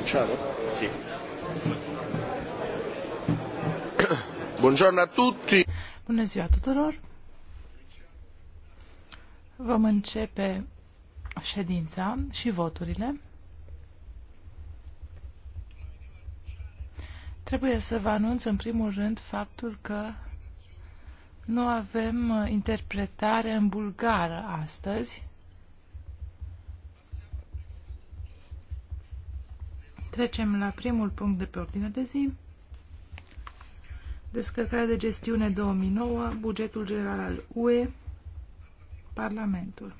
cominciare? Sì. Buongiorno a tutti. Bună ziua tuturor. Vom începe ședința și voturile. Trebuie să vă anunț în primul rând faptul că nu avem interpretare în bulgară astăzi. Trecem la primul punct de pe ordine de zi. Descărcarea de gestiune 2009, bugetul general al UE, Parlamentul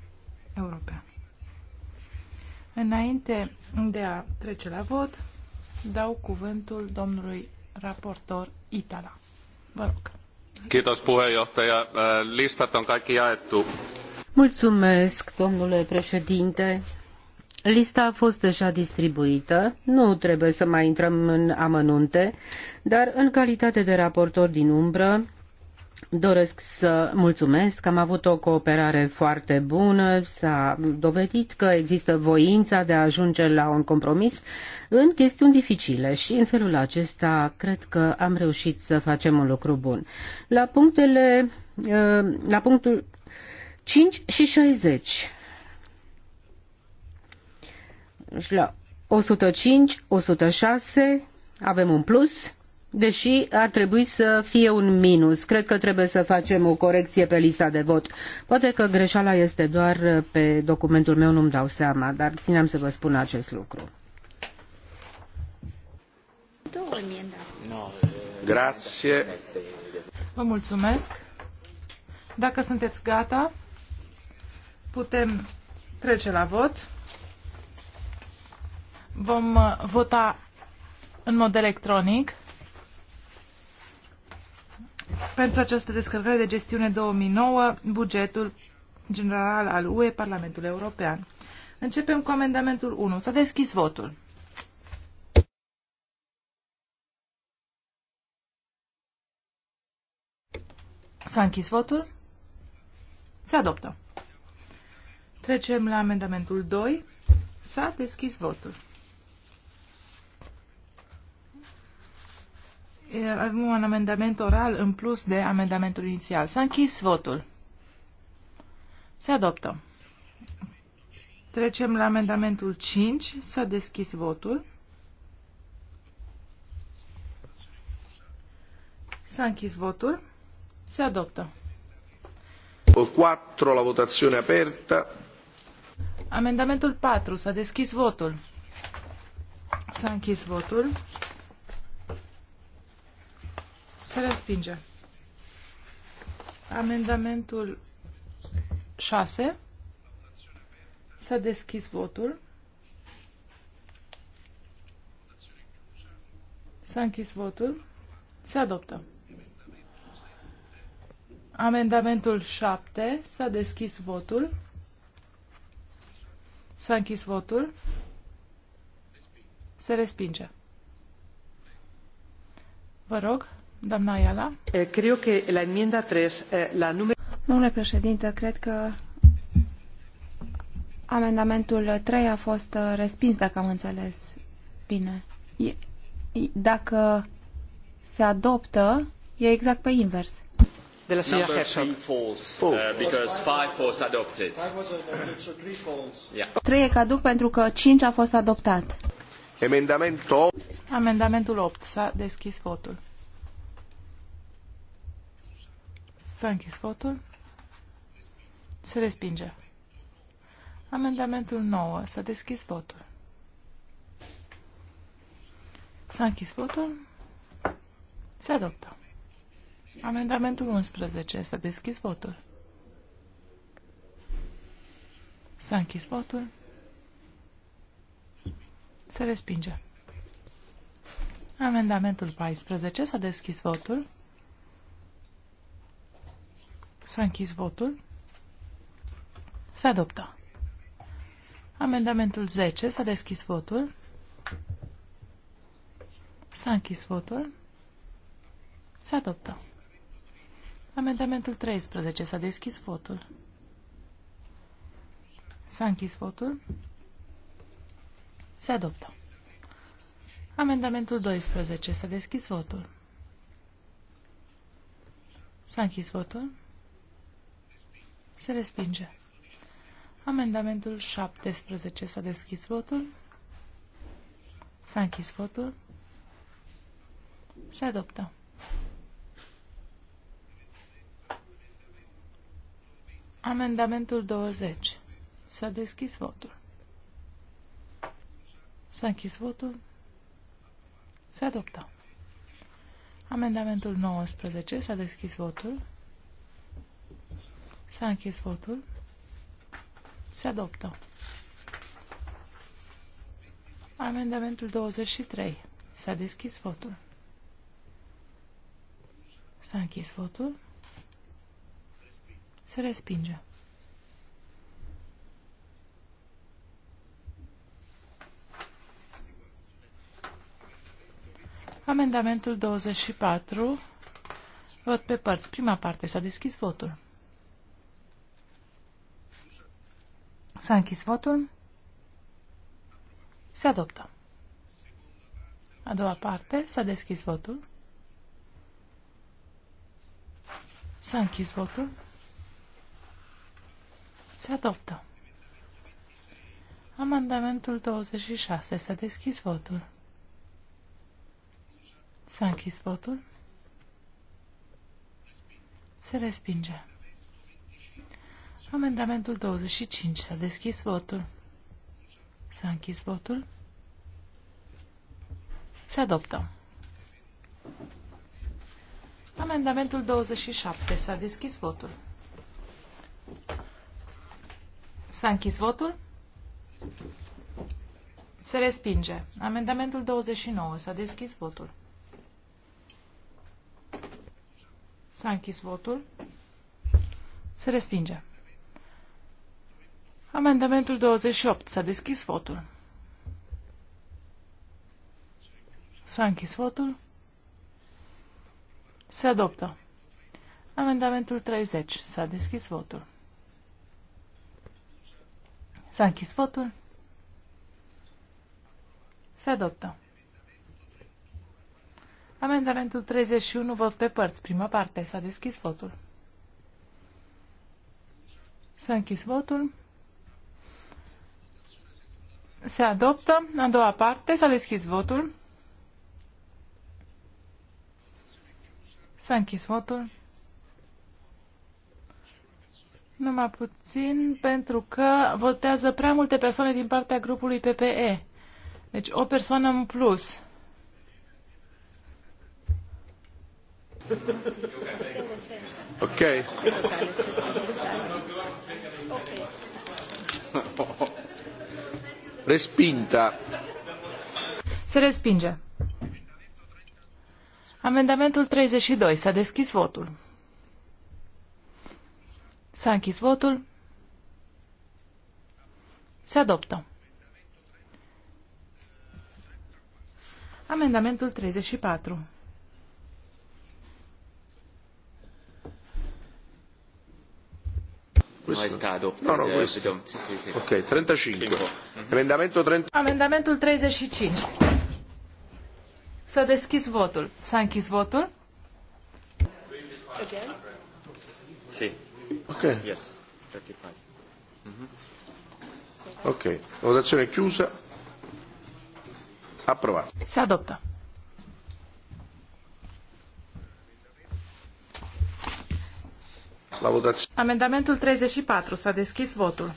European. Înainte de a trece la vot, dau cuvântul domnului raportor Itala. Vă rog. Kiitos puheenjohtaja. Äh, listat on kaikki jaettu. Mulțumesc, domnule președinte. Lista a fost deja distribuită, nu trebuie să mai intrăm în amănunte, dar în calitate de raportor din umbră, doresc să mulțumesc. Am avut o cooperare foarte bună, s-a dovedit că există voința de a ajunge la un compromis în chestiuni dificile și în felul acesta cred că am reușit să facem un lucru bun. La punctele uh, la punctul 5 și 60 105, deci 106 avem un plus, deși ar trebui să fie un minus. Cred că trebuie să facem o corecție pe lista de vot. Poate că greșeala este doar pe documentul meu, nu-mi dau seama, dar țineam să vă spun acest lucru. Grație. Vă mulțumesc. Dacă sunteți gata, putem trece la vot. Vom uh, vota în mod electronic pentru această descărcare de gestiune 2009, bugetul general al UE, Parlamentul European. Începem cu amendamentul 1. S-a deschis votul. S-a închis votul. Se adoptă. Trecem la amendamentul 2. S-a deschis votul. avem un amendament oral în plus de amendamentul inițial. S-a închis votul. Se adoptă. Trecem la amendamentul 5. S-a deschis votul. S-a închis votul. Se adoptă. 4 la votazione aperta. Amendamentul 4. S-a deschis votul. S-a închis votul. Se respinge. Amendamentul 6. S-a deschis votul. S-a închis votul. Se adoptă. Amendamentul 7. S-a deschis votul. S-a închis votul. Se respinge. Vă rog. Eh, cred că la eh, la nume... Domnule președinte, cred că amendamentul trei a fost eh, respins, dacă am înțeles bine. Dacă se adoptă, e exact pe invers. De la Herzog. Oh. Uh, trei e caduc pentru că cinci a fost adoptat. Amendamentul 8. Amendamentul 8. S-a deschis votul. S-a închis votul. Se respinge. Amendamentul 9. S-a deschis votul. S-a închis votul. Se adoptă. Amendamentul 11. S-a deschis votul. S-a închis votul. Se respinge. Amendamentul 14. S-a deschis votul. S-a închis votul. Se adoptă. Amendamentul 10. S-a deschis votul. S-a închis votul. Se adoptă. Amendamentul 13. S-a deschis votul. S-a închis votul. Se adoptă. Amendamentul 12. S-a deschis votul. S-a închis votul. Se respinge. Amendamentul 17. S-a deschis votul. S-a închis votul. Se adoptă. Amendamentul 20. S-a deschis votul. S-a închis votul. Se adoptă. Amendamentul 19. S-a deschis votul. S-a închis votul. Se adoptă. Amendamentul 23. S-a deschis votul. S-a închis votul. Se respinge. Amendamentul 24. Vot pe părți. Prima parte. S-a deschis votul. S-a închis votul. Se adoptă. A doua parte, s-a deschis votul. S-a închis votul. Se adoptă. Amandamentul 26. S-a deschis votul. S-a închis votul. Se respinge. Amendamentul 25. S-a deschis votul. S-a închis votul. Se adoptă. Amendamentul 27. S-a deschis votul. S-a închis votul. Se respinge. Amendamentul 29. S-a deschis votul. S-a închis votul. Se respinge. Amendamentul 28. S-a deschis votul. S-a închis votul. Se adoptă. Amendamentul 30. S-a deschis votul. S-a închis votul. Se adoptă. Amendamentul 31, vot pe părți. Prima parte. S-a deschis votul. S-a închis votul. Se adoptă. A doua parte. S-a deschis votul. S-a închis votul. Numai puțin pentru că votează prea multe persoane din partea grupului PPE. Deci o persoană în plus. Ok. Respinta. Se respinge. Amendamentul 32. S-a deschis votul. S-a închis votul. Se adoptă. Amendamentul 34. Questo? mai è stato No, no, questo. Ok, 35. 5. Mhm. Emendamento 30... Amendamentul 35. S-a deschis votul. S-a închis votul? Again? Sì. Ok. Yes. 35. Mm -hmm. Ok, votazione chiusa. Approvato. Si adoptă. la votație. Amendamentul 34. S-a deschis votul.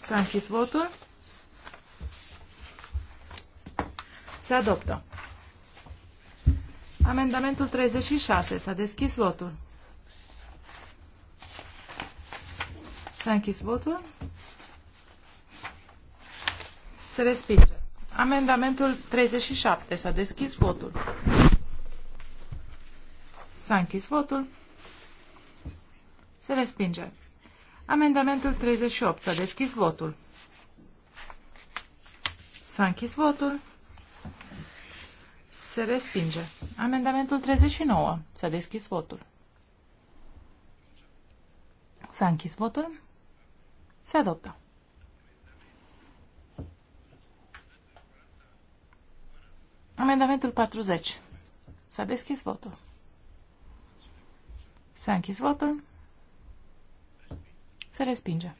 S-a închis votul. Se adoptă. Amendamentul 36. S-a deschis votul. S-a închis votul. Se respinge. Amendamentul 37. S-a deschis votul. S-a închis votul. Se respinge. Amendamentul 38. S-a deschis votul. S-a închis votul. Se respinge. Amendamentul 39. S-a deschis votul. S-a închis votul. Se adoptă. Amendamentul 40. S-a deschis votul. S-a închis votul. Se respinge.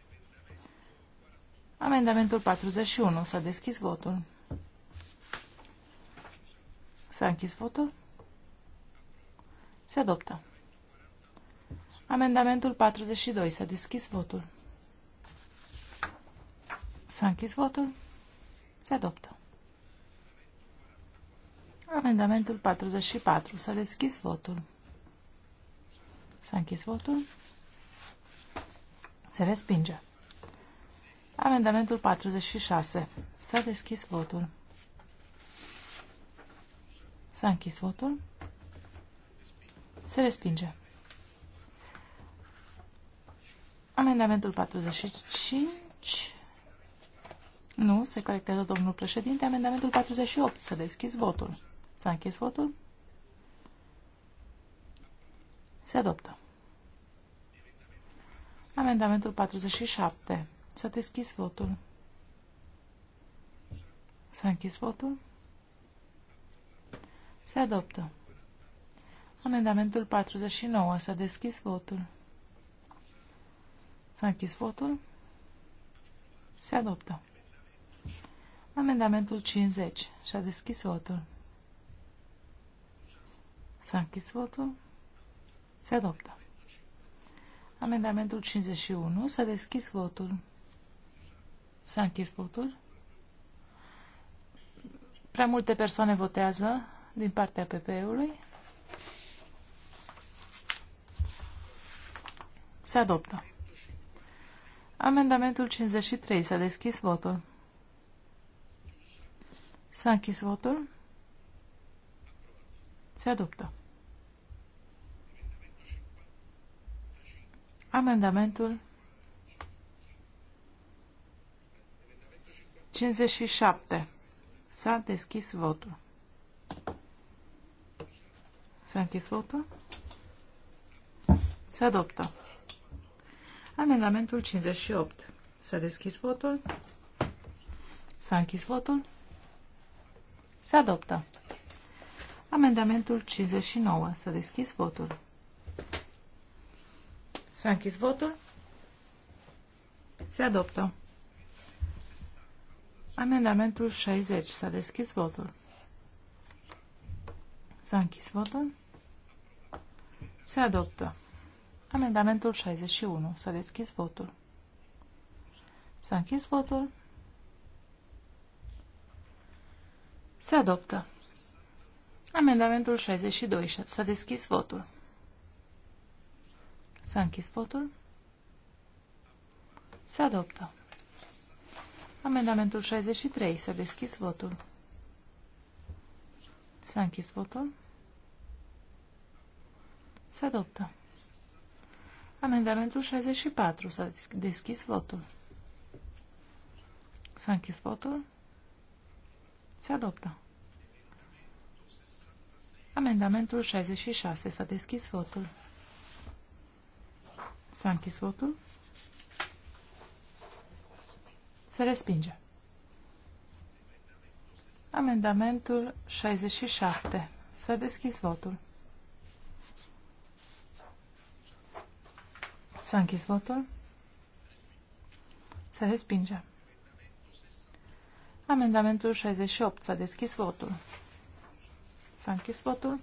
Amendamentul 41. S-a deschis votul. S-a închis votul. Se adoptă. Amendamentul 42. S-a deschis votul. S-a închis votul. Se adoptă. Amendamentul 44. S-a deschis votul. S-a închis votul. Se respinge. Amendamentul 46. S-a deschis votul. S-a închis votul. Se respinge. Amendamentul 45. Nu, se corectează domnul președinte. Amendamentul 48. S-a deschis votul. S-a închis votul. Se adoptă. Amendamentul 47. S-a deschis votul. S-a închis votul. Se adoptă. Amendamentul 49. S-a deschis votul. S-a închis votul. Se adoptă. Amendamentul 50. S-a deschis votul. S-a închis votul. Se adoptă. Amendamentul 51. S-a deschis votul. S-a închis votul. Prea multe persoane votează din partea PP-ului. Se adoptă. Amendamentul 53. S-a deschis votul. S-a închis votul. Se adoptă. Amendamentul 57. S-a deschis votul. S-a închis votul. Se adoptă. Amendamentul 58. S-a deschis votul. S-a închis votul. Se adoptă. Amendamentul 59. S-a deschis votul. S-a închis votul. Se adoptă. Amendamentul 60. S-a deschis votul. S-a închis votul. Se adoptă. Amendamentul 61. S-a deschis votul. S-a închis votul. Se adoptă. Amendamentul 62. S-a deschis votul. S-a închis votul. Se adoptă. Amendamentul 63. S-a deschis votul. S-a închis votul. Se adoptă. Amendamentul 64. S-a deschis votul. S-a închis votul. Se adoptă. Amendamentul 66. S-a deschis votul. S-a închis votul. Se respinge. Amendamentul 67. S-a deschis votul. S-a închis votul. Se respinge. Amendamentul 68. S-a deschis votul. S-a închis votul.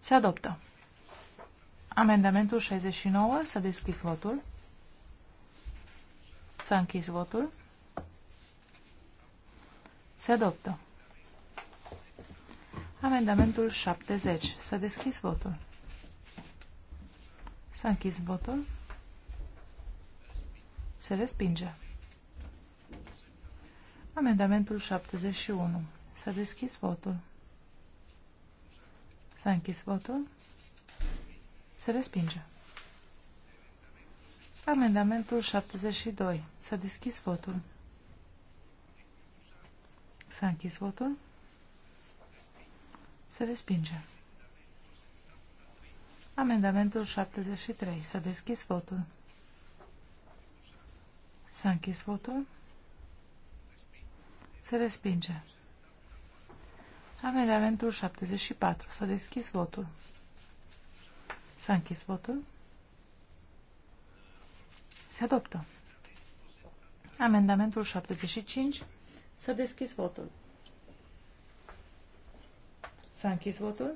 Se adoptă. Amendamentul 69. să deschis votul. S-a închis votul. Se adoptă. Amendamentul 70. S-a deschis votul. S-a închis votul. Se respinge. Amendamentul 71. S-a deschis votul. S-a închis votul. Se respinge. Amendamentul 72. S-a deschis votul. S-a închis votul. Se respinge. Amendamentul 73. S-a deschis votul. S-a închis votul. Se respinge. Amendamentul 74. S-a deschis votul. S-a închis votul. Se adoptă. Amendamentul 75. S-a deschis votul. S-a închis votul.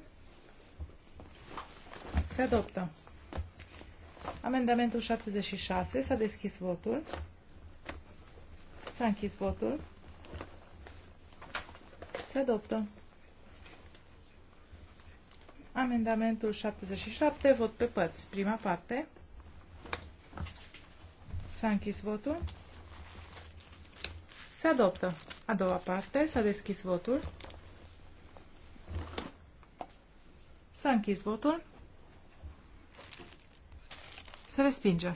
Se adoptă. Amendamentul 76. S-a deschis votul. S-a închis votul. Se adoptă. Amendamentul 77, vot pe părți. Prima parte. S-a închis votul. Se adoptă. A doua parte. S-a deschis votul. S-a închis votul. Se respinge.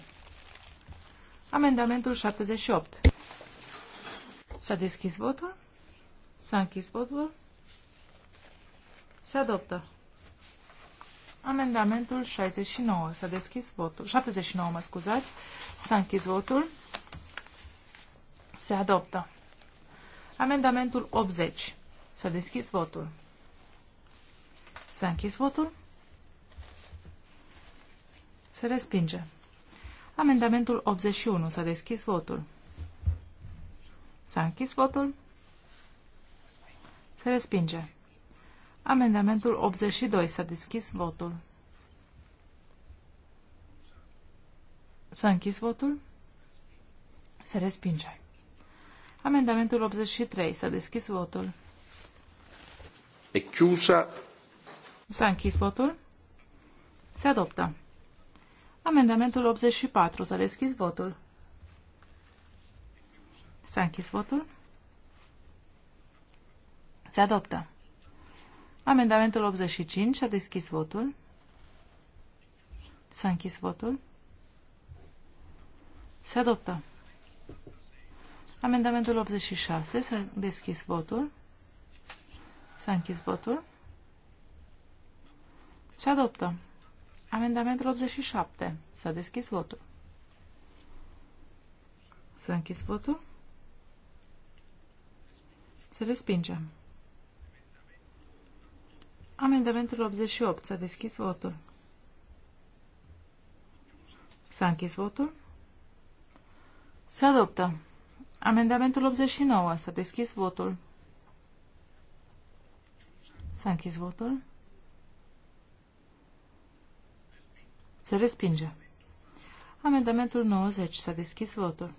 Amendamentul 78. S-a deschis votul. S-a închis votul. Se adoptă. Amendamentul 69. S-a deschis votul. 79, mă scuzați. S-a închis votul. Se adoptă. Amendamentul 80. S-a deschis votul. S-a închis votul. Se respinge. Amendamentul 81. S-a deschis votul. S-a închis votul. Se respinge. Amendamentul 82. S-a deschis votul. S-a închis votul. Se respinge. Amendamentul 83. S-a deschis votul. E chiusa. S-a închis votul. Se adoptă. Amendamentul 84. S-a deschis votul. S-a închis votul. Se adoptă. Amendamentul 85. S-a deschis votul. S-a închis votul. Se adoptă. Amendamentul 86. S-a deschis votul. S-a închis votul. Se adoptă. Amendamentul 87. S-a deschis votul. S-a închis votul. Se respinge. Amendamentul 88. S-a deschis votul. S-a închis votul. Se adoptă. Amendamentul 89. S-a deschis votul. S-a închis votul. Se respinge. Amendamentul 90. S-a deschis votul.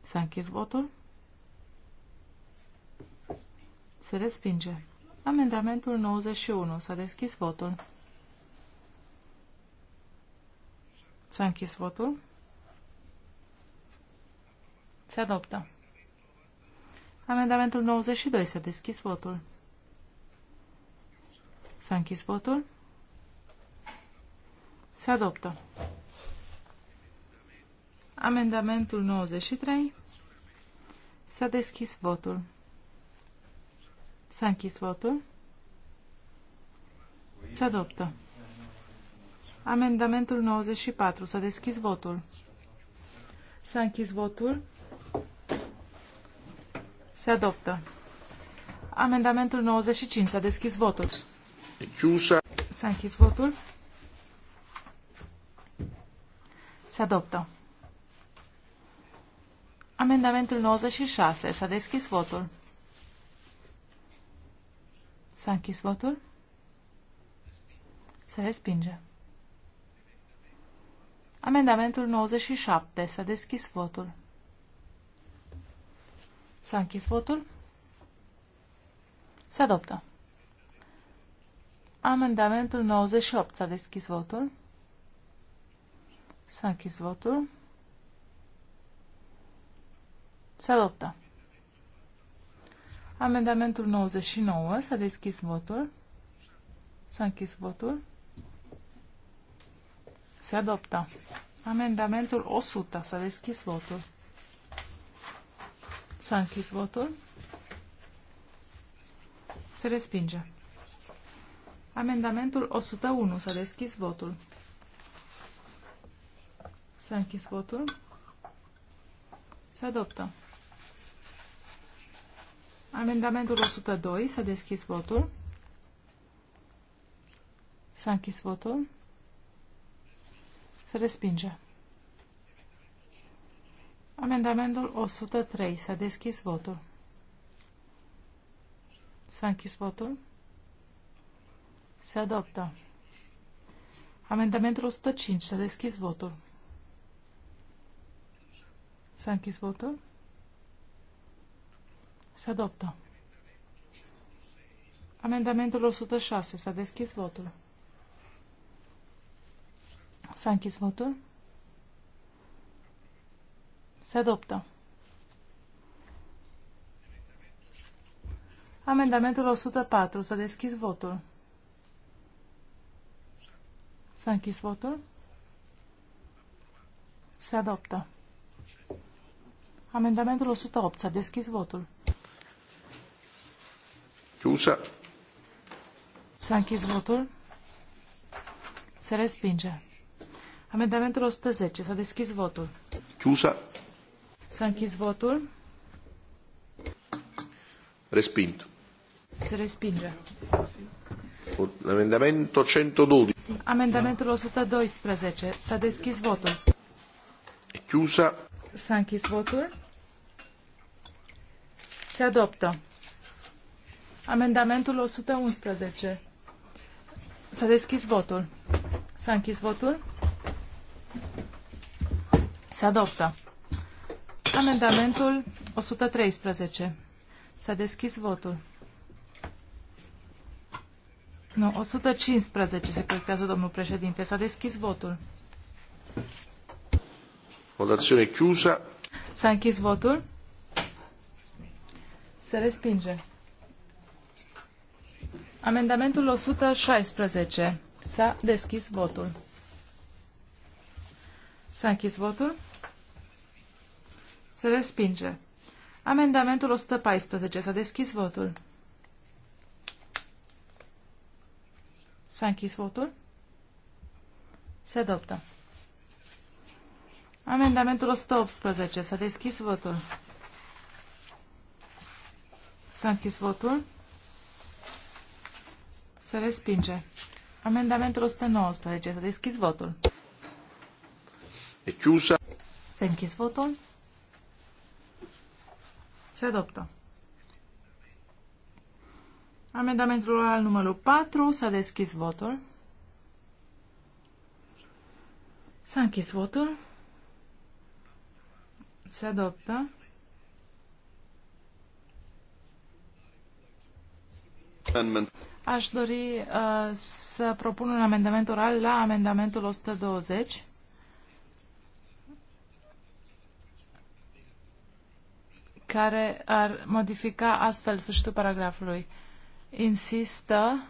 S-a închis votul. Se respinge. Amendamentul 91. S-a deschis votul. S-a închis votul. Se adoptă. Amendamentul 92. S-a deschis votul. S-a închis votul. Se adoptă. Amendamentul 93. S-a deschis votul. S-a închis votul. Se adoptă. Amendamentul 94. S-a deschis votul. S-a închis votul. Se adoptă. Amendamentul 95. S-a deschis votul. S-a închis votul. Se adoptă. Amendamentul 96. S-a deschis votul. S-a închis votul. Se respinge. Amendamentul 97. S-a deschis votul. S-a închis votul. Se adoptă. Amendamentul 98. S-a deschis votul. S-a închis votul. Se adoptă. Amendamentul 99. S-a deschis votul. S-a închis votul. Se adoptă. Amendamentul 100. S-a deschis votul. S-a închis votul. Se respinge. Amendamentul 101. S-a deschis votul. S-a închis votul. Se adoptă. Amendamentul 102. S-a deschis votul. S-a închis votul. Se respinge. Amendamentul 103. S-a deschis votul. S-a închis votul. Se adoptă. Amendamentul 105. S-a deschis votul. S-a închis votul. Se adoptă. Amendamentul 106. S-a deschis votul. S-a închis votul. Se adoptă. Amendamentul 104. S-a deschis votul. S-a închis votul. Se adoptă. Amendamentul 108. S-a deschis votul. Chiusa. S-a închis votul. Se respinge. Amendamentul 110. S-a deschis votul. Chiusa. S-a închis votul. Respinto. Se respinge. Amendamentul 112. Amendamentul 112. S-a deschis votul. Chiusa. S-a închis votul. Se adoptă. Amendamentul 111. S-a deschis votul. S-a închis votul. Se adoptă. Amendamentul 113. S-a deschis votul. Nu, 115 se corectează, domnul președinte. S-a deschis votul. Votazione chiusa. S-a închis votul. Se respinge. Amendamentul 116. S-a deschis votul. S-a închis votul. Se respinge. Amendamentul 114. S-a deschis votul. S-a închis votul. Se adoptă. Amendamentul 118. S-a deschis votul. S-a închis votul. Se respinge. Amendamentul 119. S-a deschis votul. E chiusa. Se închis votul. Se adoptă. Amendamentul al numărul 4. S-a deschis votul. S-a închis votul. Se adoptă. Amendment. Aș dori uh, să propun un amendament oral la amendamentul 120. care ar modifica astfel sfârșitul paragrafului. Insistă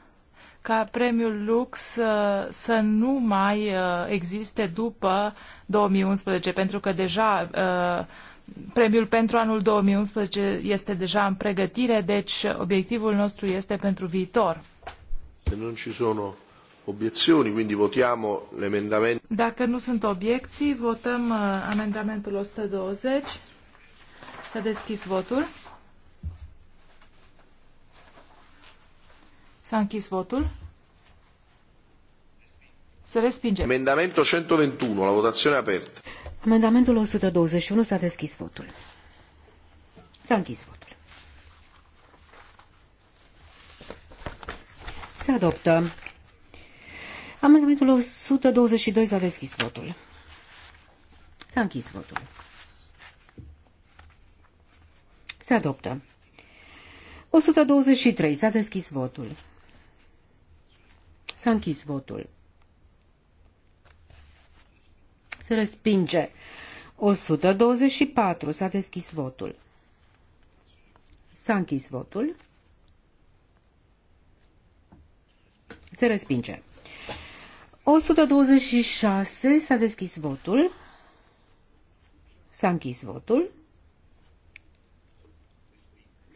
ca premiul Lux să, uh, să nu mai uh, existe după 2011, pentru că deja uh, Premiul pentru anul 2011 este deja în pregătire, deci obiectivul nostru este pentru viitor. Dacă nu sunt obiecții, votăm uh, amendamentul 120. S-a deschis votul. S-a închis votul. Să respingem. amendamentul 121, la votație aperta. Amendamentul 121 s-a deschis votul. S-a închis votul. Se adoptă. Amendamentul 122 s-a deschis votul. S-a închis votul. Se adoptă. 123. S-a deschis votul. S-a închis votul. se respinge. 124. S-a deschis votul. S-a închis votul. Se respinge. 126. S-a deschis votul. S-a închis votul.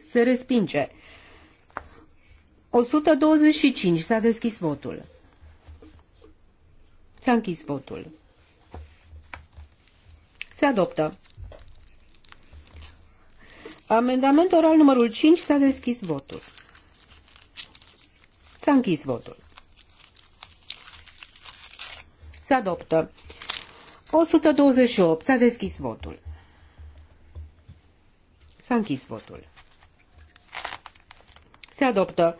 Se respinge. 125. S-a deschis votul. S-a închis votul. Se adoptă. Amendament oral numărul 5 s-a deschis votul. S-a închis votul. Se adoptă. 128. S-a deschis votul. S-a închis votul. Se adoptă.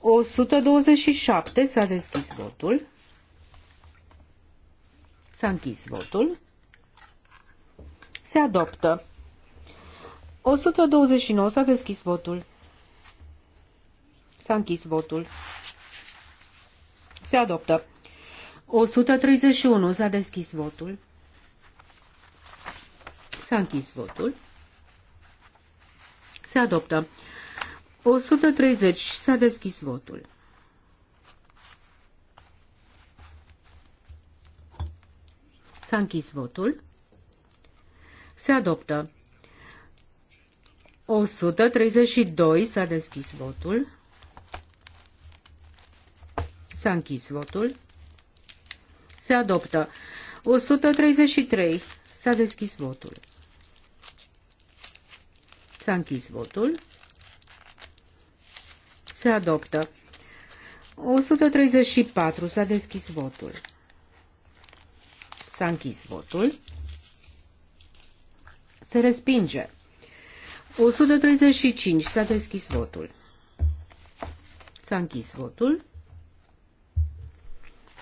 127. S-a deschis votul. S-a închis votul. Se adoptă. 129. S-a deschis votul. S-a închis votul. Se adoptă. 131. S-a deschis votul. S-a închis votul. Se adoptă. 130. S-a deschis votul. S-a închis votul. Se adoptă. 132 s-a deschis votul. S-a închis votul. Se adoptă. 133 s-a deschis votul. S-a închis votul. Se adoptă. 134 s-a deschis votul. S-a închis votul. Se respinge. 135. S-a deschis votul. S-a închis votul.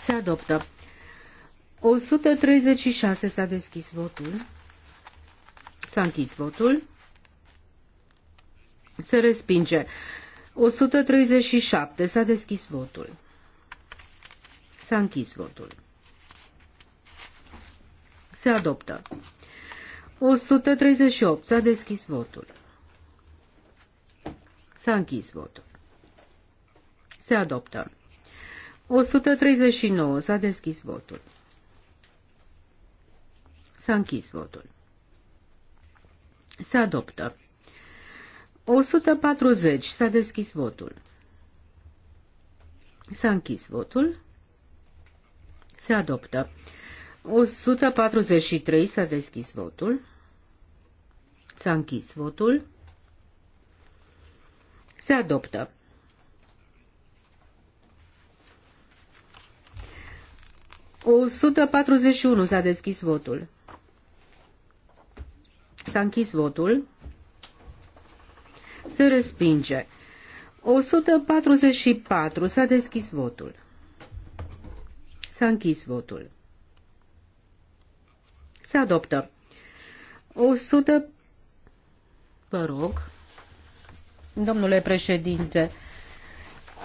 Se adoptă. 136. S-a deschis votul. S-a închis votul. Se respinge. 137. S-a deschis votul. S-a închis votul. Se adoptă. 138. S-a deschis votul. S-a închis votul. Se adoptă. 139. S-a deschis votul. S-a închis votul. Se adoptă. 140. S-a deschis votul. S-a închis votul. Se adoptă. 143. S-a deschis votul. S-a închis votul. Se adoptă. O 141 s-a deschis votul. S-a închis votul. Se respinge. 144 s-a deschis votul. S-a închis votul. Se adoptă. 100 Vă rog. Domnule președinte,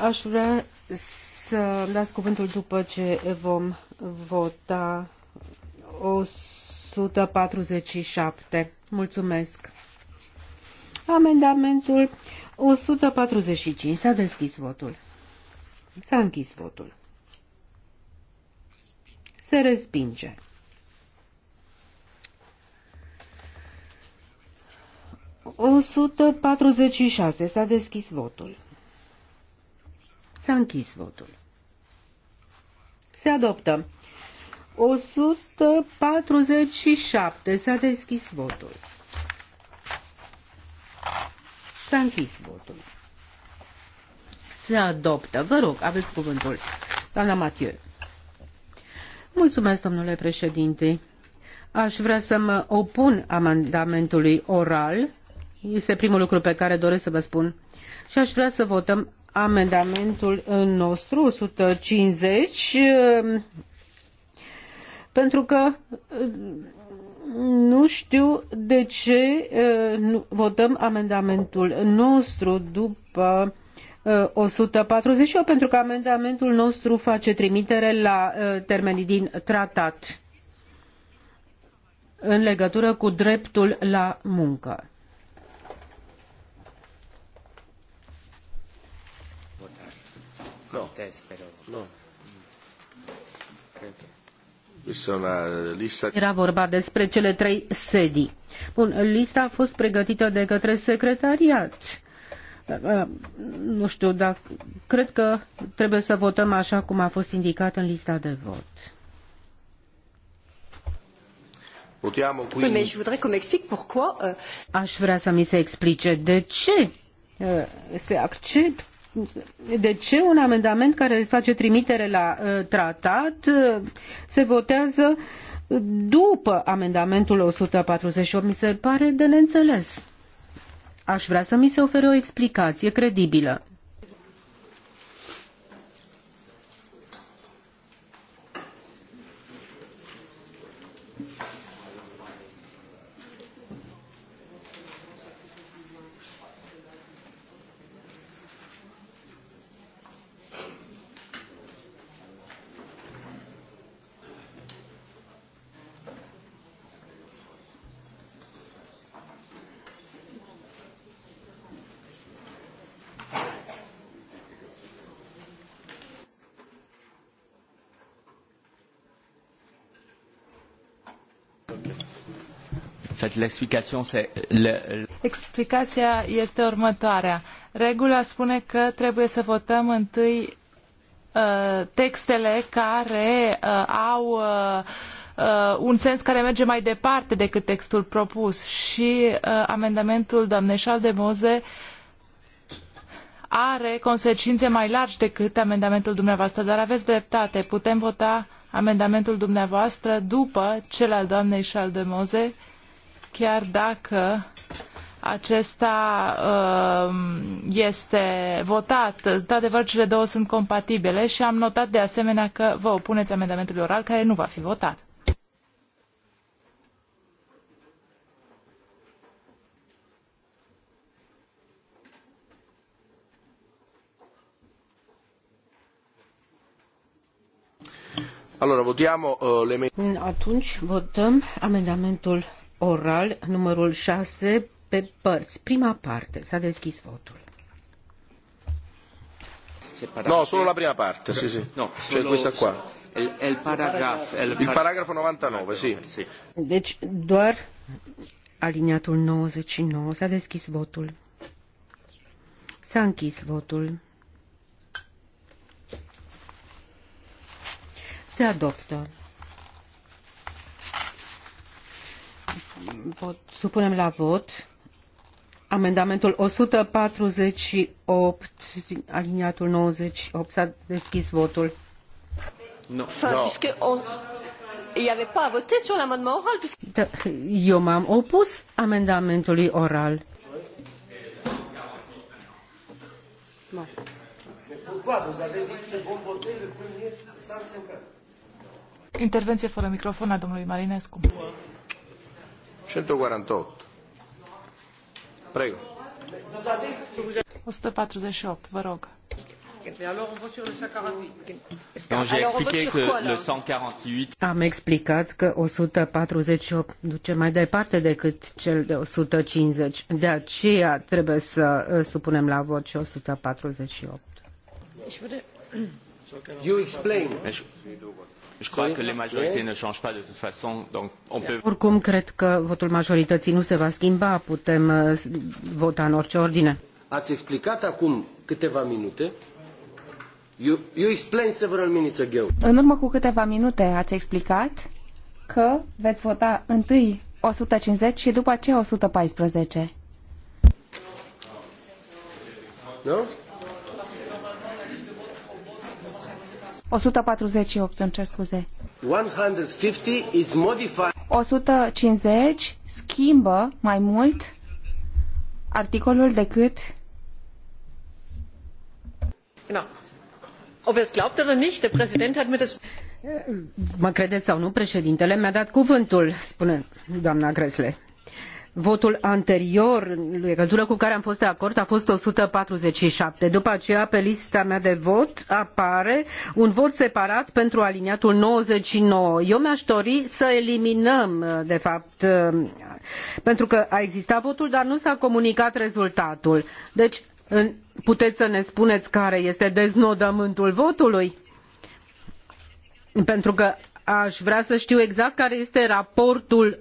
aș vrea să las cuvântul după ce vom vota 147. Mulțumesc. Amendamentul 145. S-a deschis votul. S-a închis votul. Se respinge. 146. S-a deschis votul. S-a închis votul. Se adoptă. 147. S-a deschis votul. S-a închis votul. Se adoptă. Vă rog, aveți cuvântul. Doamna Mathieu. Mulțumesc, domnule președinte. Aș vrea să mă opun amendamentului oral este primul lucru pe care doresc să vă spun. Și aș vrea să votăm amendamentul uh, nostru 150 uh, pentru că uh, nu știu de ce votăm amendamentul nostru după 148 pentru că amendamentul nostru face trimitere la termenii din tratat în legătură cu dreptul la muncă. no. Era vorba despre cele trei sedii. Bun, lista a fost pregătită de către secretariat. Uh, uh, nu știu, dar cred că trebuie să votăm așa cum a fost indicat în lista de vot. Euh, Aș vrea să mi se explice de ce uh, se acceptă de ce un amendament care face trimitere la uh, tratat uh, se votează după amendamentul 148? Mi se pare de neînțeles. Aș vrea să mi se ofere o explicație credibilă. Explicația este următoarea. Regula spune că trebuie să votăm întâi uh, textele care uh, au uh, uh un sens care merge mai departe decât textul propus și uh, amendamentul doamnei de are consecințe mai largi decât amendamentul dumneavoastră, dar aveți dreptate, putem vota amendamentul dumneavoastră după cel al doamnei Moze chiar dacă acesta um, este votat. De adevăr, cele două sunt compatibile și am notat de asemenea că vă opuneți amendamentului oral care nu va fi votat. Allora, votiamo uh, le... Atunci votăm amendamentul oral numărul 6 pe părți. Prima parte. S-a deschis votul. Separate. No, solo la prima parte, sì, sì. No, solo, cioè questa qua. El, el paragraf, el il, il paragrafo 99, sì. sì. Deci doar aliniatul 99 s-a deschis votul. S-a închis votul. Se adoptă. supunem la vot amendamentul 148, aliniatul 98. S-a deschis votul. No. no. puisque on... Il n'y avait pas à voter sur l'amendement oral. Da, eu m-am opus amendamentului oral. Intervenție fără microfon a domnului Marinescu. 148. Prego. 148, vă rog. Am explicat că 148 duce mai departe decât cel de 150. De aceea trebuie să uh, supunem la vot și 148. You explain. Oricum, cred că votul majorității nu se va schimba, putem uh, vota în orice ordine. Ați explicat acum câteva minute You, you explained several minutes ago. În urmă cu câteva minute ați explicat că veți vota întâi 150 și după aceea 114. Nu? No? 148, îmi cer scuze. 150 schimbă mai mult articolul decât Genau. Ob es glaubt oder nicht, der Präsident hat mir das Mă credeți sau nu, președintele mi-a dat cuvântul, spune doamna Gresle votul anterior în legătură cu care am fost de acord a fost 147. După aceea, pe lista mea de vot apare un vot separat pentru aliniatul 99. Eu mi-aș dori să eliminăm, de fapt, eh, pentru că a existat votul, dar nu s-a comunicat rezultatul. Deci, puteți să ne spuneți care este deznodământul votului? Pentru că aș vrea să știu exact care este raportul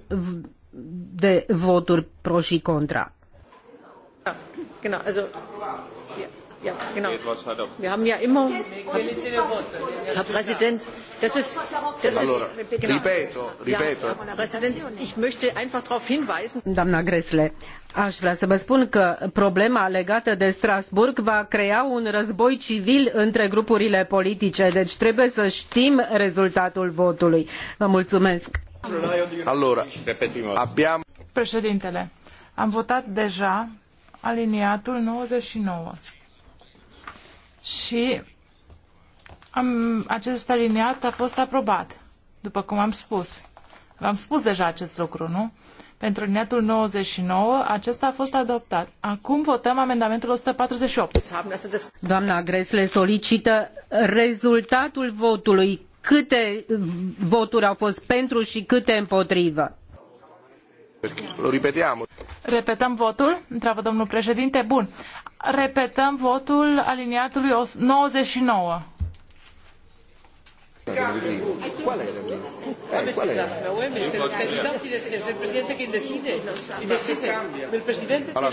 de voturi pro și contra. ja, genau. Wir haben ja immer, Herr Präsident, das ist, das ist, genau. Ripeto, ripeto. Ja, Herr Präsident, ich möchte einfach darauf hinweisen. Doamna Gresle, aș vrea să vă spun că problema legată de Strasburg va crea un război civil între grupurile politice, deci trebuie să știm rezultatul votului. Vă mulțumesc. Allora, abbiamo... Președintele, am votat deja aliniatul 99 și am, acest aliniat a fost aprobat, după cum am spus. V-am spus deja acest lucru, nu? Pentru aliniatul 99, acesta a fost adoptat. Acum votăm amendamentul 148. Doamna Gresle solicită rezultatul votului câte voturi au fost pentru și câte împotrivă. Repetăm. Repetăm votul? Întreabă domnul președinte. Bun. Repetăm votul aliniatului 99. Eh, ¿Cuál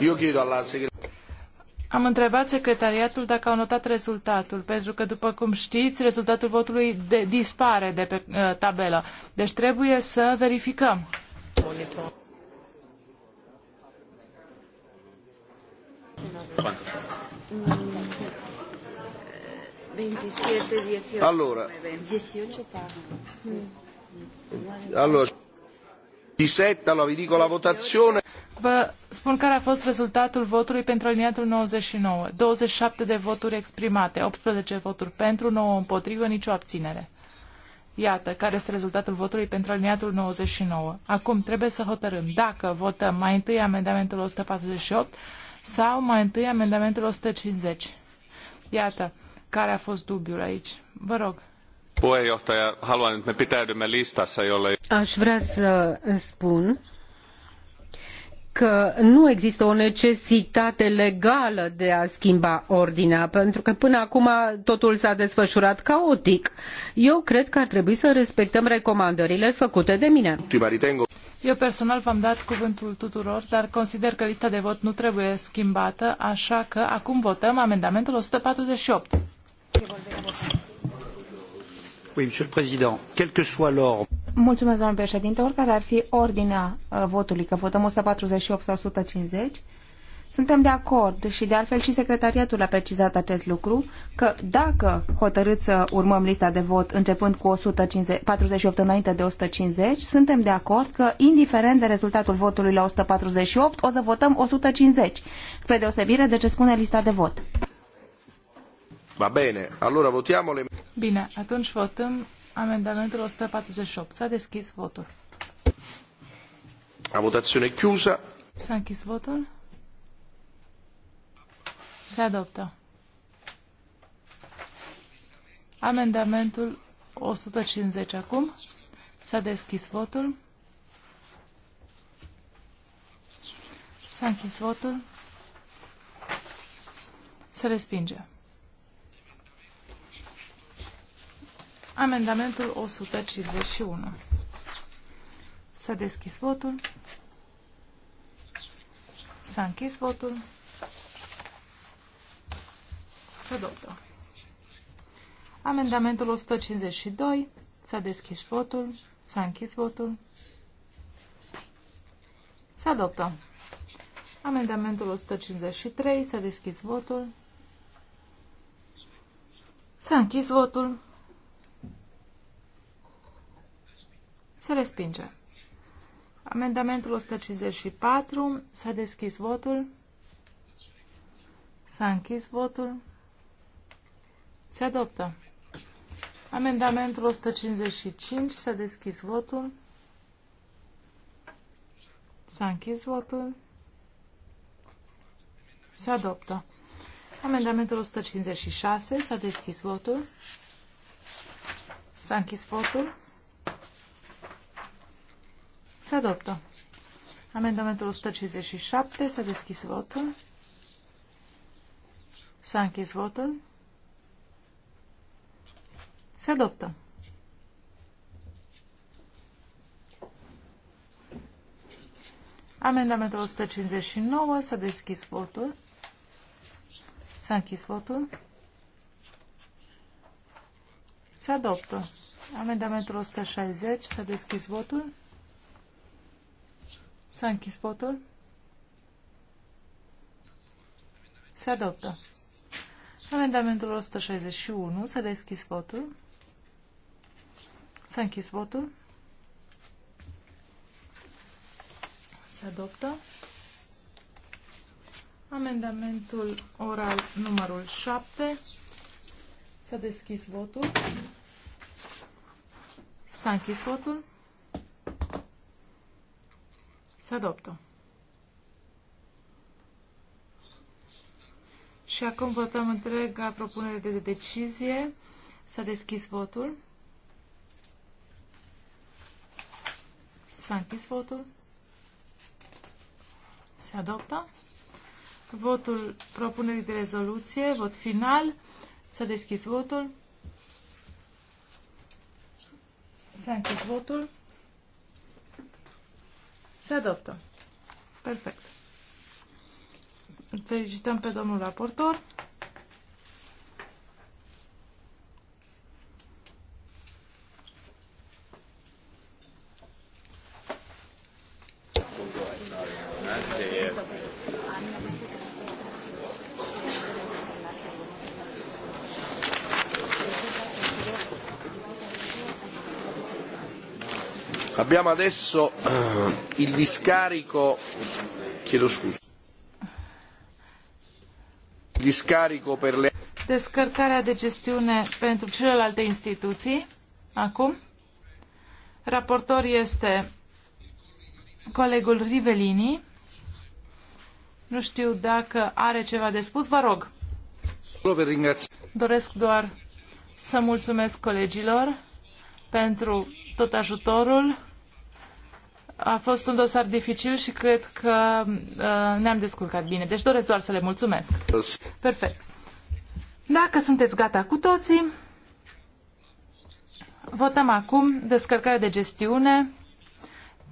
Io chiedo alla segretaria. Am întrebat secretariatul dacă au notat rezultatul, pentru că, după cum știți, rezultatul votului de, dispare de pe uh, tabelă. Deci trebuie să verificăm. Allora. Allora. 17, allora vi dico la votazione. Vă spun care a fost rezultatul votului pentru aliniatul 99. 27 de voturi exprimate, 18 voturi pentru, 9 împotrivă, nicio abținere. Iată, care este rezultatul votului pentru aliniatul 99. Acum trebuie să hotărâm dacă votăm mai întâi amendamentul 148 sau mai întâi amendamentul 150. Iată, care a fost dubiul aici. Vă rog. Aș vrea să spun că nu există o necesitate legală de a schimba ordinea, pentru că până acum totul s-a desfășurat caotic. Eu cred că ar trebui să respectăm recomandările făcute de mine. Eu personal v-am dat cuvântul tuturor, dar consider că lista de vot nu trebuie schimbată, așa că acum votăm amendamentul 148. Oui, Monsieur le Président, quel que soit l'ordre. Mulțumesc, domnule președinte. Oricare ar fi ordinea uh, votului, că votăm 148 sau 150, suntem de acord și de altfel și secretariatul a precizat acest lucru, că dacă hotărâți să urmăm lista de vot începând cu 148 înainte de 150, suntem de acord că, indiferent de rezultatul votului la 148, o să votăm 150, spre deosebire de ce spune lista de vot. Va bene, allora votiamo le... Bine, atunci votăm amendamentul 148. S-a deschis votul. La votazione chiusa. S-a închis votul. Se adoptă. Amendamentul 150 acum. S-a deschis votul. S-a închis votul. Se respinge. Amendamentul 151. S-a deschis votul. S-a închis votul. Se adoptă. Amendamentul 152. S-a deschis votul. S-a închis votul. Se adoptă. Amendamentul 153. S-a deschis votul. S-a închis votul. Se respinge. Amendamentul 154. S-a deschis votul. S-a închis votul. Se adoptă. Amendamentul 155. S-a deschis votul. S-a închis votul. Se adoptă. Amendamentul 156. S-a deschis votul. S-a închis votul. Se adoptă. Amendamentul 157. S-a deschis votul. S-a închis votul. Se adoptă. Amendamentul 159. S-a deschis votul. S-a închis votul. Se adoptă. Amendamentul 160. S-a deschis votul. S-a închis votul. Se adoptă. Amendamentul 161. S-a deschis votul. S-a închis votul. Se adoptă. Amendamentul oral numărul 7. S-a deschis votul. S-a închis votul. Se adoptă. Și acum votăm întreaga propunere de decizie. S-a deschis votul. S-a închis votul. Se adoptă. Votul propunerii de rezoluție, vot final. S-a deschis votul. S-a închis votul. Se adoptă. Perfect. Îl felicităm pe domnul raportor. adesso eh, il discarico, chiedo scusa, discarico per le... Descărcarea de gestiune pentru celelalte instituții, acum. Raportor este colegul Rivelini. Nu știu dacă are ceva de spus, vă rog. Doresc doar să mulțumesc colegilor pentru tot ajutorul a fost un dosar dificil și cred că uh, ne-am descurcat bine. Deci doresc doar să le mulțumesc. Perfect. Dacă sunteți gata cu toții, votăm acum descărcarea de gestiune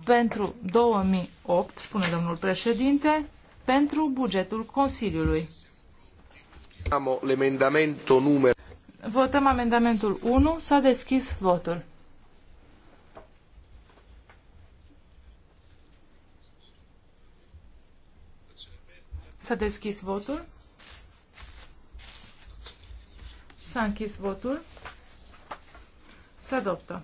pentru 2008, spune domnul președinte, pentru bugetul Consiliului. Votăm amendamentul 1. S-a deschis votul. S-a deschis votul. S-a închis votul. Se adoptă.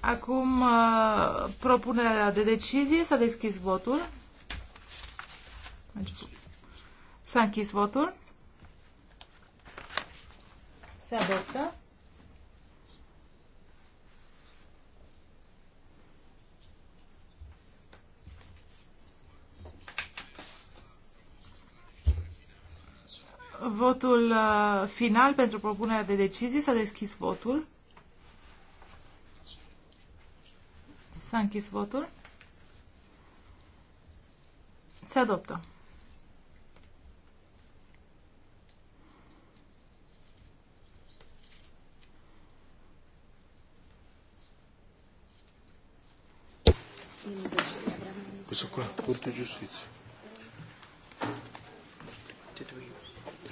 Acum uh, propunerea de decizie. S-a deschis votul. S-a închis votul. Se adoptă. Votul uh, final pentru propunerea de decizie. S-a deschis votul. S-a închis votul. Se adoptă. Questo qua, Corte Giustizia.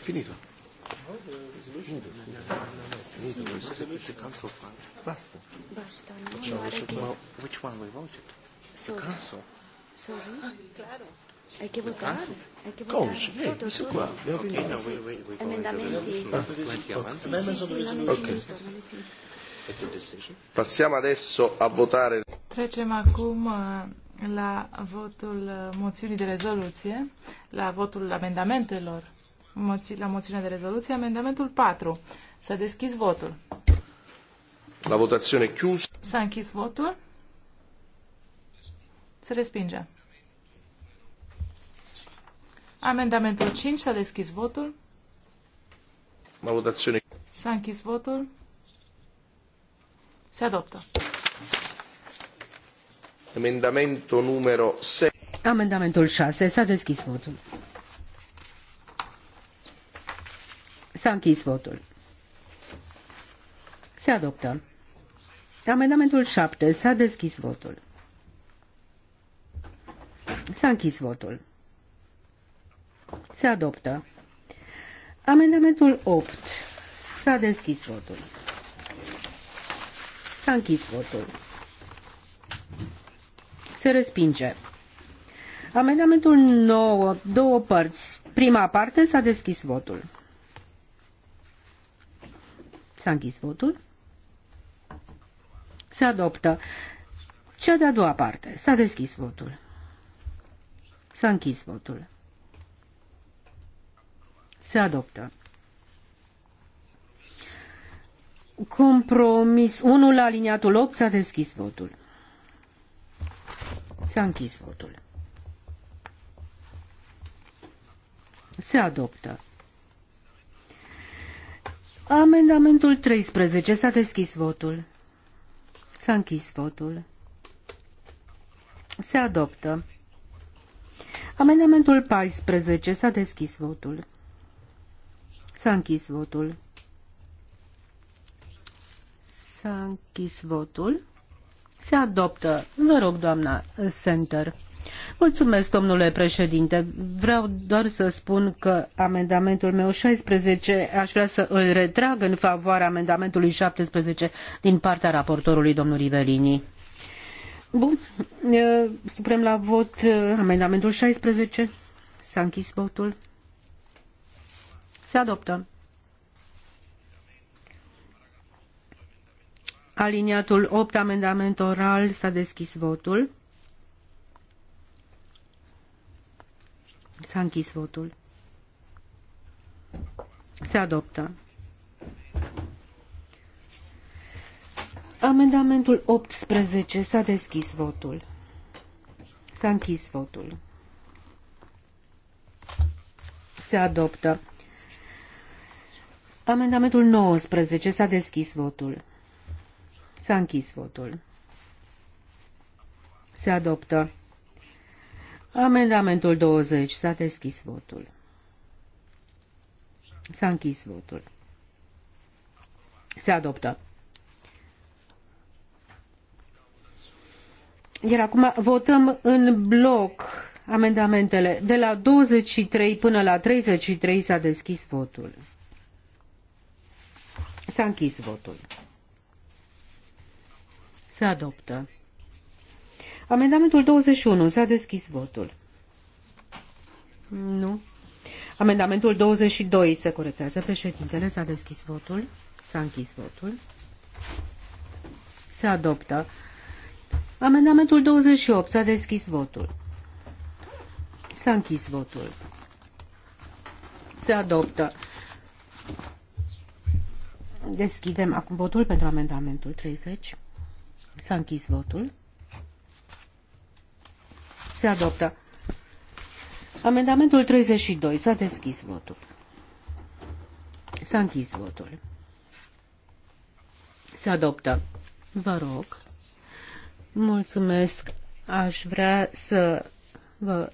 Finito. Passiamo adesso a votare. Trecem acum eh, la votul eh, moțiunii de rezoluție, la votul amendamentelor la moțiunea de rezoluție. Amendamentul 4. S-a deschis votul. La votazione chiusa. S-a închis votul. Se respinge. Amendamentul 5. S-a deschis votul. La votazione. S-a închis votul. Se adoptă. Amendamentul numero 6. Amendamentul 6. S-a deschis votul. S-a închis votul. Se adoptă. Amendamentul 7. S-a deschis votul. S-a închis votul. Se adoptă. Amendamentul 8. S-a deschis votul. S-a închis votul. Se respinge. Amendamentul 9. Două părți. Prima parte s-a deschis votul. S-a închis votul. Se adoptă. Cea de-a doua parte. S-a deschis votul. S-a închis votul. Se adoptă. Compromis 1 la aliniatul 8 s-a deschis votul. S-a închis votul. Se adoptă. Amendamentul 13. S-a deschis votul. S-a închis votul. Se adoptă. Amendamentul 14. S-a deschis votul. S-a închis votul. S-a închis votul. Se adoptă. Vă rog, doamna Center. Mulțumesc, domnule președinte. Vreau doar să spun că amendamentul meu 16 aș vrea să îl retrag în favoarea amendamentului 17 din partea raportorului domnul Rivelini. Bun. Suprem la vot uh, amendamentul 16. S-a închis votul. Se adoptă. Aliniatul 8, amendament oral, s-a deschis votul. S-a închis votul. Se adoptă. Amendamentul 18. S-a deschis votul. S-a închis votul. Se adoptă. Amendamentul 19. S-a deschis votul. S-a închis votul. Se adoptă. Amendamentul 20. S-a deschis votul. S-a închis votul. Se adoptă. Iar acum votăm în bloc amendamentele. De la 23 până la 33 s-a deschis votul. S-a închis votul. Se adoptă. Amendamentul 21. S-a deschis votul. Nu. Amendamentul 22 se corectează. Președintele s-a deschis votul. S-a închis votul. Se adoptă. Amendamentul 28 s-a deschis votul. S-a închis votul. Se adoptă. Deschidem acum votul pentru amendamentul 30. S-a închis votul. Se adoptă. Amendamentul 32. S-a deschis votul. S-a închis votul. Se adoptă. Vă rog. Mulțumesc. Aș vrea să vă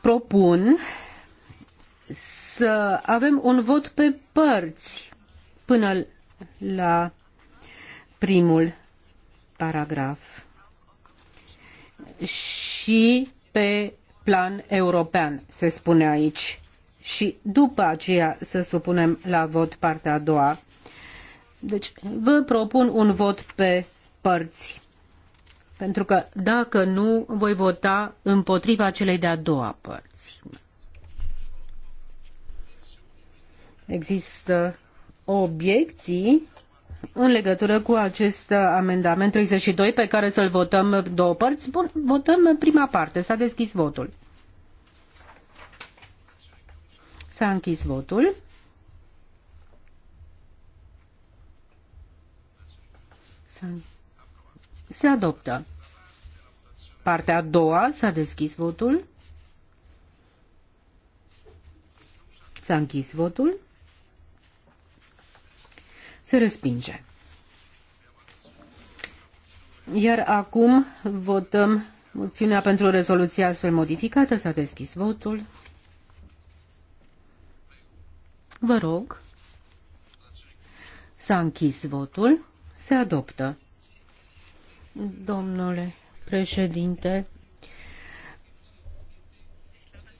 propun să avem un vot pe părți până la primul paragraf și pe plan european, se spune aici. Și după aceea să supunem la vot partea a doua. Deci vă propun un vot pe părți. Pentru că dacă nu, voi vota împotriva celei de-a doua părți. Există obiecții în legătură cu acest amendament 32 pe care să-l votăm două părți, votăm prima parte. S-a deschis votul. S-a închis votul. Se adoptă. Partea a doua s-a deschis votul. S-a închis votul. Se respinge. Iar acum votăm moțiunea pentru rezoluția astfel modificată. S-a deschis votul. Vă rog. S-a închis votul. Se adoptă. Domnule președinte,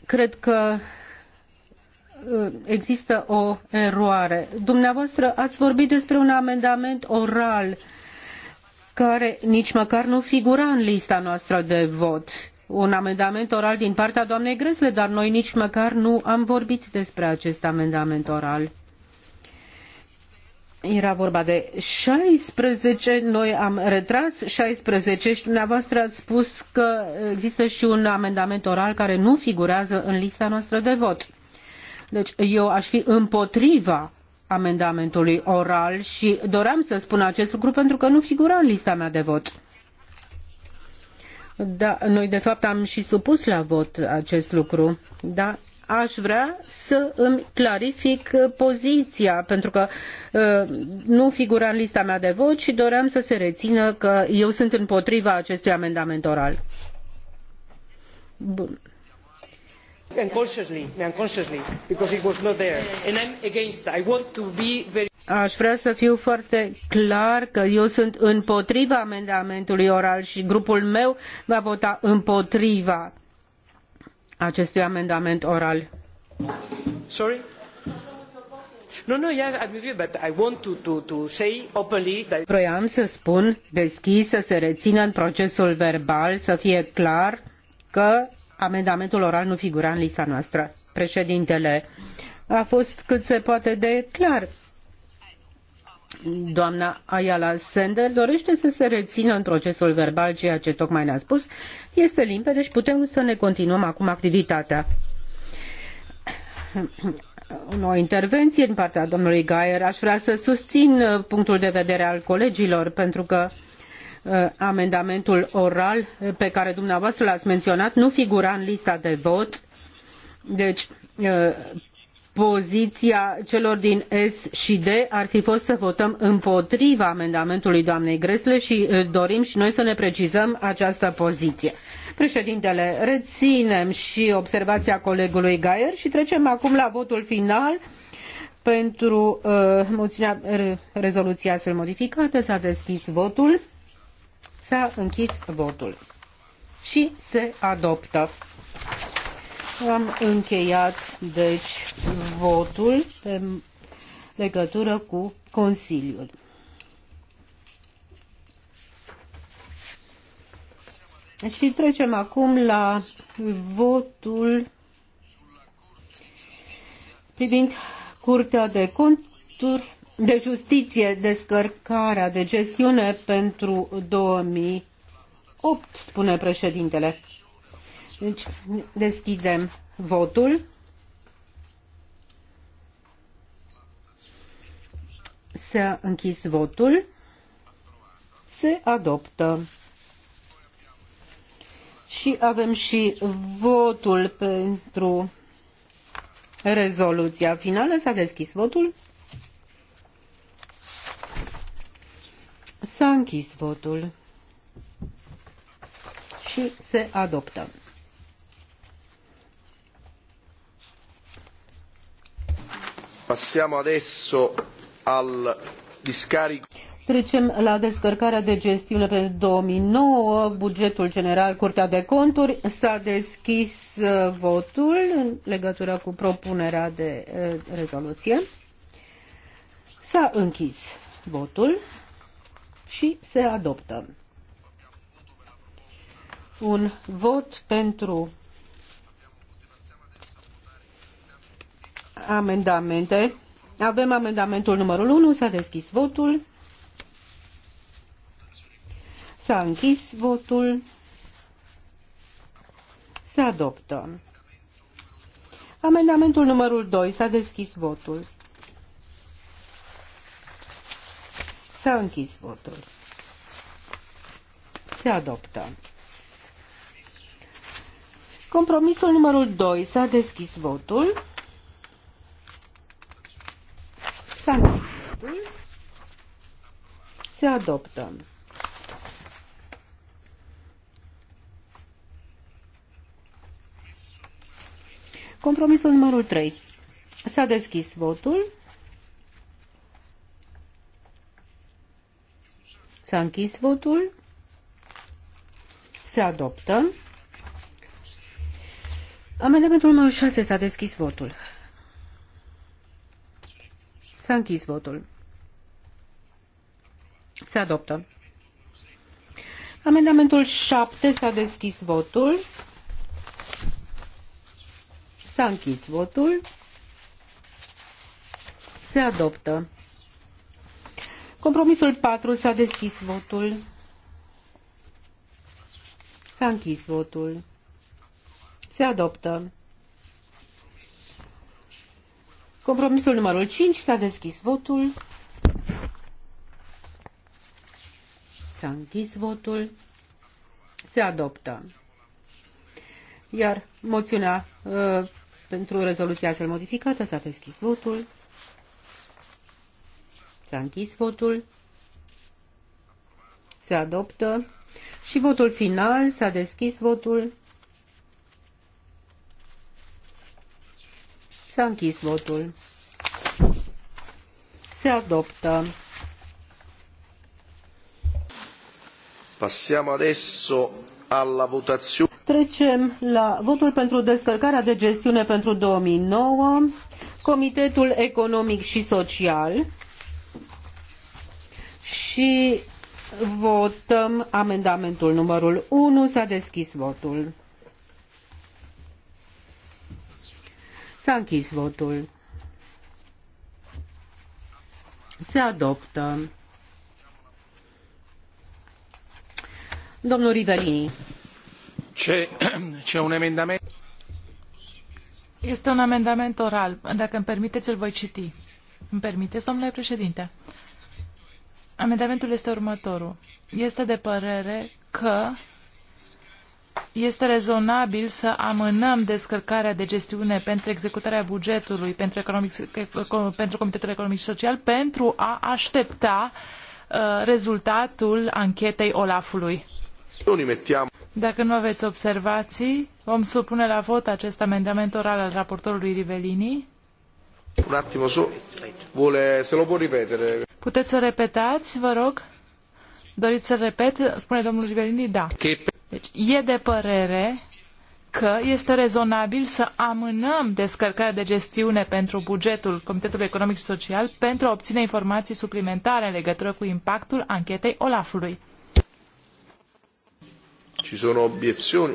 cred că Uh, există o eroare. Dumneavoastră ați vorbit despre un amendament oral care nici măcar nu figura în lista noastră de vot. Un amendament oral din partea doamnei Gresle, dar noi nici măcar nu am vorbit despre acest amendament oral. Era vorba de 16, noi am retras 16 și dumneavoastră ați spus că există și un amendament oral care nu figurează în lista noastră de vot. Deci eu aș fi împotriva amendamentului oral și doream să spun acest lucru pentru că nu figura în lista mea de vot. Da, noi de fapt am și supus la vot acest lucru, dar aș vrea să îmi clarific poziția, pentru că uh, nu figura în lista mea de vot și doream să se rețină că eu sunt împotriva acestui amendament oral. Bun unconsciously, unconsciously, because it was not there. And I'm against. I want to be very Aș vrea să fiu foarte clar că eu sunt împotriva amendamentului oral și grupul meu va vota împotriva acestui amendament oral. Sorry? No, no, yeah, I'm with you, but I want to, to, to say openly that... Vroiam să spun deschis să se rețină în procesul verbal, să fie clar că amendamentul oral nu figura în lista noastră. Președintele a fost cât se poate de clar. Doamna Ayala Sender dorește să se rețină în procesul verbal ceea ce tocmai ne-a spus. Este limpede, deci putem să ne continuăm acum activitatea. O intervenție din partea domnului Gaier. Aș vrea să susțin punctul de vedere al colegilor, pentru că Uh, amendamentul oral pe care dumneavoastră l-ați menționat nu figura în lista de vot. Deci, uh, poziția celor din S și D ar fi fost să votăm împotriva amendamentului doamnei Gresle și uh, dorim și noi să ne precizăm această poziție. Președintele, reținem și observația colegului Gaier și trecem acum la votul final pentru uh, moțiunea, rezoluția astfel modificată. S-a deschis votul. S-a închis votul și se adoptă. Am încheiat, deci, votul pe legătură cu Consiliul. Și trecem acum la votul privind Curtea de Conturi de justiție, descărcarea de gestiune pentru 2008, spune președintele. Deci deschidem votul. S-a închis votul. Se adoptă. Și avem și votul pentru rezoluția finală. S-a deschis votul. S-a închis votul și se adoptă. Passiamo adesso al discarico. Trecem la descărcarea de gestiune pentru 2009, bugetul general, Curtea de Conturi. S-a deschis uh, votul în legătură cu propunerea de uh, rezoluție. S-a închis votul și se adoptă. Un vot pentru amendamente. Avem amendamentul numărul 1, s-a deschis votul. S-a închis votul. Se adoptă. Amendamentul numărul 2. S-a deschis votul. S-a închis votul. Se adoptă. Compromisul numărul 2. S-a deschis votul. S-a închis votul. Se adoptă. Compromisul numărul 3. S-a deschis votul. S-a închis votul. Se adoptă. Amendamentul numărul 6 s-a deschis votul. S-a închis votul. Se adoptă. Amendamentul 7 s-a deschis votul. S-a închis votul. Se adoptă. Compromisul 4 s-a deschis votul. S-a închis votul. Se adoptă. Compromisul numărul 5 s-a deschis votul. S-a închis votul. Se adoptă. Iar moțiunea uh, pentru rezoluția cel modificată s-a deschis votul. S-a închis votul. Se adoptă. Și votul final. S-a deschis votul. S-a închis votul. Se adoptă. Passiamo adesso alla votazione. Trecem la votul pentru descărcarea de gestiune pentru 2009, Comitetul Economic și Social și votăm amendamentul numărul 1. S-a deschis votul. S-a închis votul. Se adoptă. Domnul Rivelini. Ce, ce un amendament? Este un amendament oral. Dacă îmi permiteți, îl voi citi. Îmi permiteți, domnule președinte? Amendamentul este următorul. Este de părere că este rezonabil să amânăm descărcarea de gestiune pentru executarea bugetului pentru, economic, pentru Comitetul Economic și Social pentru a aștepta uh, rezultatul anchetei Olafului. Dacă nu aveți observații, vom supune la vot acest amendament oral al raportorului Rivelini. Un attimo, so, Vole, se lo può ripetere. Puteți să repetați, vă rog? Doriți să repet? Spune domnul Rivelini, da. Deci, e de părere că este rezonabil să amânăm descărcarea de gestiune pentru bugetul Comitetului Economic și Social pentru a obține informații suplimentare în legătură cu impactul anchetei Olafului. Ci sono obiezioni?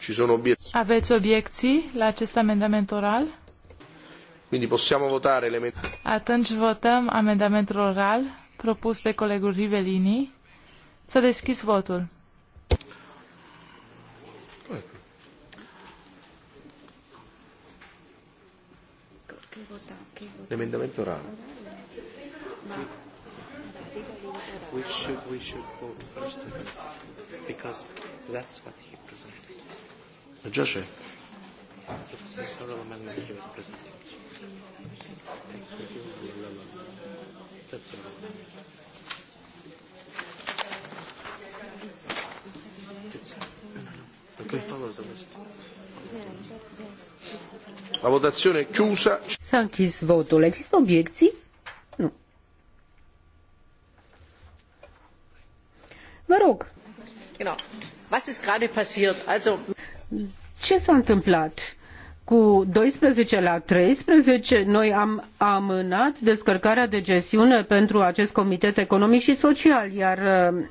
Ci sono obiez... Aveți obiecții la acest amendament oral? Quindi possiamo votare Atunci votăm amendamentul oral propus de colegul Rivelini. S-a deschis votul. L'emendamento orale. We should, we should vote first because that's what he presented. Già It's a sort of amendment he was presenting. La votazione è chiusa. S-a le votul. Există obiecții? Marok. Genau. Was ist gerade passiert? Also... Ce s-a întâmplat? cu 12 la 13 noi am amânat descărcarea de gestiune pentru acest comitet economic și social, iar uh,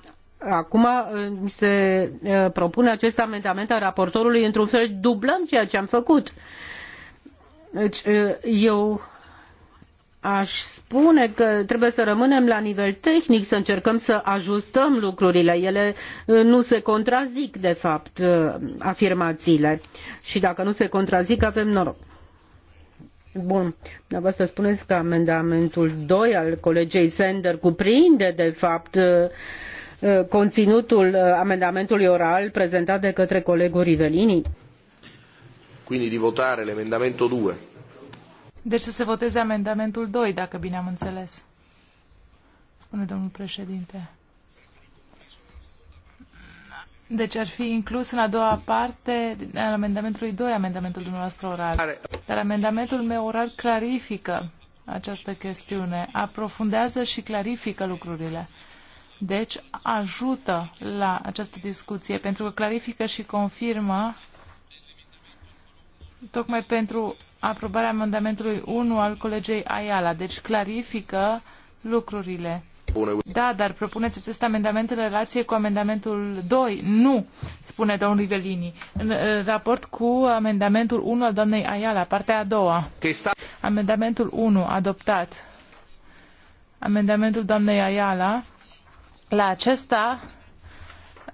acum uh, se uh, propune acest amendament al raportorului, într-un fel dublăm ceea ce am făcut. Deci eu aș spune că trebuie să rămânem la nivel tehnic, să încercăm să ajustăm lucrurile. Ele uh, nu se contrazic, de fapt, uh, afirmațiile. Și dacă nu se contrazic, avem noroc. Bun. Dumneavoastră spuneți că amendamentul 2 al colegei Sender cuprinde, de fapt, uh, conținutul amendamentului oral prezentat de către colegul Rivelini? Quindi di votare l'emendamento 2 deci să se voteze amendamentul 2, dacă bine am înțeles. Spune domnul președinte. Deci ar fi inclus în a doua parte al amendamentului 2, amendamentul dumneavoastră oral. Dar amendamentul meu oral clarifică această chestiune, aprofundează și clarifică lucrurile. Deci ajută la această discuție pentru că clarifică și confirmă tocmai pentru aprobarea amendamentului 1 al colegei Ayala. Deci clarifică lucrurile. Da, dar propuneți acest amendament în relație cu amendamentul 2. Nu, spune domnul Rivelini, în raport cu amendamentul 1 al doamnei Ayala, partea a doua. Amendamentul 1, adoptat. Amendamentul doamnei Ayala. La acesta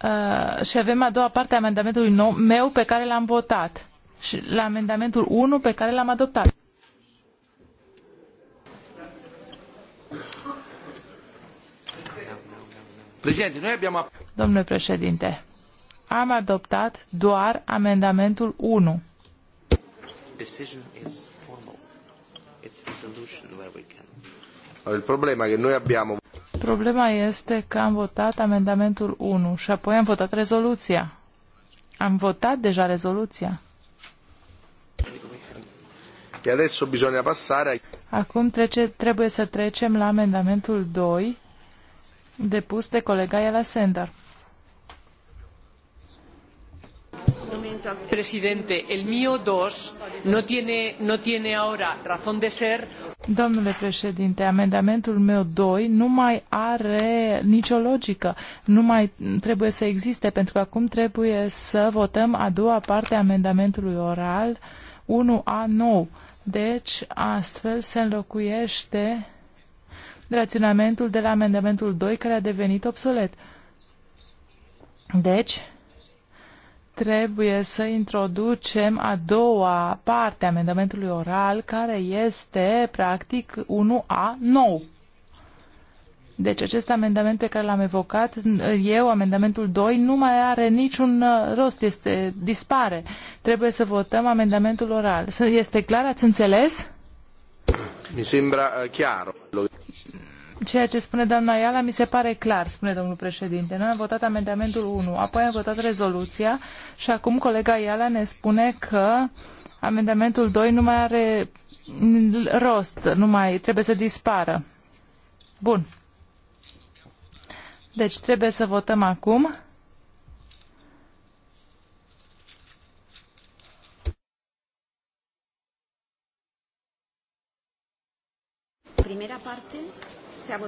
uh, și avem a doua parte a amendamentului nou, meu pe care l-am votat și la amendamentul 1 pe care l-am adoptat. Președinte, noi abbiamo... Domnule președinte, am adoptat doar amendamentul 1. Problema che noi abbiamo... Problema este că am votat amendamentul 1 și apoi am votat rezoluția. Am votat deja rezoluția. E adesso bisogna passare Acum trece, trebuie să trecem la amendamentul 2 depus de colega Iala Sender. Presidente, el mio 2 no tiene, no tiene ahora razón de ser. Domnule președinte, amendamentul meu 2 nu mai are nicio logică. Nu mai trebuie să existe, pentru că acum trebuie să votăm a doua parte a amendamentului oral 1A9 deci, astfel se înlocuiește raționamentul de la amendamentul 2 care a devenit obsolet. Deci, trebuie să introducem a doua parte a amendamentului oral, care este, practic, 1A nou. Deci acest amendament pe care l-am evocat, eu, amendamentul 2, nu mai are niciun uh, rost, este dispare. Trebuie să votăm amendamentul oral. Este clar? Ați înțeles? Mi sembra uh, chiar. Ceea ce spune doamna Iala mi se pare clar, spune domnul președinte. Noi am votat amendamentul 1, apoi am votat rezoluția și acum colega Iala ne spune că amendamentul 2 nu mai are rost, nu mai trebuie să dispară. Bun. Deci trebuie să votăm acum.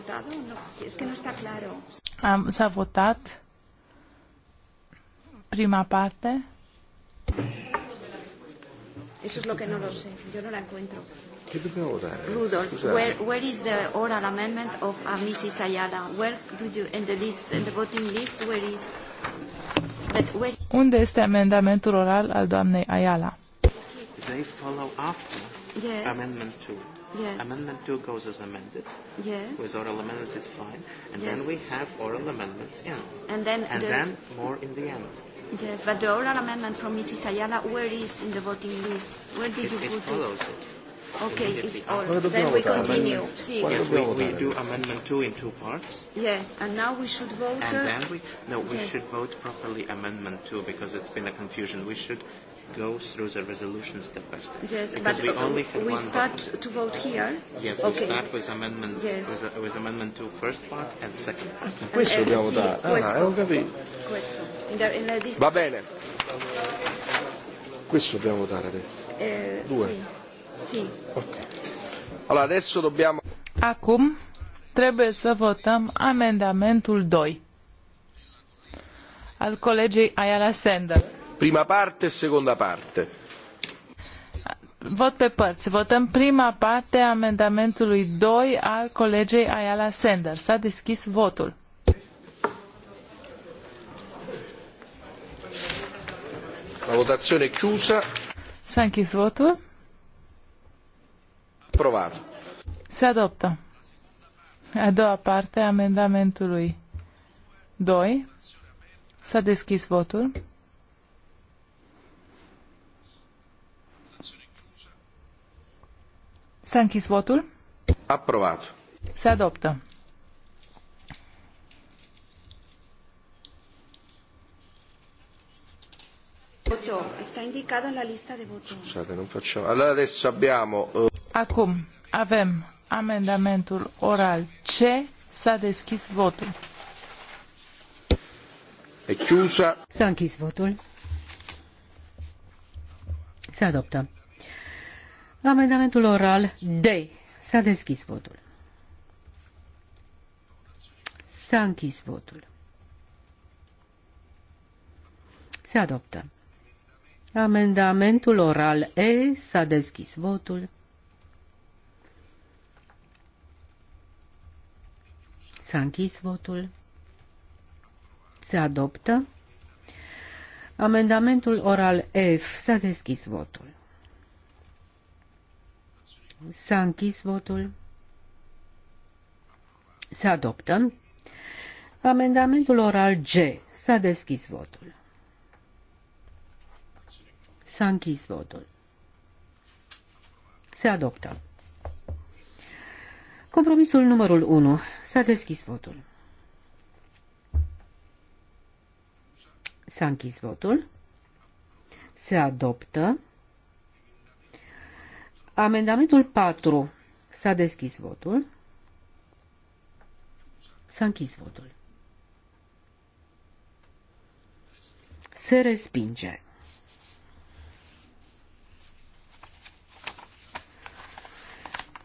parte es que no está claro. Am, s-a votat prima parte. Eso es lo que no lo sé, yo no la encuentro. Rudolf, where, where is the oral amendment of uh, Mrs. Ayala? Where do you, in the list, in the voting list, where is... But where... Unde este amendamentul oral al doamnei Ayala? They follow after yes. amendment 2. Yes. Amendment 2 goes as amended. Yes. With oral amendments, it's fine. And yes. then we have oral amendments in. And then, and the... then more in the end. Yes, but the oral amendment from Mrs. Ayala, where is in the voting list? Where did it, you put it? Follows it. it? Okay, it's all. Then we continue. See. Yes, we, we do amendment two in two parts. Yes, and now we should vote. And uh, then we no, we yes. should vote properly amendment two because it's been a confusion. We should go through the resolution step by step. Yes, because but we only had we one start vote. to vote here. Yes, okay. we start with amendment yes. with, with amendment two, first part and second part. Questo dobbiamo votare. Ah, non eh, capito. Questo. In the, in the Va bene. Questo dobbiamo votare adesso. Eh, Due. Sì. Acum trebuie să votăm amendamentul 2 al colegei Ayala Sender. Prima parte, seconda parte. Vot pe părți. Votăm prima parte a amendamentului 2 al colegei Ayala Sender. S-a deschis votul. La votazione chiusa. S-a închis votul. Aprovat. Se adoptă. A doua parte a amendamentului 2. S-a deschis votul. S-a închis votul. Aprobat. Se adoptă. Voto. Sta indicato nella lista di voto. Scusate, non facciamo. Allora adesso abbiamo uh, eh, Acum avem amendamentul oral C. S-a deschis votul. E S-a închis votul. Se adoptă. Amendamentul oral D. S-a deschis votul. S-a închis votul. Se adoptă. Amendamentul oral E. S-a deschis votul. S-a închis votul. Se adoptă. Amendamentul oral F. S-a deschis votul. S-a închis votul. Se adoptă. Amendamentul oral G. S-a deschis votul. S-a închis votul. Se adoptă. Compromisul numărul 1. S-a deschis votul. S-a închis votul. Se adoptă. Amendamentul 4. S-a deschis votul. S-a închis votul. Se respinge.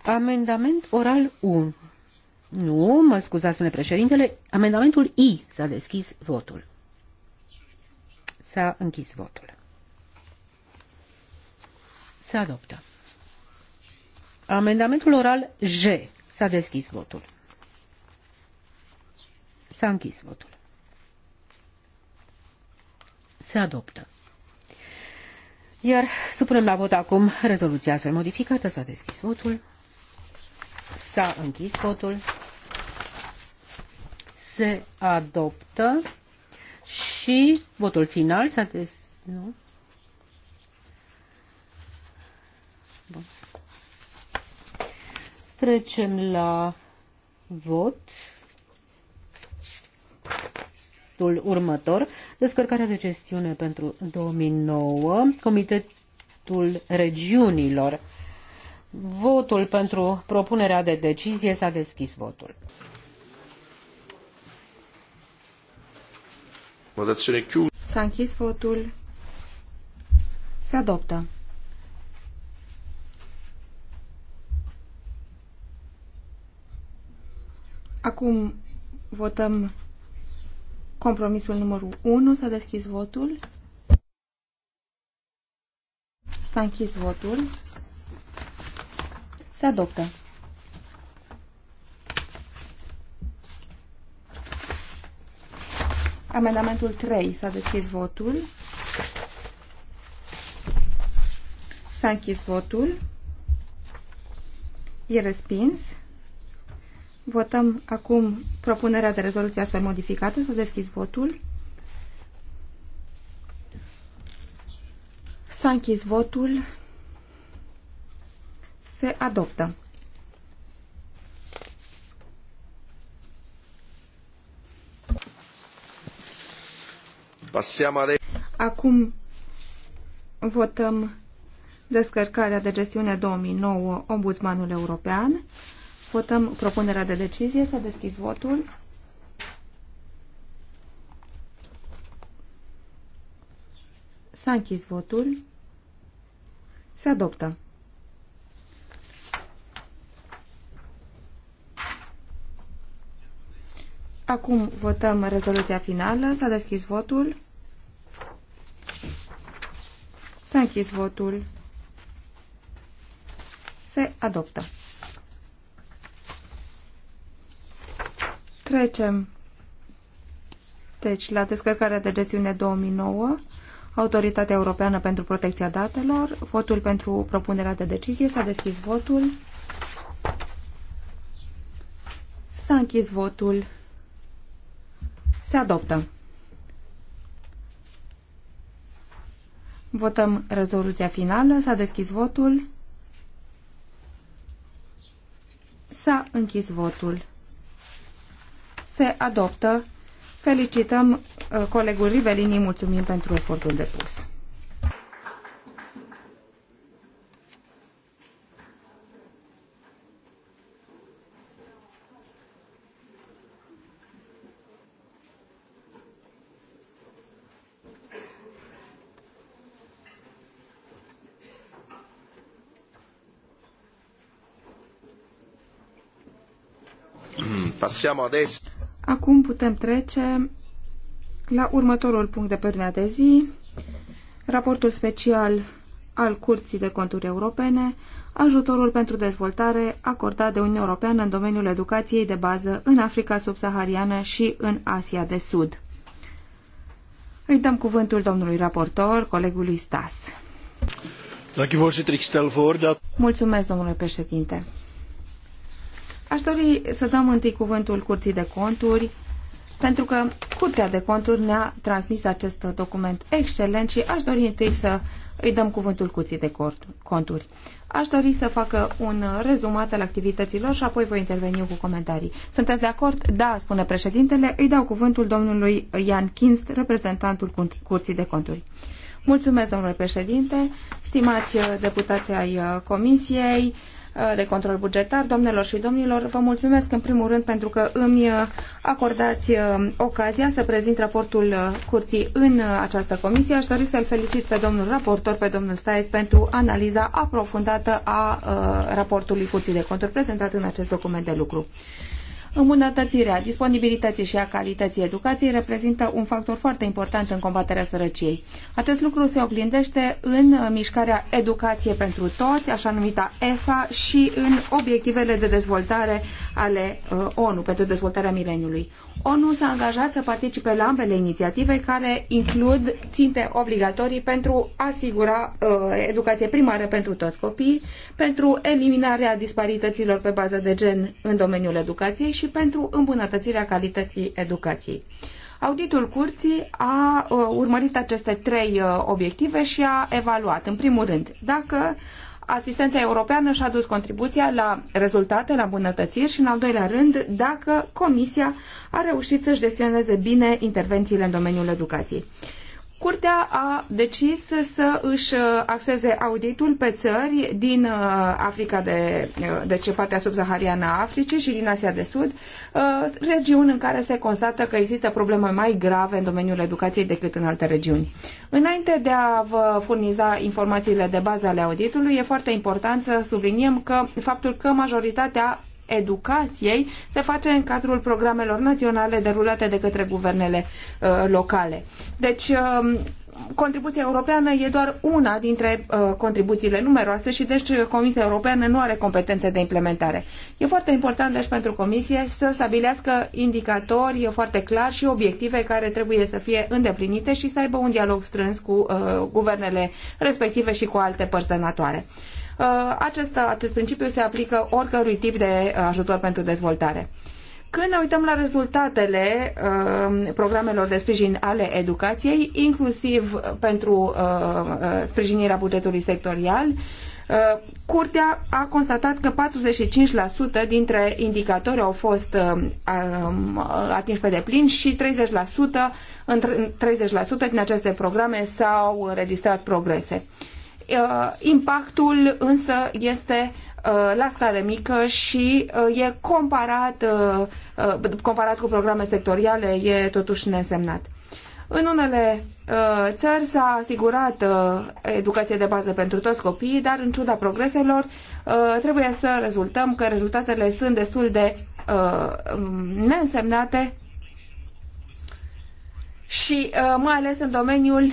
Amendament oral 1. Nu, mă scuzați, domnule președintele. Amendamentul I. S-a deschis votul. S-a închis votul. Se adoptă. Amendamentul oral J. S-a deschis votul. S-a închis votul. Se adoptă. Iar supunem la vot acum rezoluția astfel modificată. S-a deschis votul. S-a închis votul. Se adoptă și votul final s-a des... Nu? Bun. Trecem la vot. Votul următor. Descărcarea de gestiune pentru 2009. Comitetul regiunilor votul pentru propunerea de decizie. S-a deschis votul. S-a închis votul. Se adoptă. Acum votăm compromisul numărul 1. S-a deschis votul. S-a închis votul. Se adoptă. Amendamentul 3. S-a deschis votul. S-a închis votul. E respins. Votăm acum propunerea de rezoluție astfel modificată. S-a deschis votul. S-a închis votul se adoptă. Acum votăm descărcarea de gestiune 2009 Ombudsmanul European. Votăm propunerea de decizie. S-a deschis votul. S-a închis votul. Se adoptă. Acum votăm rezoluția finală. S-a deschis votul. S-a închis votul. Se adoptă. Trecem deci la descărcarea de gestiune 2009, Autoritatea Europeană pentru Protecția Datelor, votul pentru propunerea de decizie, s-a deschis votul, s-a închis votul. Se adoptă. Votăm rezoluția finală. S-a deschis votul. S-a închis votul. Se adoptă. Felicităm uh, colegul Rivelini, mulțumim pentru efortul depus. Passiamo adesso. Acum putem trece la următorul punct de pe de zi, raportul special al Curții de Conturi Europene, ajutorul pentru dezvoltare acordat de Uniunea Europeană în domeniul educației de bază în Africa subsahariană și în Asia de Sud. Îi dăm cuvântul domnului raportor, colegului Stas. Mulțumesc, domnule președinte. Aș dori să dăm întâi cuvântul Curții de Conturi, pentru că Curtea de Conturi ne-a transmis acest document excelent și aș dori întâi să îi dăm cuvântul Curții de Conturi. Aș dori să facă un rezumat al activităților și apoi voi interveni cu comentarii. Sunteți de acord? Da, spune președintele. Îi dau cuvântul domnului Ian Kinst, reprezentantul Curții de Conturi. Mulțumesc, domnule președinte, stimați deputații ai Comisiei, Uh, de control bugetar. Domnilor și domnilor, vă mulțumesc în primul rând pentru că îmi uh, acordați uh, ocazia să prezint raportul curții în această comisie. Aș dori să-l felicit pe domnul raportor, pe domnul Staes, pentru analiza aprofundată a raportului curții de control prezentat în acest document de lucru. Îmbunătățirea disponibilității și a calității educației reprezintă un factor foarte important în combaterea sărăciei. Acest lucru se oglindește în mișcarea Educație pentru Toți, așa numita EFA, și în obiectivele de dezvoltare ale uh, ONU pentru dezvoltarea mileniului. ONU s-a angajat să participe la ambele inițiative care includ ținte obligatorii pentru a asigura uh, educație primară pentru toți copiii, pentru eliminarea disparităților pe bază de gen în domeniul educației și și pentru îmbunătățirea calității educației. Auditul curții a uh, urmărit aceste trei uh, obiective și a evaluat, în primul rând, dacă asistența europeană și-a dus contribuția la rezultate, la îmbunătățiri și, în al doilea rând, dacă Comisia a reușit să-și gestioneze bine intervențiile în domeniul educației. Curtea a decis să își uh, axeze auditul pe țări din uh, Africa de, deci partea subsahariană a Africii și din Asia de Sud, regiuni în care se constată că există probleme mai grave în domeniul educației decât în alte regiuni. Înainte de a vă furniza informațiile de bază ale auditului, e foarte important să subliniem că faptul că majoritatea educației se face în cadrul programelor naționale derulate de către guvernele uh, locale. Deci, uh, contribuția europeană e doar una dintre uh, contribuțiile numeroase și deci Comisia Europeană nu are competențe de implementare. E foarte important deci pentru Comisie să stabilească indicatori foarte clar și obiective care trebuie să fie îndeplinite și să aibă un dialog strâns cu uh, guvernele respective și cu alte părți donatoare. Uh, Uh, acest, acest principiu se aplică oricărui tip de uh, ajutor pentru dezvoltare. Când ne uităm la rezultatele uh, programelor de sprijin ale educației, inclusiv pentru uh, uh sprijinirea bugetului sectorial, uh, Curtea a constatat că 45% dintre indicatori au fost um, atinși pe deplin și 30%, în 30% din aceste programe s-au înregistrat progrese. Uh, Uh, impactul însă este uh, la scară mică și uh, e comparat, comparat cu programe sectoriale, e totuși nesemnat. În unele țări s-a asigurat educație de bază pentru toți copiii, dar în ciuda progreselor trebuie să rezultăm că rezultatele sunt destul de neînsemnate și mai ales în domeniul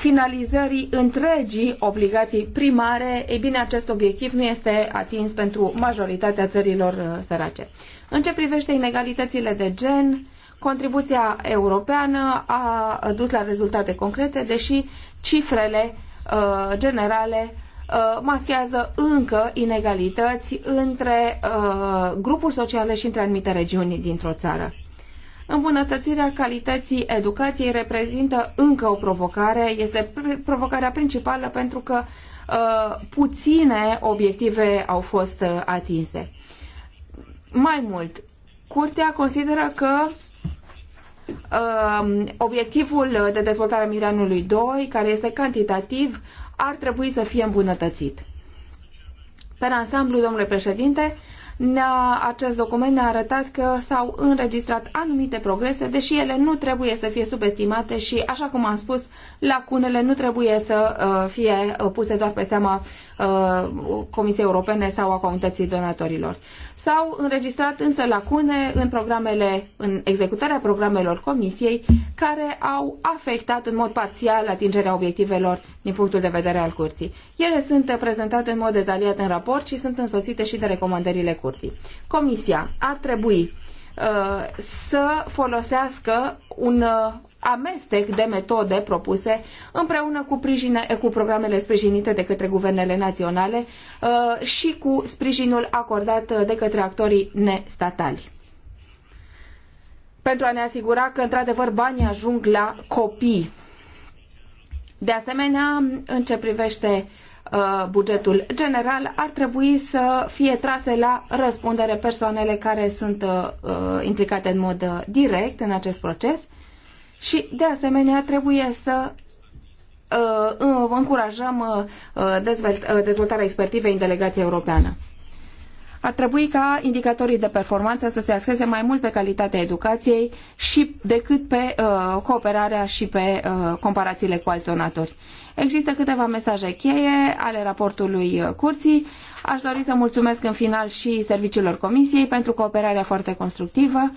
finalizării întregii obligații primare, e bine, acest obiectiv nu este atins pentru majoritatea țărilor uh, sărace. În ce privește inegalitățile de gen, contribuția europeană a dus la rezultate concrete, deși cifrele uh, generale uh, maschează încă inegalități între uh, grupuri sociale și între anumite regiuni dintr-o țară. Îmbunătățirea calității educației reprezintă încă o provocare, este provocarea principală pentru că uh, puține obiective au fost uh, atinse. Mai mult, Curtea consideră că uh, obiectivul de dezvoltare a Mireanului 2, care este cantitativ, ar trebui să fie îmbunătățit. Pe ansamblu, domnule președinte, ne-a, acest document ne-a arătat că s-au înregistrat anumite progrese, deși ele nu trebuie să fie subestimate și, așa cum am spus, lacunele nu trebuie să uh, fie uh, puse doar pe seama uh, Comisiei Europene sau a comunității donatorilor. S-au înregistrat însă lacune în programele, în executarea programelor comisiei, care au afectat în mod parțial atingerea obiectivelor din punctul de vedere al curții. Ele sunt prezentate în mod detaliat în raport și sunt însoțite și de recomandările curții. Comisia ar trebui uh, să folosească un uh, amestec de metode propuse împreună cu, prijine, cu programele sprijinite de către guvernele naționale uh, și cu sprijinul acordat de către actorii nestatali pentru a ne asigura că, într-adevăr, banii ajung la copii. De asemenea, în ce privește uh, bugetul general, ar trebui să fie trase la răspundere persoanele care sunt uh, implicate în mod direct în acest proces și, de asemenea, trebuie să uh, încurajăm uh, uh, dezvoltarea expertivei în delegația europeană. Ar trebui ca indicatorii de performanță să se axeze mai mult pe calitatea educației și decât pe uh, cooperarea și pe uh, comparațiile cu alți donatori. Există câteva mesaje cheie ale raportului curții. Aș dori să mulțumesc în final și serviciilor comisiei pentru cooperarea foarte constructivă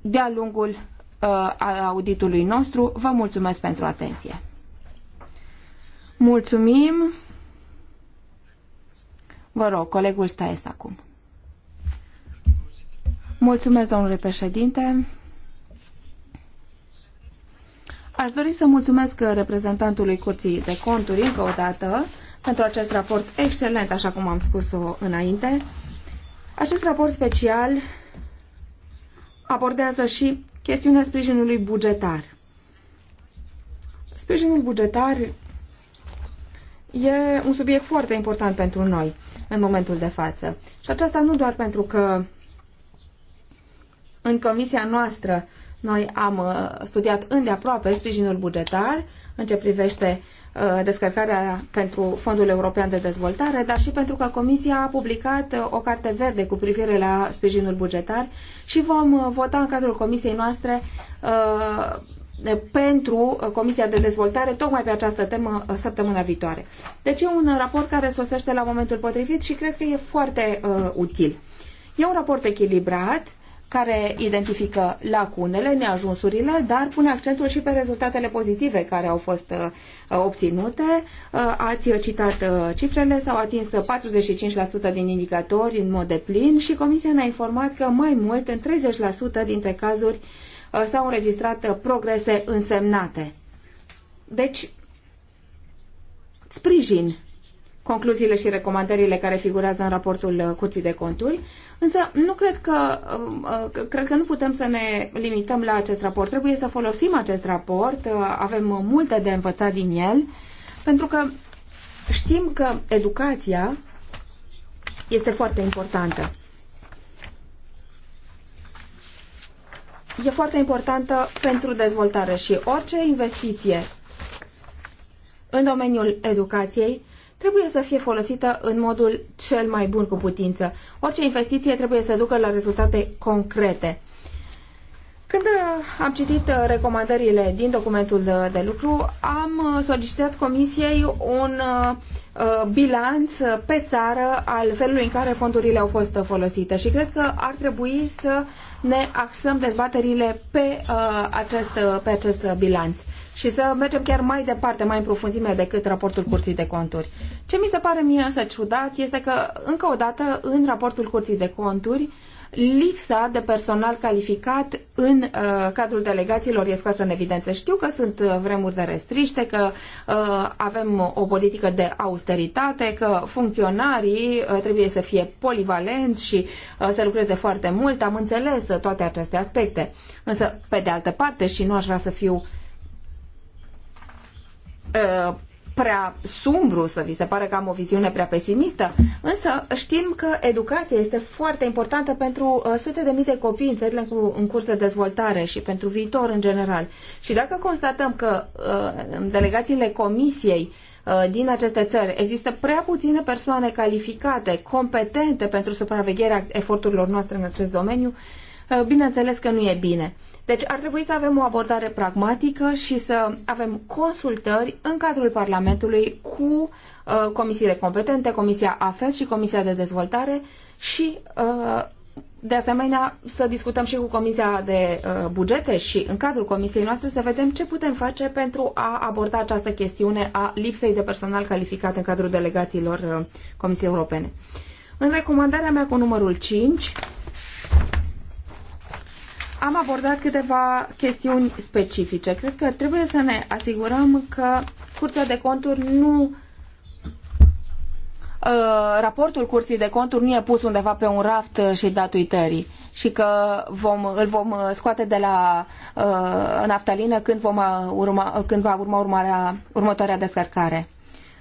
de-a lungul Uh, a auditului nostru. Vă mulțumesc pentru atenție. Mulțumim. Vă rog, colegul Staes acum. Mulțumesc, domnule președinte. Aș dori să mulțumesc reprezentantului Curții de Conturi încă o dată pentru acest raport excelent, așa cum am spus-o înainte. Acest raport special abordează și chestiunea sprijinului bugetar. Sprijinul bugetar e un subiect foarte important pentru noi în momentul de față. Și aceasta nu doar pentru că în comisia noastră noi am uh, studiat îndeaproape sprijinul bugetar în ce privește Uh, descărcarea pentru Fondul European de Dezvoltare, dar și pentru că Comisia a publicat uh, o carte verde cu privire la sprijinul bugetar și vom uh, vota în cadrul Comisiei noastre pentru Comisia de Dezvoltare tocmai pe această temă săptămâna viitoare. Deci e un raport care sosește la momentul potrivit și cred că e foarte util. E un raport echilibrat care identifică lacunele, neajunsurile, dar pune accentul și pe rezultatele pozitive care au fost uh, obținute. Uh, ați citat uh, cifrele, s-au atins 45% din indicatori în mod deplin și Comisia ne-a informat că mai mult, în 30% dintre cazuri, s-au înregistrat progrese însemnate. Deci, sprijin concluziile și recomandările care figurează în raportul uh, Curții de Conturi, însă nu cred că, um, uh, cred că nu putem să ne limităm la acest raport. Trebuie să folosim acest raport, uh, avem multe de învățat din el, pentru că știm că educația este foarte importantă. E foarte importantă pentru dezvoltare și orice investiție în domeniul educației trebuie să fie folosită în modul cel mai bun cu putință. Orice investiție trebuie să ducă la rezultate concrete. Când uh, am citit uh, recomandările din documentul uh, de lucru, am solicitat Comisiei un bilanț pe țară al felului în care fondurile au fost folosite și cred că ar trebui să ne axăm dezbaterile pe, uh, acest, uh, pe acest bilanț și să mergem chiar mai departe, mai în profunzime decât raportul Curții de Conturi. Ce mi se pare mie însă ciudat este că, încă o dată, în raportul Curții de Conturi, uh, lipsa de personal calificat în uh, cadrul delegațiilor e scoasă în evidență. Știu că sunt uh, vremuri de restriște, că uh, avem o politică de austeritate, că funcționarii uh, trebuie să fie polivalenți și uh, să lucreze foarte mult. Am înțeles uh, toate aceste aspecte. Însă, pe de altă parte, și nu aș vrea să fiu uh, prea sumbru, să vi se pare că am o viziune prea pesimistă, însă știm că educația este foarte importantă pentru uh, sute de mii de copii în țările în curs de dezvoltare și pentru viitor în general. Și dacă constatăm că uh, în delegațiile comisiei uh, din aceste țări există prea puține persoane calificate, competente pentru supravegherea eforturilor noastre în acest domeniu, bineînțeles că nu e bine. Deci ar trebui să avem o abordare pragmatică și să avem consultări în cadrul Parlamentului cu uh, comisiile competente, Comisia AFET și Comisia de Dezvoltare și uh, de asemenea, să discutăm și cu Comisia de uh, Bugete și în cadrul Comisiei noastre să vedem ce putem face pentru a aborda această chestiune a lipsei de personal calificat în cadrul delegațiilor uh, Comisiei Europene. În recomandarea mea cu numărul 5, am abordat câteva chestiuni specifice. Cred că trebuie să ne asigurăm că Curtea de Conturi nu uh, raportul cursii de Conturi nu e pus undeva pe un raft și dat uitării și că vom, îl vom scoate de la uh, naftalină când, vom uh, urma, când va urma urmarea, următoarea descărcare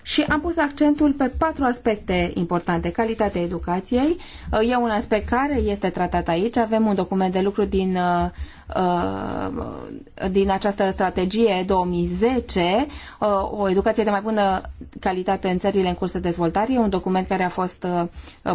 și am pus accentul pe patru aspecte importante. Calitatea educației uh, e un aspect care este tratat aici. Avem un document de lucru din, uh, uh, din această strategie 2010, o educație de mai bună calitate în țările în curs de dezvoltare. E un document care a fost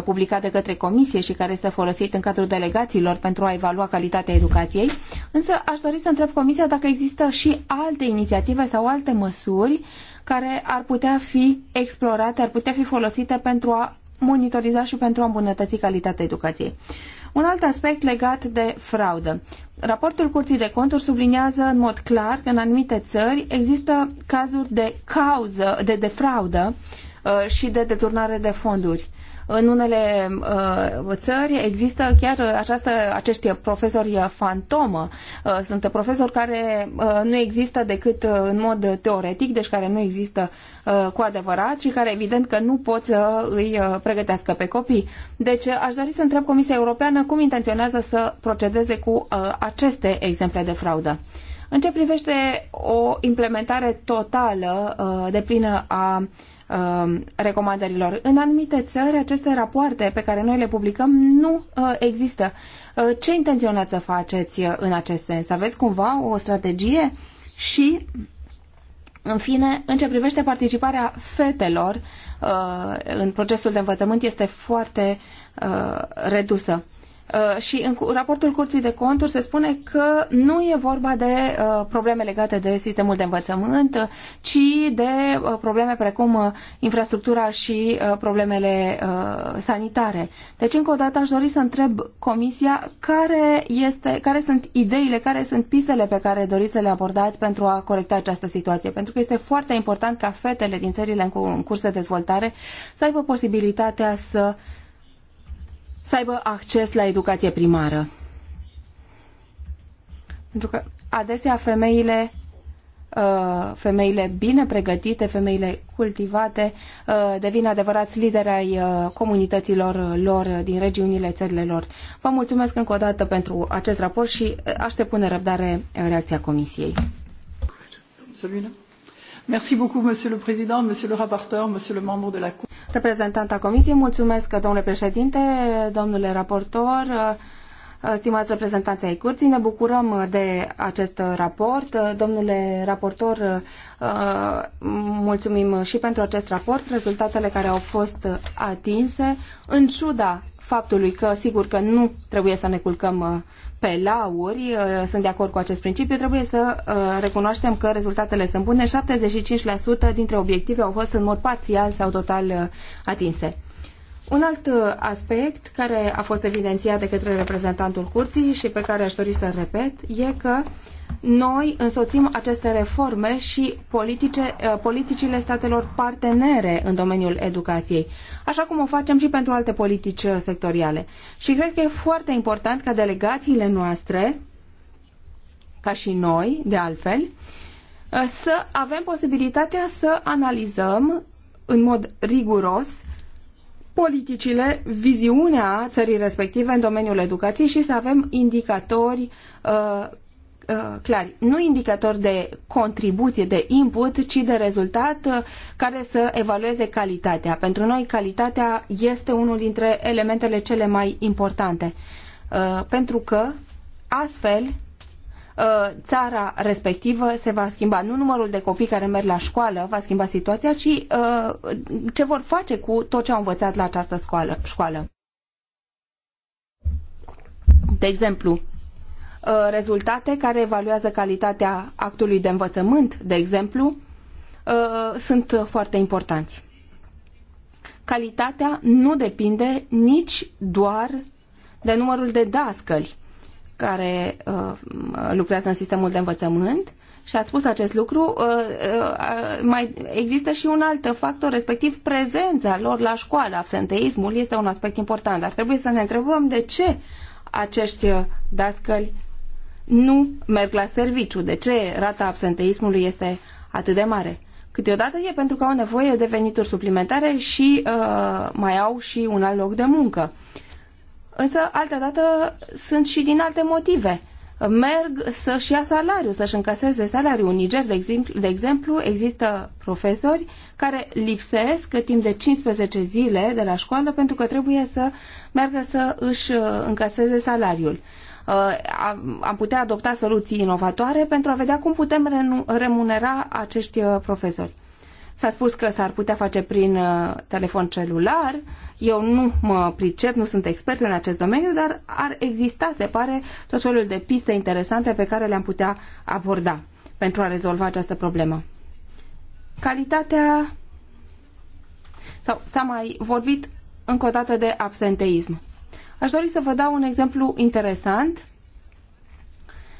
publicat de către Comisie și care este folosit în cadrul delegațiilor pentru a evalua calitatea educației. Însă aș dori să întreb Comisia dacă există și alte inițiative sau alte măsuri uh, care ar putea fi explorate, ar putea fi folosite pentru a monitoriza și pentru a îmbunătăți calitatea educației. Un alt aspect legat de fraudă. Raportul Curții de Conturi subliniază în mod clar că în anumite țări există cazuri de cauză, de defraudă uh, și de deturnare de fonduri. În unele uh, țări există chiar uh, această, acești profesori fantomă. Uh, sunt profesori care uh, nu există decât uh, în mod teoretic, deci care nu există uh, cu adevărat și care evident că nu pot să îi uh, pregătească pe copii. Deci uh, aș dori să întreb Comisia Europeană cum intenționează să procedeze cu uh, aceste exemple de fraudă. În ce privește o implementare totală, uh, deplină a uh, Um, recomandărilor. În anumite țări, aceste rapoarte pe care noi le publicăm nu uh, există. Uh, ce intenționați să faceți uh, în acest sens? Aveți cumva o strategie? Și în fine, în ce privește participarea fetelor în procesul de învățământ este foarte redusă. Uh, și în raportul Curții de Conturi se spune că nu e vorba de uh, probleme legate de sistemul de învățământ, ci de uh, probleme precum infrastructura și problemele sanitare. Deci, încă o dată, aș dori să întreb Comisia care, este, care sunt ideile, care sunt pistele pe care doriți să le abordați pentru a corecta această situație. Pentru că este foarte important ca fetele din țările în curs de dezvoltare să aibă posibilitatea să să aibă acces la educație primară. Pentru că adesea femeile uh, femeile bine pregătite, femeile cultivate, uh, devin adevărați lideri ai uh, comunităților lor din regiunile țările lor. Vă mulțumesc încă o dată pentru acest raport și aștept cu nerăbdare reacția Comisiei. Merci beaucoup, de la Reprezentanta Comisiei, mulțumesc, domnule președinte, domnule raportor, stimați reprezentanți ai curții, ne bucurăm de acest raport. Domnule raportor, mulțumim și pentru acest raport, rezultatele care au fost atinse, în ciuda faptului că, sigur că nu trebuie să ne culcăm pe lauri, uh, sunt de acord cu acest principiu, trebuie să uh, recunoaștem că rezultatele sunt bune. 75% dintre obiective au fost în mod parțial sau total uh, atinse. Un alt aspect care a fost evidențiat de către reprezentantul curții și pe care aș dori să-l repet e că uh, noi însoțim aceste reforme și politice, uh, politicile statelor partenere în domeniul educației, așa cum o facem și pentru alte politici uh, sectoriale. Și cred că e foarte important ca delegațiile noastre, ca și noi, de altfel, uh, să avem posibilitatea să analizăm în mod riguros politicile, viziunea țării respective în domeniul educației și să avem indicatori uh, Uh, clari, nu indicatori de contribuție, de input, ci de rezultat uh, care să evalueze calitatea. Pentru noi calitatea este unul dintre elementele cele mai importante, uh, pentru că astfel țara respectivă se va schimba. Nu numărul de copii care merg la școală va schimba situația, ci ce vor face cu tot ce au învățat la această școală. școală. De exemplu, Uh, rezultate care evaluează calitatea actului de învățământ, de exemplu, uh, sunt foarte importanți. Calitatea nu depinde nici doar de numărul de dascăli care uh, lucrează în sistemul de învățământ, și ați spus acest lucru, mai există și un alt factor, respectiv prezența lor la școală. Absenteismul este un aspect important, dar trebuie să ne întrebăm de ce acești dascăli nu merg la serviciu. De ce rata absenteismului este atât de mare? Câteodată e pentru că au nevoie de venituri suplimentare și uh, mai au și un alt loc de muncă. Însă, altă dată, sunt și din alte motive. Merg să-și ia salariu, să-și încaseze salariu. În Niger, de exemplu, de exemplu, există profesori care lipsesc timp de 15 zile de la școală pentru că trebuie să meargă să își uh, încaseze salariul. Uh, am putea adopta soluții inovatoare pentru a vedea cum putem remunera acești uh, profesori. S-a spus că s-ar putea face prin uh, telefon celular. Eu nu mă pricep, nu sunt expert în acest domeniu, dar ar exista, se pare, tot felul de piste interesante pe care le-am putea aborda pentru a rezolva această problemă. Calitatea sau s-a mai vorbit încă o dată de absenteism. Aș dori să vă dau un exemplu interesant,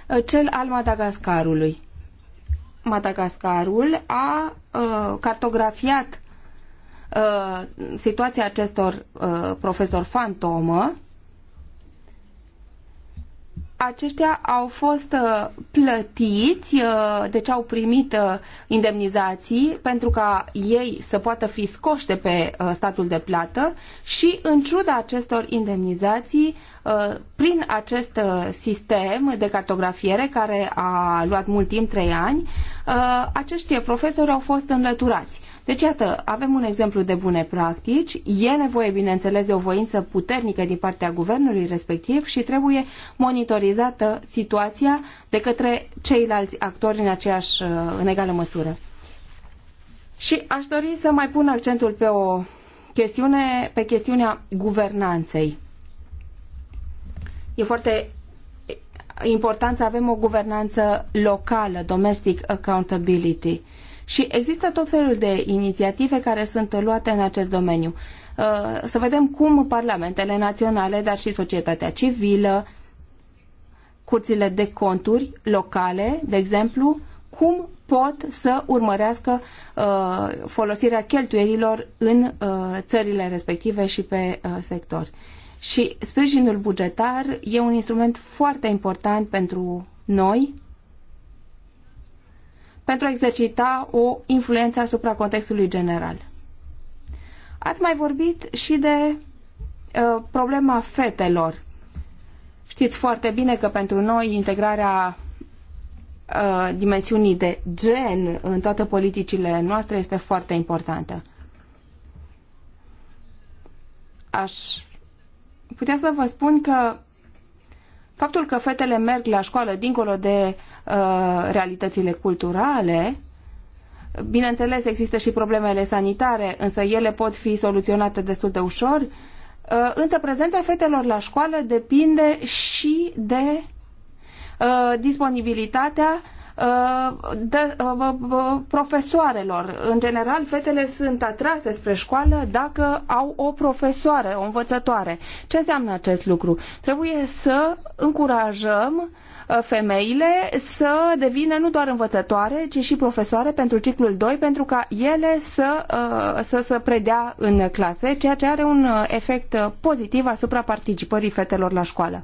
uh, cel al Madagascarului. Madagascarul a uh, cartografiat uh, situația acestor profesori fantomă aceștia au fost uh, plătiți, deci au primit uh, indemnizații pentru ca ei să poată fi scoși de pe statul de plată și în ciuda acestor indemnizații Uh, prin acest uh, sistem de cartografiere care a luat mult timp, trei ani, uh, acești profesori au fost înlăturați. Deci, iată, avem un exemplu de bune practici, e nevoie, bineînțeles, de o voință puternică din partea guvernului respectiv și trebuie monitorizată situația de către ceilalți actori în aceeași, în egală măsură. Și aș dori să mai pun accentul pe o chestiune, pe chestiunea guvernanței E foarte important să avem o guvernanță locală, domestic accountability. Și există tot felul de inițiative care sunt luate în acest domeniu. Uh, să vedem cum parlamentele naționale, dar și societatea civilă, curțile de conturi locale, de exemplu, cum pot să urmărească uh, folosirea cheltuierilor în uh, țările respective și pe sector. Și sprijinul bugetar e un instrument foarte important pentru noi pentru a exercita o influență asupra contextului general. Ați mai vorbit și de uh, problema fetelor. Știți foarte bine că pentru noi integrarea uh, dimensiunii de gen în toate politicile noastre este foarte importantă. Aș putea să vă spun că faptul că fetele merg la școală dincolo de uh, realitățile culturale, bineînțeles există și problemele sanitare, însă ele pot fi soluționate destul de ușor, uh, însă prezența fetelor la școală depinde și de uh, disponibilitatea de, uh, uh, uh, profesoarelor. În general, fetele sunt atrase spre școală dacă au o profesoară, o învățătoare. Ce înseamnă acest lucru? Trebuie să încurajăm femeile să devină nu doar învățătoare, ci și profesoare pentru ciclul 2, pentru ca ele să, să, să predea în clase, ceea ce are un efect pozitiv asupra participării fetelor la școală.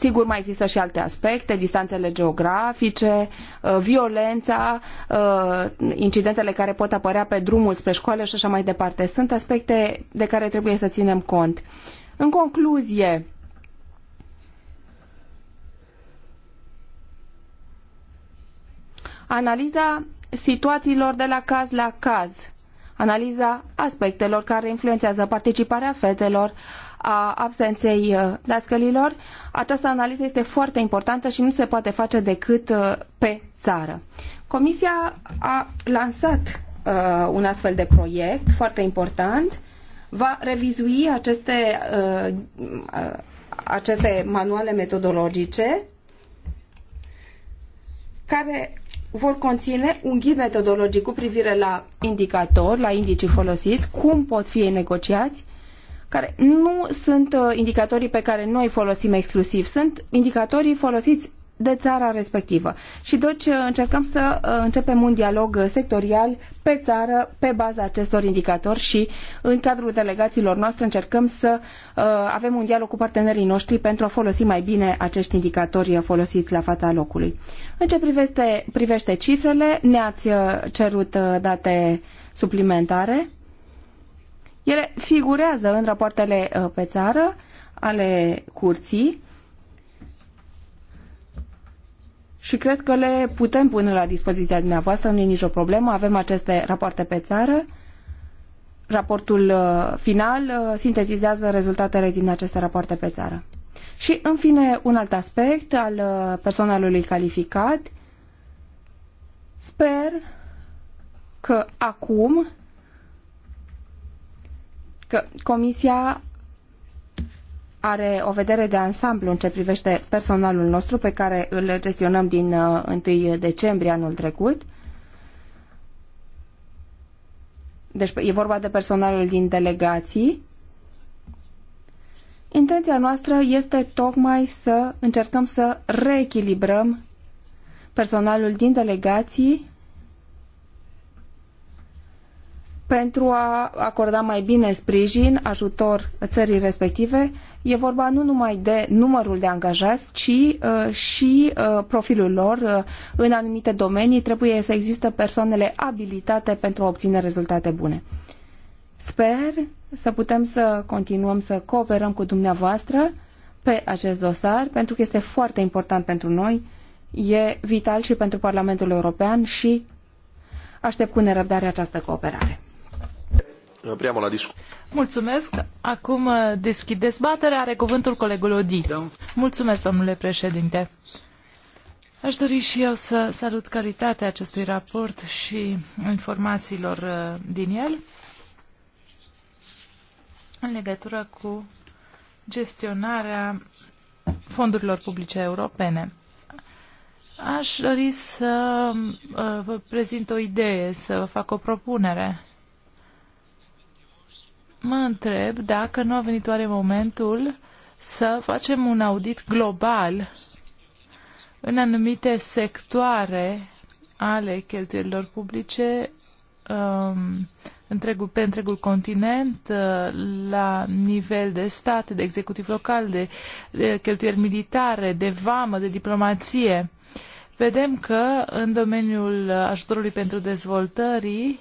Sigur, mai există și alte aspecte, distanțele geografice, uh, violența, uh, incidentele care pot apărea pe drumul spre școală și așa mai departe. Sunt aspecte de care trebuie să ținem cont. În concluzie, analiza situațiilor de la caz la caz, analiza aspectelor care influențează participarea fetelor, a absenței uh, dascălilor. Această analiză este foarte importantă și nu se poate face decât uh, pe țară. Comisia a lansat uh, un astfel de proiect foarte important, va revizui aceste, aceste manuale metodologice care vor conține un ghid metodologic cu privire la indicatori, la indicii folosiți, cum pot fi negociați, care nu sunt uh, indicatorii pe care noi folosim exclusiv, sunt indicatorii folosiți de țara respectivă. Și deci uh, încercăm să uh, începem un dialog sectorial pe țară, pe baza acestor indicatori și în cadrul delegațiilor noastre încercăm să avem un dialog cu partenerii noștri pentru a folosi mai bine acești indicatori folosiți la fața locului. În ce privește, privește cifrele, ne-ați cerut date suplimentare. Ele figurează în rapoartele uh, pe țară ale curții și cred că le putem pune la dispoziția dumneavoastră, nu e nicio problemă, avem aceste rapoarte pe țară. Raportul uh, final uh, sintetizează rezultatele din aceste rapoarte pe țară. Și, în fine, un alt aspect al personalului calificat. Sper că acum că Comisia are o vedere de ansamblu în ce privește personalul nostru pe care îl gestionăm din 1 uh, decembrie anul trecut. Deci e vorba de personalul din delegații. Intenția noastră este tocmai să încercăm să reechilibrăm personalul din delegații pentru a acorda mai bine sprijin, ajutor țării respective. E vorba nu numai de numărul de angajați, ci uh, și uh, profilul lor. Uh, în anumite domenii trebuie să existe persoanele abilitate pentru a obține rezultate bune. Sper să putem să continuăm să cooperăm cu dumneavoastră pe acest dosar, pentru că este foarte important pentru noi, e vital și pentru Parlamentul European și aștept cu nerăbdare această cooperare. Priamo la discuție. Mulțumesc. Acum uh, deschid dezbaterea. Are cuvântul colegul Odi. Da. Mulțumesc, domnule președinte. Aș dori și eu să salut calitatea acestui raport și informațiilor uh, din el în legătură cu gestionarea fondurilor publice europene. Aș dori să uh, vă prezint o idee, să vă fac o propunere mă întreb dacă nu a venit oare momentul să facem un audit global în anumite sectoare ale cheltuielilor publice um, întregul, pe întregul continent, uh, la nivel de state, de executiv local, de, de cheltuieli militare, de vamă, de diplomație. Vedem că în domeniul ajutorului pentru dezvoltării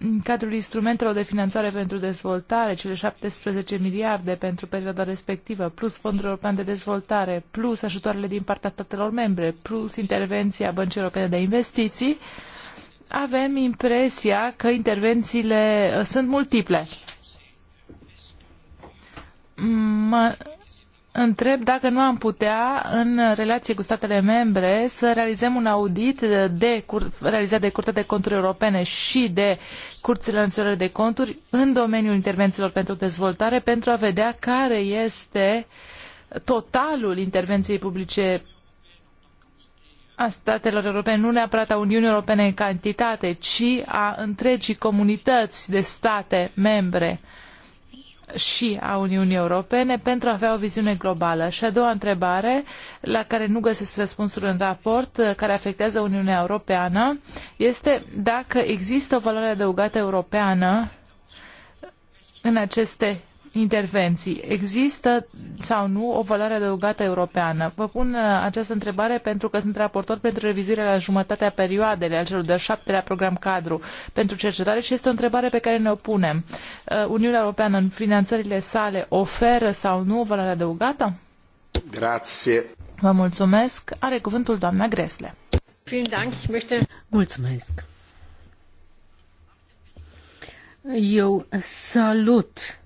în cadrul instrumentelor de finanțare pentru dezvoltare, cele 17 miliarde pentru perioada respectivă, plus Fondul European de Dezvoltare, plus ajutoarele din partea statelor membre, plus intervenția Băncii Europene de Investiții, avem impresia că intervențiile sunt multiple. Mă întreb dacă nu am putea, în relație cu statele membre, să realizăm un audit de, realizat de Curtea de Conturi Europene și de Curțile Naționale de Conturi în domeniul intervențiilor pentru dezvoltare pentru a vedea care este totalul intervenției publice a statelor europene, nu neapărat a Uniunii Europene în cantitate, ci a întregii comunități de state membre și a Uniunii Europene pentru a avea o viziune globală. Și a doua întrebare, la care nu găsesc răspunsul în raport, care afectează Uniunea Europeană, este dacă există o valoare adăugată europeană în aceste intervenții. Există sau nu o valoare adăugată europeană? Vă pun uh, această întrebare pentru că sunt raportor pentru revizuirea la jumătatea perioadele al celor de șaptelea program cadru pentru cercetare și este o întrebare pe care ne o punem. Uh, Uniunea Europeană în finanțările sale oferă sau nu o valoare adăugată? Grazie. Vă mulțumesc. Are cuvântul doamna Gresle. Mulțumesc. Eu salut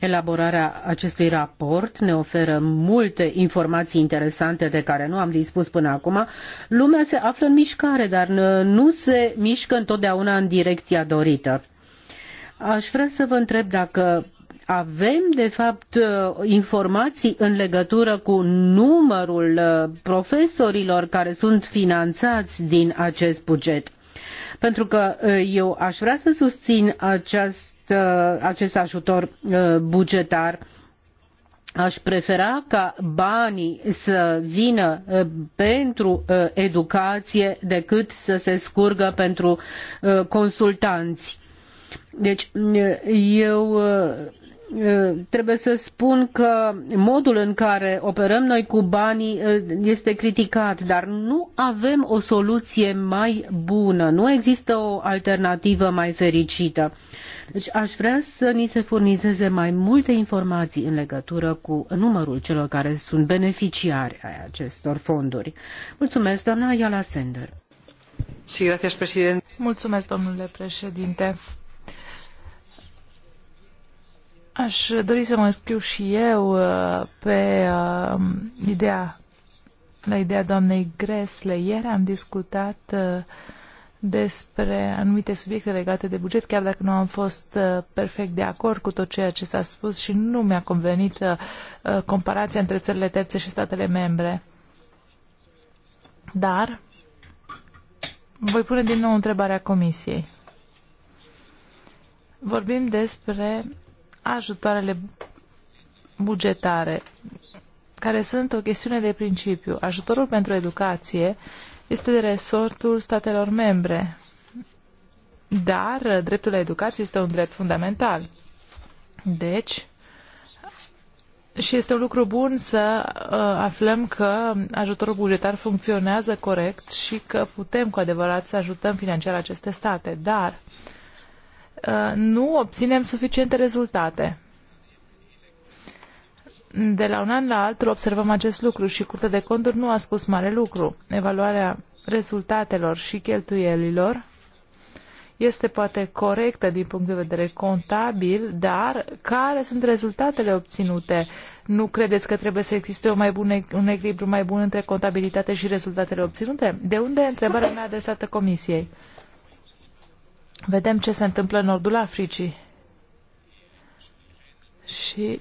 Elaborarea acestui raport ne oferă multe informații interesante de care nu am dispus până acum. Lumea se află în mișcare, dar nu se mișcă întotdeauna în direcția dorită. Aș vrea să vă întreb dacă avem, de fapt, informații în legătură cu numărul uh, profesorilor care sunt finanțați din acest buget. Pentru că uh, eu aș vrea să susțin această Uh, acest ajutor uh, bugetar aș prefera ca banii să vină uh, pentru educație decât să se scurgă pentru consultanți. Deci eu Eh, trebuie să spun că modul în care operăm noi cu banii eh, este criticat, dar nu avem o soluție mai bună, nu există o alternativă mai fericită. Deci aș vrea să ni se furnizeze mai multe informații în legătură cu numărul celor care sunt beneficiari ai acestor fonduri. Mulțumesc, doamna Iala Sender. Mulțumesc, domnule președinte. Aș dori să mă înscriu și eu uh, pe uh, ideea, la ideea doamnei Gresle. Ieri am discutat uh, despre anumite subiecte legate de buget, chiar dacă nu am fost uh, perfect de acord cu tot ceea ce s-a spus și nu mi-a convenit uh, uh comparația între țările terțe și statele membre. Dar voi pune din nou întrebarea Comisiei. Vorbim despre ajutoarele bugetare, care sunt o chestiune de principiu. Ajutorul pentru educație este de resortul statelor membre, dar dreptul la educație este un drept fundamental. Deci, și este un lucru bun să uh, aflăm că ajutorul bugetar funcționează corect și că putem cu adevărat să ajutăm financiar aceste state, dar uh, Uh, nu obținem suficiente rezultate. De la un an la altul observăm acest lucru și Curtea de Conturi nu a spus mare lucru. Evaluarea rezultatelor și cheltuielilor este poate corectă din punct de vedere contabil, dar care sunt rezultatele obținute? Nu credeți că trebuie să existe o mai bună, un echilibru mai bun între contabilitate și rezultatele obținute? De unde întrebarea mea adresată Comisiei? Uh, vedem ce se întâmplă în nordul Africii. Și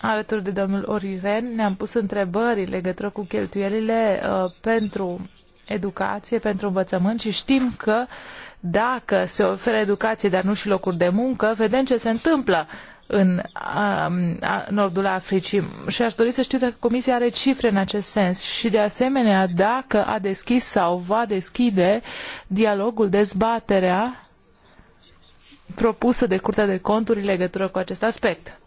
alături de domnul Oriren ne-am pus întrebări în legătură cu cheltuielile uh, pentru educație, pentru învățământ și știm că dacă se oferă educație, dar nu și locuri de muncă, vedem ce se întâmplă în uh, nordul Africii. Și aș dori să știu dacă Comisia are cifre în acest sens și, de asemenea, dacă a deschis sau va deschide dialogul, dezbaterea propusă de Curtea de Conturi în legătură cu acest aspect.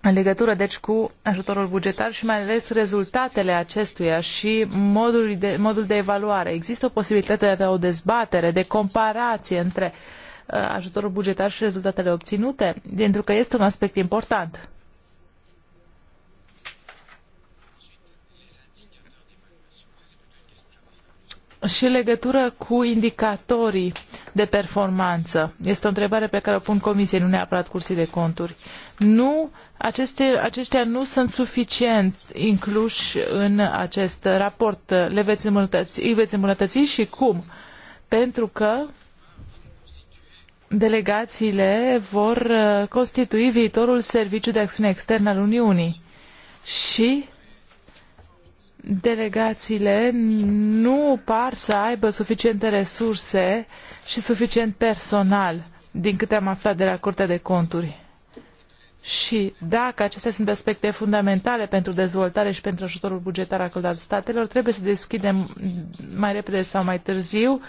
În legătură, deci, cu ajutorul bugetar și mai ales rezultatele acestuia și modul de, modul de evaluare. Există o posibilitate de a avea o dezbatere, de comparație între uh, ajutorul bugetar și rezultatele obținute, pentru că este un aspect important. și legătură cu indicatorii de performanță. Este o întrebare pe care o pun comisiei, nu neapărat cursii de conturi. Nu, aceste, aceștia nu sunt suficient incluși în acest raport. Le veți îmbunătăți, îi veți îmbunătăți și cum? Pentru că delegațiile vor uh, constitui viitorul Serviciu de Acțiune Externă al Uniunii și delegațiile nu par să aibă suficiente resurse și suficient personal, din câte am aflat de la Curtea de Conturi. Și dacă acestea sunt aspecte fundamentale pentru dezvoltare și pentru ajutorul bugetar acordat statelor, trebuie să deschidem mai repede sau mai târziu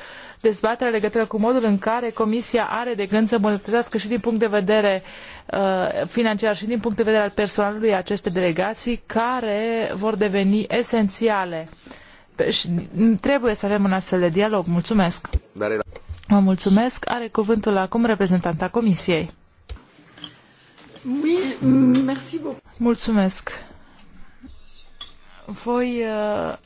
dezbaterea legătură cu modul în care Comisia are de gând să îmbunătățească și din punct de vedere uh, financiar și din punct de vedere al personalului aceste delegații care vor deveni esențiale. Deci, trebuie să avem un astfel de dialog. Mulțumesc! Vă mulțumesc. Are cuvântul acum reprezentanta Comisiei. Mulțumesc. Voi uh,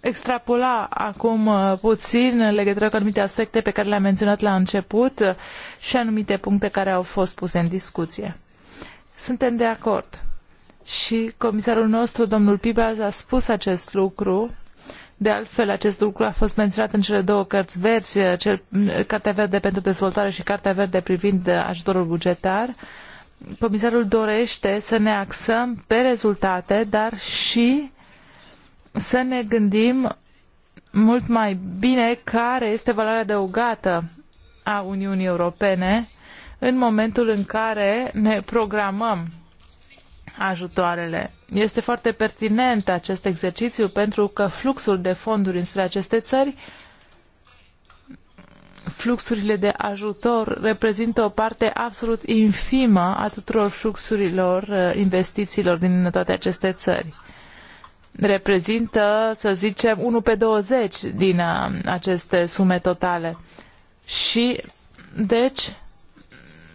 extrapola acum uh, puțin în legătură cu anumite aspecte pe care le-am menționat la început uh, și anumite puncte care au fost puse în discuție. Suntem de acord și comisarul nostru, domnul Pibas, a spus acest lucru. De altfel, acest lucru a fost menționat în cele două cărți verzi, uh, cel, Cartea Verde pentru Dezvoltare și Cartea Verde privind ajutorul bugetar. Uh, comisarul dorește să ne axăm pe rezultate, dar și să ne gândim mult mai bine care este valoarea adăugată a Uniunii Europene în momentul în care ne programăm ajutoarele. Este foarte pertinent acest exercițiu pentru că fluxul de fonduri înspre aceste țări fluxurile de ajutor reprezintă o parte absolut infimă a tuturor fluxurilor uh, investițiilor din toate aceste țări. Reprezintă, să zicem, 1 pe 20 din uh, aceste sume totale. Și, deci,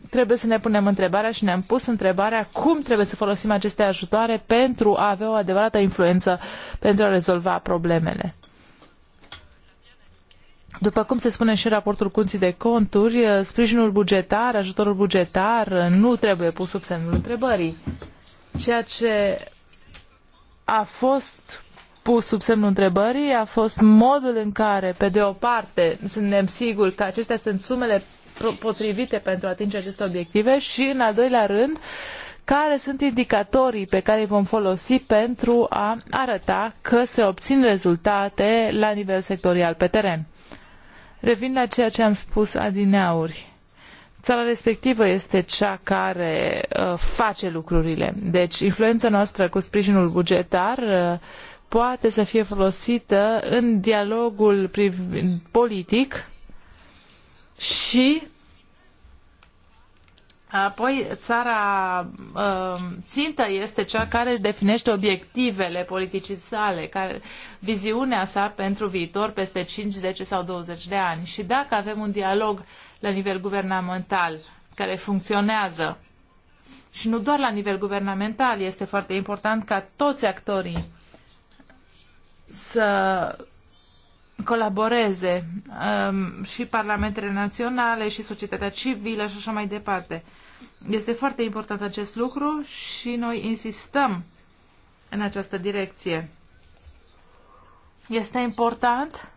trebuie să ne punem întrebarea și ne-am pus întrebarea cum trebuie să folosim aceste ajutoare pentru a avea o adevărată influență pentru a rezolva problemele. După cum se spune și în raportul Cunții de Conturi, eh, sprijinul bugetar, ajutorul bugetar eh, nu trebuie pus sub semnul întrebării. Ceea ce a fost pus sub semnul întrebării a fost modul în care, pe de o parte, suntem siguri că acestea sunt sumele potrivite pentru a atinge aceste obiective și, în al doilea rând, care sunt indicatorii pe care îi vom folosi pentru a arăta că se obțin rezultate la nivel sectorial pe teren. Revin la ceea ce am spus adineauri. Țara respectivă este cea care uh, face lucrurile. Deci, influența noastră cu sprijinul bugetar uh, poate să fie folosită în dialogul politic și Apoi, țara um, țintă este cea care își definește obiectivele politicii sale, care, viziunea sa pentru viitor peste 5, 10 sau 20 de ani. Și dacă avem un dialog la nivel guvernamental care funcționează, și nu doar la nivel guvernamental, este foarte important ca toți actorii să colaboreze um, și parlamentele naționale și societatea civilă și așa mai departe. Este foarte important acest lucru și noi insistăm în această direcție. Este important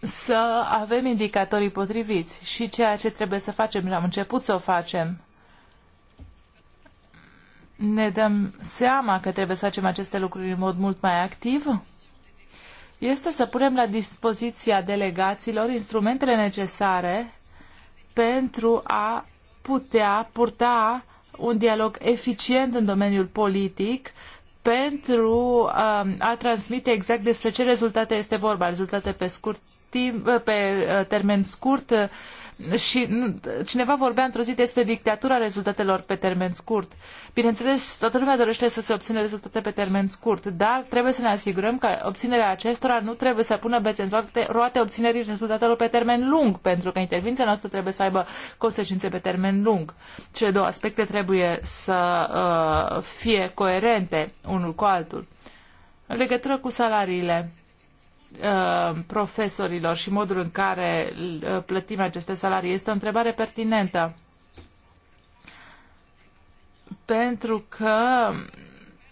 să avem indicatorii potriviți și ceea ce trebuie să facem, am început să o facem. Ne dăm seama că trebuie să facem aceste lucruri în mod mult mai activ este să punem la dispoziția delegaților instrumentele necesare pentru a putea purta un dialog eficient în domeniul politic pentru um, a transmite exact despre ce rezultate este vorba, rezultate pe scurt timp, pe uh, termen scurt, și cineva vorbea într-o zi despre dictatura rezultatelor pe termen scurt. Bineînțeles, toată lumea dorește să se obțină rezultate pe termen scurt, dar trebuie să ne asigurăm că obținerea acestora nu trebuie să pună bețe în soarte, roate obținerii rezultatelor pe termen lung, pentru că intervenția noastră trebuie să aibă consecințe pe termen lung. Cele două aspecte trebuie să uh, fie coerente unul cu altul. În legătură cu salariile, Uh, profesorilor și modul în care uh, plătim aceste salarii este o întrebare pertinentă. Pentru că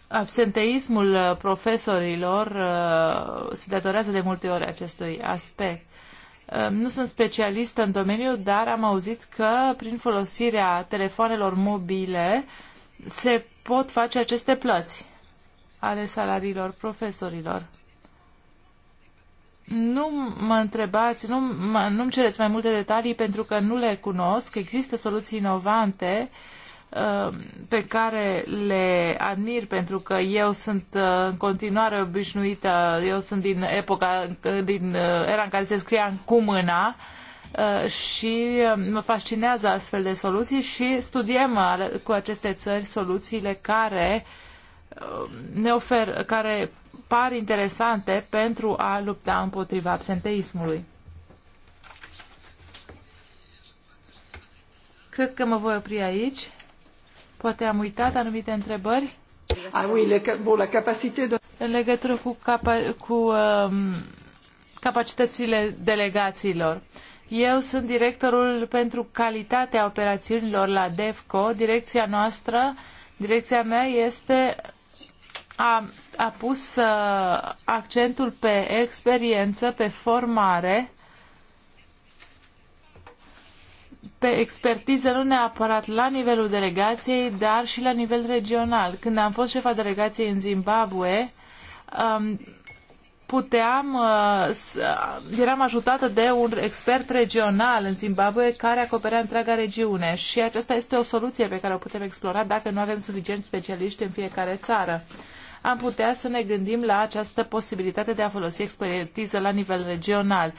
absenteismul uh, profesorilor se datorează de multe ori acestui aspect. Nu sunt specialistă în domeniu, dar am auzit că prin folosirea telefoanelor mobile se pot face aceste plăți ale salariilor profesorilor. Nu mă întrebați, nu, mă, nu-mi cereți mai multe detalii pentru că nu le cunosc. Există soluții inovante uh, pe care le admir pentru că eu sunt uh, în continuare obișnuită, eu sunt din epoca, uh, din era în care se scria cu mâna și mă fascinează astfel de soluții și studiem cu aceste țări soluțiile care ne ofer, care par interesante pentru a lupta împotriva absenteismului. Cred că mă voi opri aici. Poate am uitat anumite întrebări. Ah, oui, le, bon, la capacité de... În legătură cu, capa, cu um, capacitățile delegațiilor. Eu sunt directorul pentru calitatea operațiunilor la DEFCO. Direcția noastră, direcția mea este a, a pus uh, accentul pe experiență, pe formare, pe expertiză, nu neapărat la nivelul delegației, dar și la nivel regional. Când am fost șefa delegației în Zimbabwe, um, puteam, uh, uh, eram ajutată de un expert regional în Zimbabwe care acoperea întreaga regiune și aceasta este o soluție pe care o putem explora dacă nu avem suficienți specialiști în fiecare țară am putea să ne gândim la această posibilitate de a folosi expertiză la nivel regional.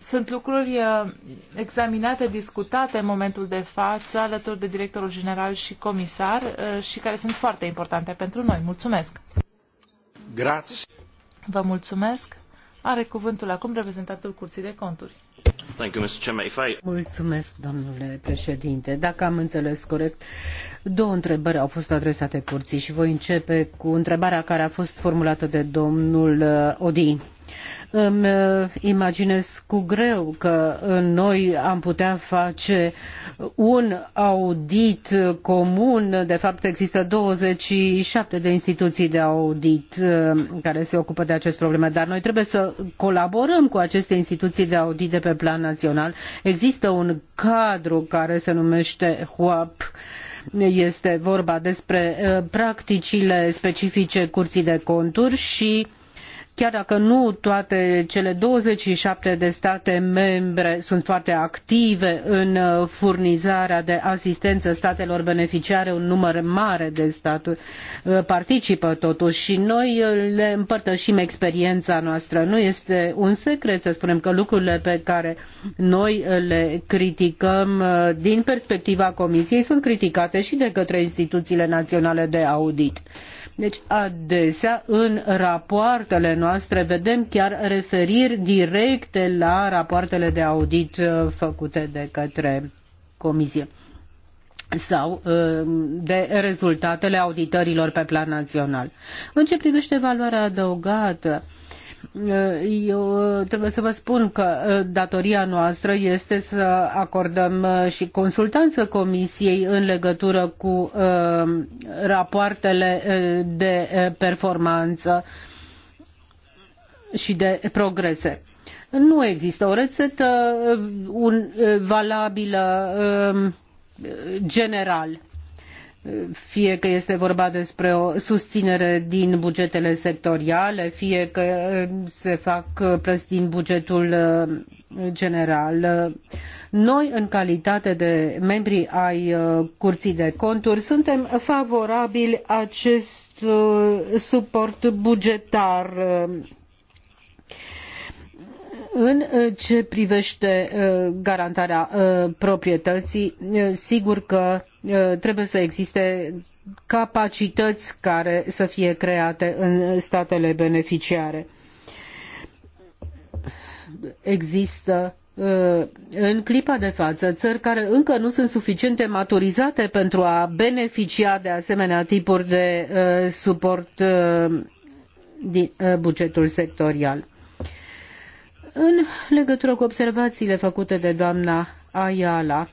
Sunt lucruri uh, examinate, discutate în momentul de față alături de directorul general și comisar uh, și care sunt foarte importante pentru noi. Mulțumesc! Grați! Vă mulțumesc! Are cuvântul acum reprezentantul Curții de Conturi. Mulțumesc, domnule președinte. Dacă am înțeles corect, două întrebări au fost adresate curții și voi începe cu întrebarea care a fost formulată de domnul uh, Odi îmi uh, imaginez cu greu că uh, noi am putea face un audit uh, comun. De fapt, există 27 de instituții de audit care se ocupă de acest probleme, dar noi trebuie să colaborăm cu aceste instituții de audit de pe plan național. Există un cadru care se numește HOAP este vorba despre practicile specifice curții de conturi și chiar dacă nu toate cele 27 de state membre sunt foarte active în uh, furnizarea de asistență statelor beneficiare, un număr mare de state uh, participă totuși și noi uh, le împărtășim experiența noastră. Nu este un secret să spunem că lucrurile pe care noi le criticăm din perspectiva Comisiei sunt criticate și de către instituțiile naționale de audit. Deci, adesea, în rapoartele noastre vedem chiar referiri directe la rapoartele de audit uh, făcute de către Comisie sau uh, de rezultatele auditărilor pe plan național. În ce privește valoarea adăugată, eu uh, trebuie să vă spun că uh, datoria noastră este să acordăm uh, și consultanță Comisiei în legătură cu rapoartele de performanță și de progrese. Nu există o rețetă valabilă general fie că este vorba despre o susținere din bugetele sectoriale, fie că uh, se fac uh, plăți din bugetul uh, general. Noi, în calitate de membri ai Curții de Conturi, suntem favorabili acest suport bugetar în ce privește garantarea proprietății, sigur că Uh, trebuie să existe capacități care să fie create în statele beneficiare. Există uh, în clipa de față țări care încă nu sunt suficient maturizate pentru a beneficia de asemenea tipuri de uh, suport din bugetul sectorial. În legătură cu observațiile făcute de doamna Ayala,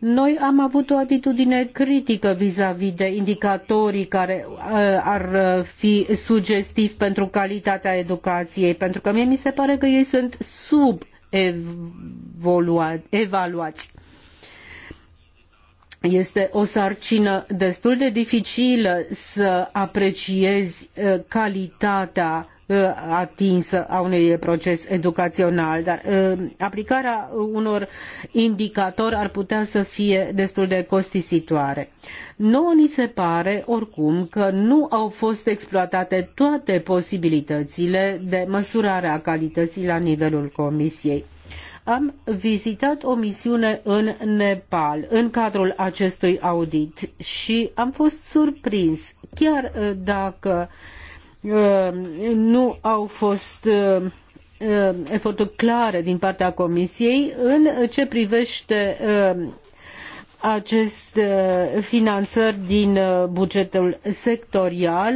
noi am avut o atitudine critică vis-a-vis -vis de indicatorii care uh, ar uh, fi sugestivi pentru calitatea educației, pentru că mie mi se pare că ei sunt sub evaluați este o sarcină destul de dificilă să apreciezi uh, calitatea Uh, atinsă a unui proces educațional, dar uh, aplicarea unor indicatori ar putea să fie destul de costisitoare. Nouă ni se pare oricum că nu au fost exploatate toate posibilitățile de măsurare a calității la nivelul Comisiei am vizitat o misiune în Nepal în cadrul acestui audit și am fost surprins, chiar uh, dacă uh, Uh, nu au fost uh, uh, eforturi clare din partea Comisiei în ce privește acest finanțări din bugetul sectorial.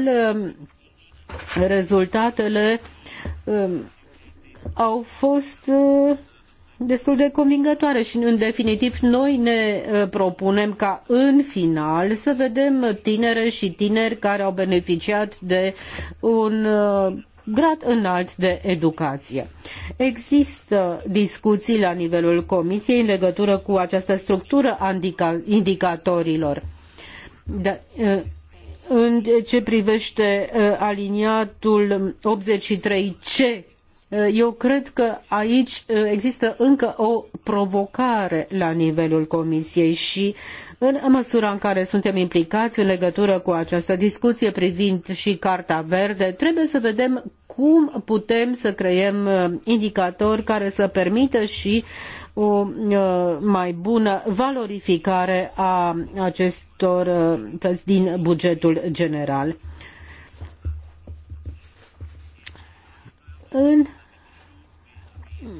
Rezultatele au fost destul de convingătoare și, în definitiv, noi ne uh, propunem ca, în final, să vedem tinere și tineri care au beneficiat de un uh, grad înalt de educație. Există discuții la nivelul Comisiei în legătură cu această structură a indicatorilor. De, da, uh, în ce privește aliniatul 83C Eh, eu cred că aici eh, există încă o provocare la nivelul Comisiei și în măsura în care suntem implicați în legătură cu această discuție privind și Carta Verde, trebuie să vedem cum putem să creăm eh, indicatori care să permită și o mai bună valorificare a acestor plăți din bugetul general. În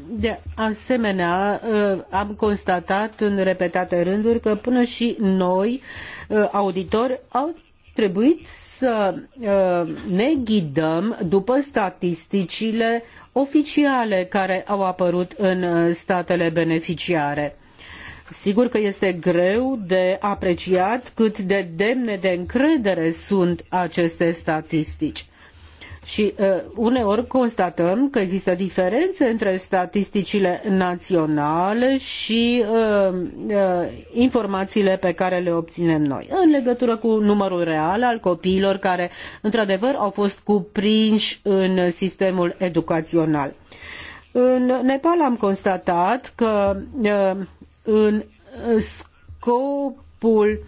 de asemenea, ă, am constatat în repetate rânduri că până și noi, ă, auditori, au trebuit să ă, ne ghidăm după statisticile oficiale care au apărut în statele beneficiare. Sigur că este greu de apreciat cât de demne de încredere sunt aceste statistici. Și uh, uneori constatăm că există diferențe între statisticile naționale și uh, uh, informațiile pe care le obținem noi în legătură cu numărul real al copiilor care într-adevăr au fost cuprinși în sistemul educațional. În Nepal am constatat că în scopul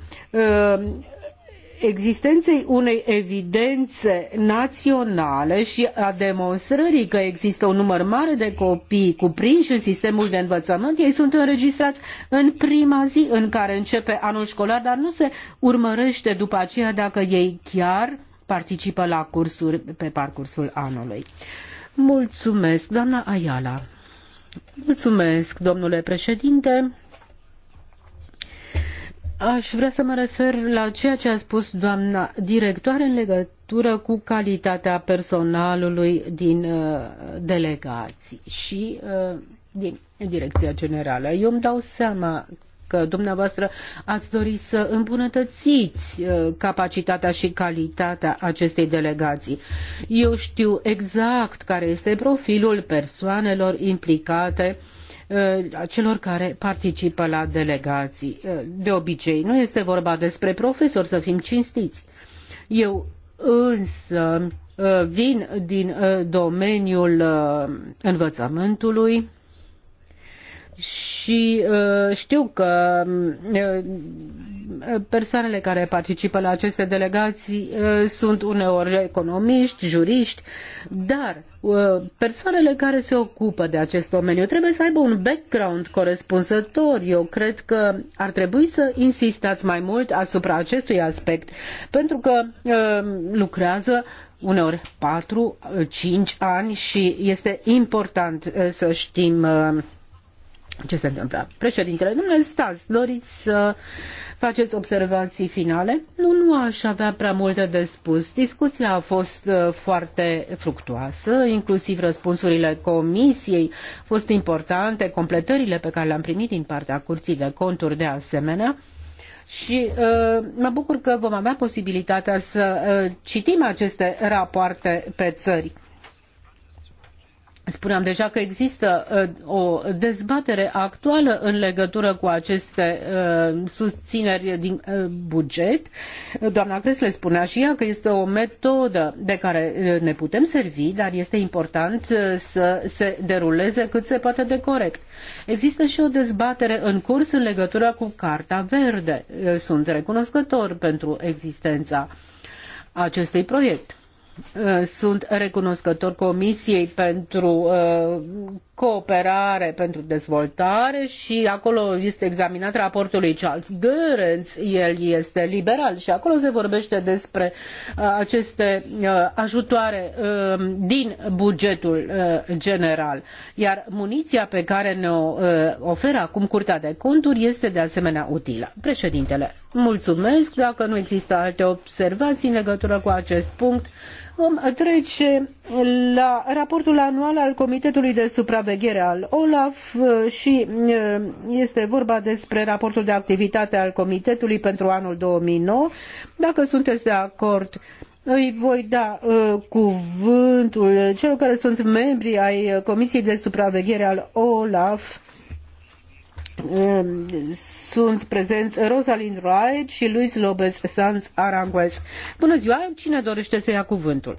existenței unei evidențe naționale și a demonstrării că există un număr mare de copii cuprinși în sistemul de învățământ, ei sunt înregistrați în prima zi în care începe anul școlar, dar nu se urmărește după aceea dacă ei chiar participă la cursuri pe parcursul anului. Mulțumesc, doamna Ayala. Mulțumesc, domnule președinte. Aș vrea să mă refer la ceea ce a spus doamna directoare în legătură cu calitatea personalului din uh, delegații și uh, din Direcția Generală. Eu îmi dau seama că dumneavoastră ați dori să îmbunătățiți uh, capacitatea și calitatea acestei delegații. Eu știu exact care este profilul persoanelor implicate uh, a uh, celor care participă la delegații. Uh, de obicei, nu este vorba despre profesori, să fim cinstiți. Eu însă uh, vin din domeniul învățământului, și uh, știu că uh, persoanele care participă la aceste delegații uh, sunt uneori economiști, juriști, dar uh, persoanele care se ocupă de acest domeniu trebuie să aibă un background corespunzător. Eu cred că ar trebui să insistați mai mult asupra acestui aspect, pentru că uh, lucrează uneori patru, uh, cinci ani și este important să știm ce se întâmplă. Președintele, domnule stați. doriți să faceți observații finale? Nu, nu aș avea prea multe de spus. Discuția a fost uh, foarte fructuoasă, inclusiv răspunsurile comisiei au fost importante, completările pe care le-am primit din partea Curții de Conturi de asemenea și uh, mă bucur că vom avea posibilitatea să uh, citim aceste rapoarte pe țări. Spuneam deja că există uh, o dezbatere actuală în legătură cu aceste uh, susțineri din uh, buget. Doamna Cresle spunea și ea că este o metodă de care uh, ne putem servi, dar este important uh, să se deruleze cât se poate de corect. Există și o dezbatere în curs în legătură cu Carta Verde. Sunt recunoscător pentru existența acestui proiect. Uh, sunt recunoscător Comisiei pentru uh, cooperare pentru dezvoltare și acolo este examinat raportul lui Charles Goerens, el este liberal și acolo se vorbește despre uh, aceste ajutoare um, din bugetul general. Iar muniția pe care ne-o oferă acum Curtea de Conturi este de asemenea utilă. Președintele, mulțumesc. Dacă nu există alte observații în legătură cu acest punct, Vom trece la raportul anual al Comitetului de Supraveghere al OLAF și eh, este vorba despre raportul de activitate al Comitetului pentru anul 2009. Dacă sunteți de acord, îi voi da eh, cuvântul celor care sunt membri ai Comisiei de Supraveghere al OLAF Ehm, sunt prezenți Rosalind Wright și Luis Lopez Sanz Aranguez. Bună ziua, cine dorește să ia cuvântul?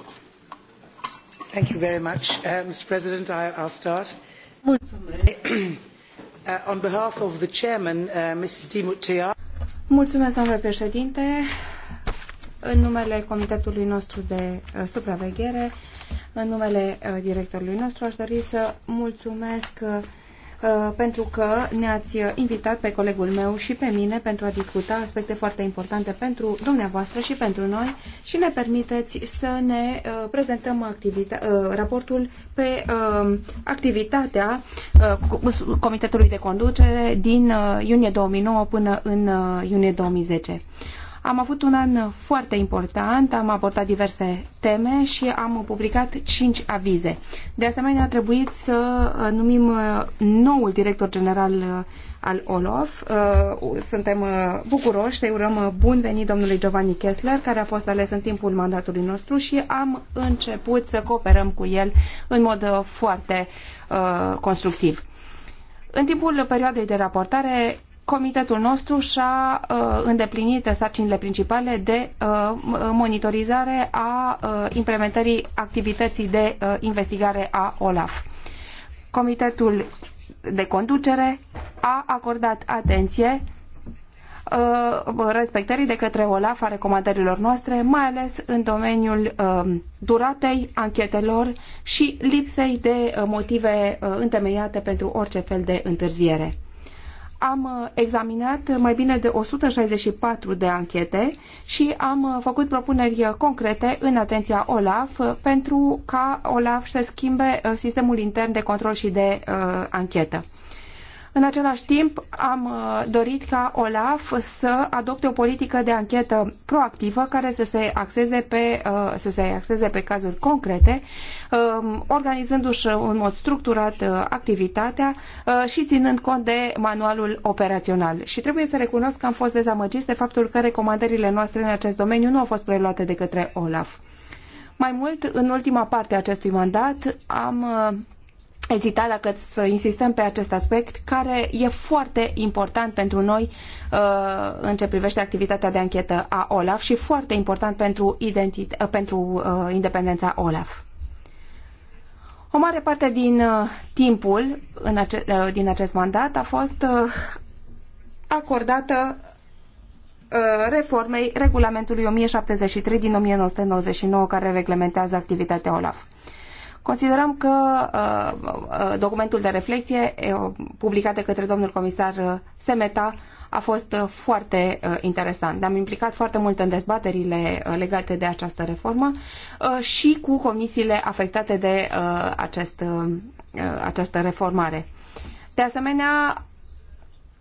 Thank you very much, uh, Mr. President. I, I'll start. Mulțumesc. uh, on behalf of the chairman, uh, Mrs. Dimutia. Mulțumesc, domnule președinte. În numele comitetului nostru de uh, supraveghere, în numele uh, directorului nostru, aș dori să mulțumesc uh, Uh, pentru că ne-ați invitat pe colegul meu și pe mine pentru a discuta aspecte foarte importante pentru dumneavoastră și pentru noi și ne permiteți să ne uh, prezentăm uh, raportul pe um, activitatea Comitetului de Conducere din iunie 2009 până în iunie 2010. Am avut un an foarte important, am abordat diverse teme și am publicat cinci avize. De asemenea, a trebuit să uh, numim uh, noul director general uh, al OLOF. Suntem bucuroși să-i urăm bun venit domnului Giovanni Kessler, care a fost ales în timpul mandatului nostru și am început să cooperăm cu el în mod foarte constructiv. În timpul perioadei de raportare, comitetul nostru și-a uh, îndeplinit sarcinile principale de uh, monitorizare a uh, implementării activității de investigare a OLAF. Comitetul de conducere a acordat atenție respectării de către OLAF a recomandărilor noastre, mai ales în domeniul duratei anchetelor și lipsei de motive întemeiate pentru orice fel de întârziere am uh, examinat mai bine de 164 de anchete și am uh, făcut propuneri concrete în atenția OLAF uh, pentru ca OLAF să schimbe sistemul intern de control și de uh, anchetă. În același timp, am uh, dorit ca OLAF să adopte o politică de anchetă proactivă care să se axeze pe, uh, să se axeze pe cazuri concrete, um, organizându-și în mod structurat uh, activitatea și ținând cont de manualul operațional. Și trebuie să recunosc că am fost dezamăgiți de faptul că recomandările noastre în acest domeniu nu au fost preluate de către OLAF. Mai mult, în ultima parte a acestui mandat, am ezita dacă să insistăm pe acest aspect, care e foarte important pentru noi uh, în ce privește activitatea de anchetă a OLAF și foarte important pentru, identit- uh, pentru uh, independența OLAF. O mare parte din timpul în ace- din acest mandat a fost acordată reformei regulamentului 1073 din 1999 care reglementează activitatea OLAF. Considerăm că uh, uh, documentul de reflecție uh, publicat de către domnul comisar Semeta a fost foarte interesant. Ne-am implicat foarte mult în dezbaterile legate de această reformă și cu comisiile afectate de acest, această reformare. De asemenea,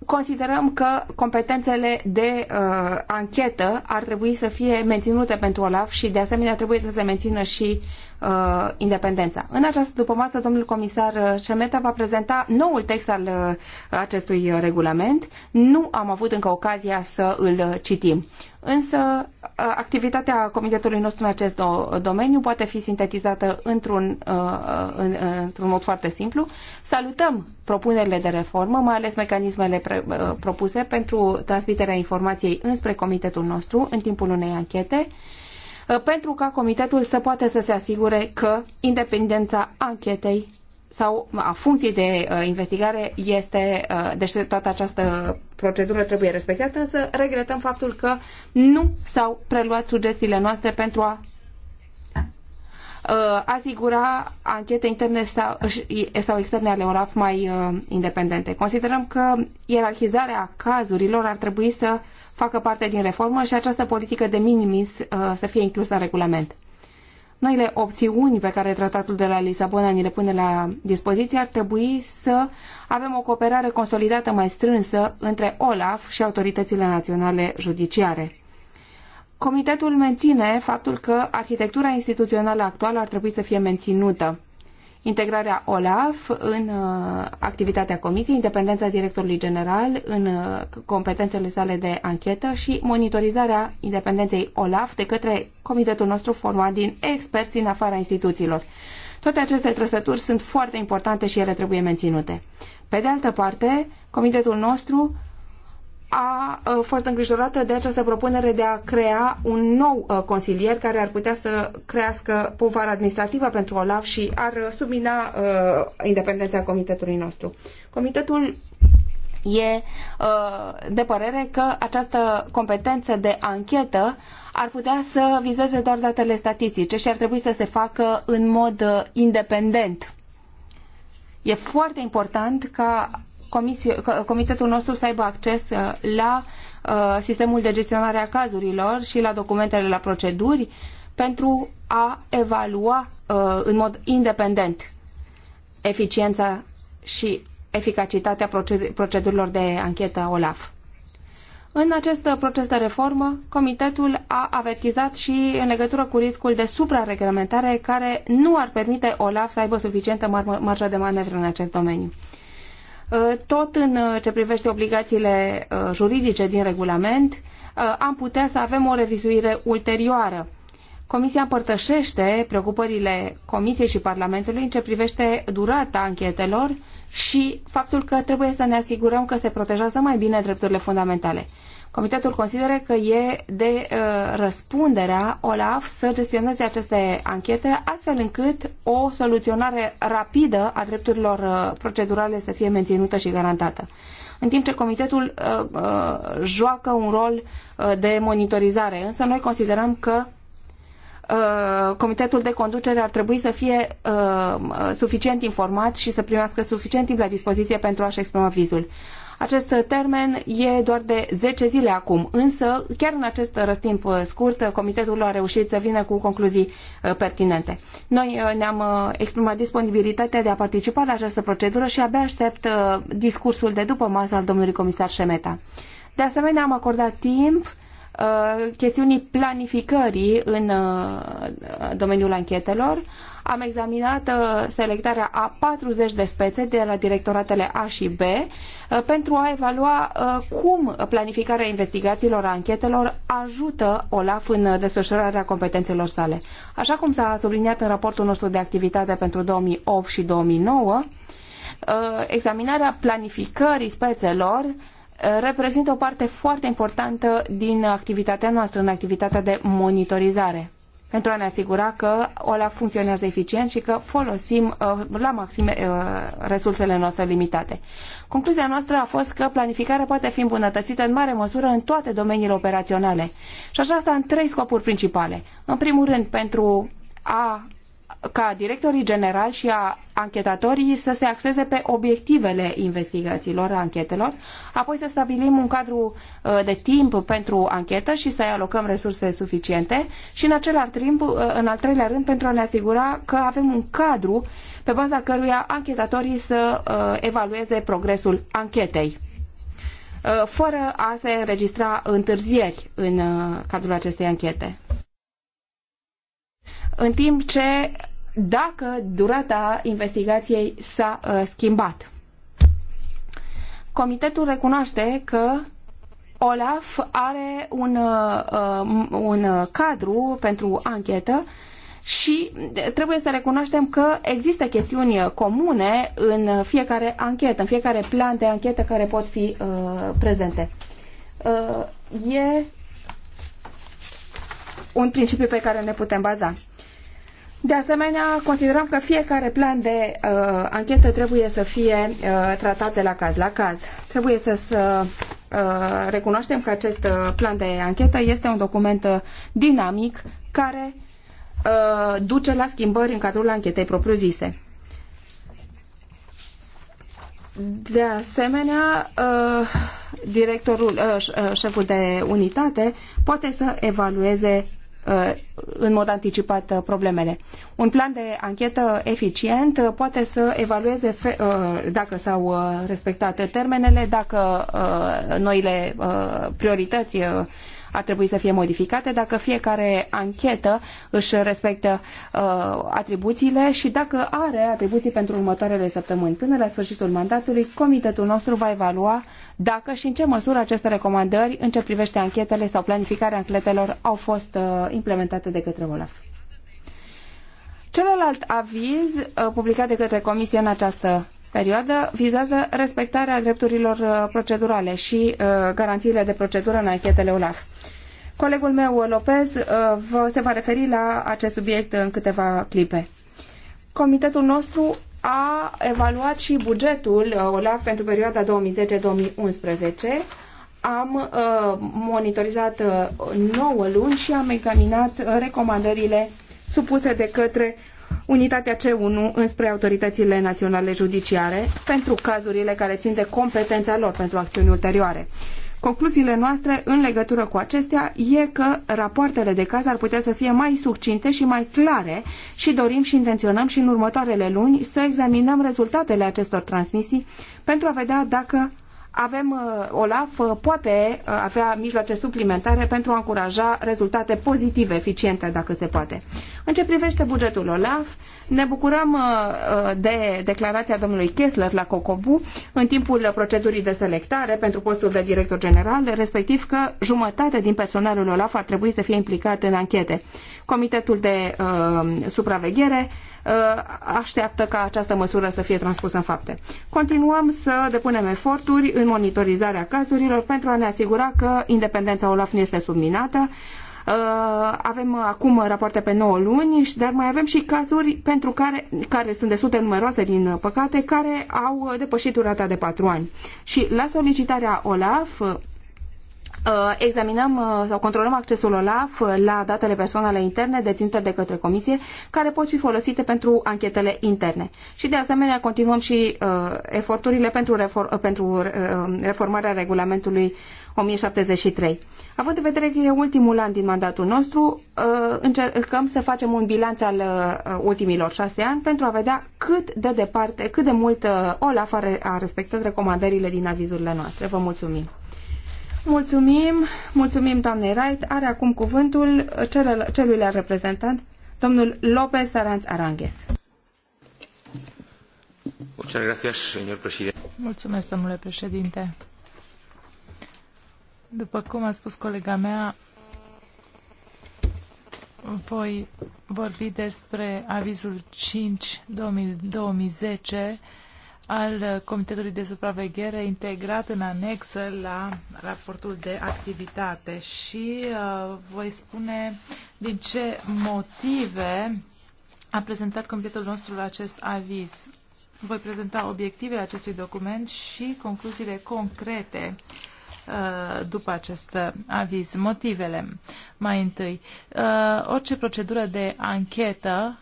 considerăm că competențele de uh, anchetă ar trebui să fie menținute pentru OLAF și de asemenea trebuie să se mențină și uh, independența. În această masă, domnul comisar uh, Șemeta va prezenta noul text al uh, acestui uh, regulament. Nu am avut încă ocazia să îl uh, citim. Însă, uh, activitatea comitetului nostru în acest do- domeniu poate fi sintetizată într-un, uh, în, uh, într-un mod foarte simplu. Salutăm propunerile de reformă, mai ales mecanismele pre- uh, propuse pentru transmiterea informației înspre comitetul nostru în timpul unei anchete. Uh, pentru ca comitetul să poată să se asigure că independența anchetei sau a funcției de uh, investigare este, uh, deci toată această procedură trebuie respectată, însă regretăm faptul că nu s-au preluat sugestiile noastre pentru a asigura anchete interne sau externe ale ORAF mai independente. Considerăm că ierarhizarea cazurilor ar trebui să facă parte din reformă și această politică de minimis uh, să fie inclusă în regulament. Noile opțiuni pe care tratatul de la Lisabona ni le pune la dispoziție ar trebui să avem o cooperare consolidată mai strânsă între OLAF și autoritățile naționale judiciare. Comitetul menține faptul că arhitectura instituțională actuală ar trebui să fie menținută integrarea OLAF în uh, activitatea comisiei, independența directorului general în uh, competențele sale de anchetă și monitorizarea independenței OLAF de către comitetul nostru format din experți în afara instituțiilor. Toate aceste trăsături sunt foarte importante și ele trebuie menținute. Pe de altă parte, comitetul nostru a fost îngrijorată de această propunere de a crea un nou uh, consilier care ar putea să crească povara administrativă pentru OLAF și ar submina uh, independența comitetului nostru. Comitetul e uh, de părere că această competență de anchetă ar putea să vizeze doar datele statistice și ar trebui să se facă în mod independent. E foarte important ca comitetul nostru să aibă acces uh, la uh, sistemul de gestionare a cazurilor și la documentele la proceduri pentru a evalua uh, în mod independent eficiența și eficacitatea procedurilor de anchetă OLAF. În acest proces de reformă, Comitetul a avertizat și în legătură cu riscul de suprareglementare care nu ar permite OLAF să aibă suficientă marjă de manevră în acest domeniu. Uh, tot în uh, ce privește obligațiile uh, juridice din regulament, am putea să avem o revizuire ulterioară. Comisia împărtășește preocupările Comisiei și Parlamentului în ce privește durata anchetelor și faptul că trebuie să ne asigurăm că se protejează mai bine drepturile fundamentale. Comitetul consideră că e de uh, răspunderea OLAF să gestioneze aceste anchete astfel încât o soluționare rapidă a drepturilor uh, procedurale să fie menținută și garantată. În timp ce comitetul uh, uh, joacă un rol uh, de monitorizare, însă noi considerăm că uh, comitetul de conducere ar trebui să fie uh, suficient informat și să primească suficient timp la dispoziție pentru a-și exprima vizul. Acest termen e doar de 10 zile acum, însă chiar în acest răstimp uh, scurt uh, comitetul a reușit să vină cu concluzii uh, pertinente. Noi ne-am exprimat disponibilitatea de a participa la această procedură și abia aștept discursul de după masă al domnului comisar Șemeta. De asemenea, am acordat timp chestiunii planificării în domeniul anchetelor. Am examinat uh, selectarea a 40 de spețe de la directoratele A și B uh, pentru a evalua uh, cum planificarea investigațiilor, a anchetelor ajută OLAF în desfășurarea competențelor sale. Așa cum s-a subliniat în raportul nostru de activitate pentru 2008 și 2009, examinarea planificării spețelor reprezintă o parte foarte importantă din activitatea noastră, în activitatea de monitorizare pentru a ne asigura că OLAF funcționează eficient și că folosim uh, la maxim uh, resursele noastre limitate. Concluzia noastră a fost că planificarea poate fi îmbunătățită în mare măsură în toate domeniile operaționale. Și așa asta în trei scopuri principale. În primul rând, pentru a ca directorii generali și a anchetatorii să se axeze pe obiectivele investigațiilor, anchetelor, apoi să stabilim un cadru uh, de timp pentru anchetă și să-i alocăm resurse suficiente și în același timp, uh, în al treilea rând, pentru a ne asigura că avem un cadru pe baza căruia anchetatorii să uh, evalueze progresul anchetei fără a se înregistra întârzieri în cadrul acestei anchete în timp ce dacă durata investigației s-a uh, schimbat. Comitetul recunoaște că Olaf are un, uh, uh un uh, cadru pentru anchetă și trebuie să recunoaștem că există chestiuni comune în fiecare anchetă, în fiecare plan de anchetă care pot fi uh, prezente. Uh, e un principiu pe care ne putem baza. De asemenea, considerăm că fiecare plan de uh, anchetă trebuie să fie uh, tratat de la caz la caz. Trebuie să, să uh, recunoaștem că acest uh, plan de anchetă este un document uh, dinamic care uh, duce la schimbări în cadrul anchetei propriu-zise. De asemenea, uh, directorul, uh, uh, șeful de unitate poate să evalueze Uh, în mod anticipat uh, problemele. Un plan de anchetă eficient uh, poate să evalueze dacă s-au respectat termenele, dacă noile priorități ar trebui să fie modificate dacă fiecare anchetă își respectă uh, atribuțiile și dacă are atribuții pentru următoarele săptămâni. Până la sfârșitul mandatului, comitetul nostru va evalua dacă și în ce măsură aceste recomandări în ce privește anchetele sau planificarea anchetelor au fost uh, implementate de către OLAF. Celălalt aviz uh, publicat de către Comisie în această perioadă vizează respectarea drepturilor uh, procedurale și uh, garanțiile de procedură în anchetele OLAF. Colegul meu, uh, Lopez, se va referi la acest subiect în câteva clipe. Comitetul nostru a evaluat și bugetul OLAF pentru perioada 2010-2011. Am monitorizat 9 luni și am examinat recomandările supuse de către unitatea C1 înspre autoritățile naționale judiciare pentru cazurile care țin de competența lor pentru acțiuni ulterioare. Concluziile noastre în legătură cu acestea e că rapoartele de caz ar putea să fie mai succinte și mai clare și dorim și intenționăm și în următoarele luni să examinăm rezultatele acestor transmisii pentru a vedea dacă avem uh, OLAF uh, poate uh, avea mijloace suplimentare pentru a încuraja rezultate pozitive, eficiente, dacă se poate. În ce privește bugetul OLAF, ne bucurăm de declarația domnului Kessler la Cocobu în timpul procedurii de selectare pentru postul de director general, respectiv că jumătate din personalul OLAF ar trebui să fie implicat în anchete. Comitetul de uh, supraveghere Uh, așteaptă ca această măsură să fie transpusă în fapte. Continuăm să depunem eforturi în monitorizarea cazurilor pentru a ne asigura că independența OLAF nu este subminată. Uh, avem acum rapoarte pe 9 luni, dar mai avem și cazuri pentru care, care sunt de sute numeroase, din păcate, care au depășit durata de 4 ani. Și la solicitarea OLAF, Uh, examinăm uh, sau controlăm accesul OLAF la datele personale interne deținute de către comisie, care pot fi folosite pentru anchetele interne. Și de asemenea continuăm și uh, eforturile pentru, refor- pentru reformarea regulamentului 1073. Având în vedere că e ultimul an din mandatul nostru, încercăm să facem un bilanț al ultimilor șase ani pentru a vedea cât de departe, cât de mult OLAF a respectat recomandările din avizurile noastre. Vă mulțumim! Mulțumim, mulțumim doamnei Wright. Are acum cuvântul celăl celuilalt reprezentant, domnul López Aranz Aranghes. Mulțumesc, domnule președinte. După cum a spus colega mea, voi vorbi despre avizul 5 2010 al Comitetului de Supraveghere integrat în anexă la raportul de activitate și uh, voi spune din ce motive a prezentat Comitetul nostru la acest aviz. Voi prezenta obiectivele acestui document și concluziile concrete uh, după acest aviz. Motivele, mai întâi. Uh, orice procedură de anchetă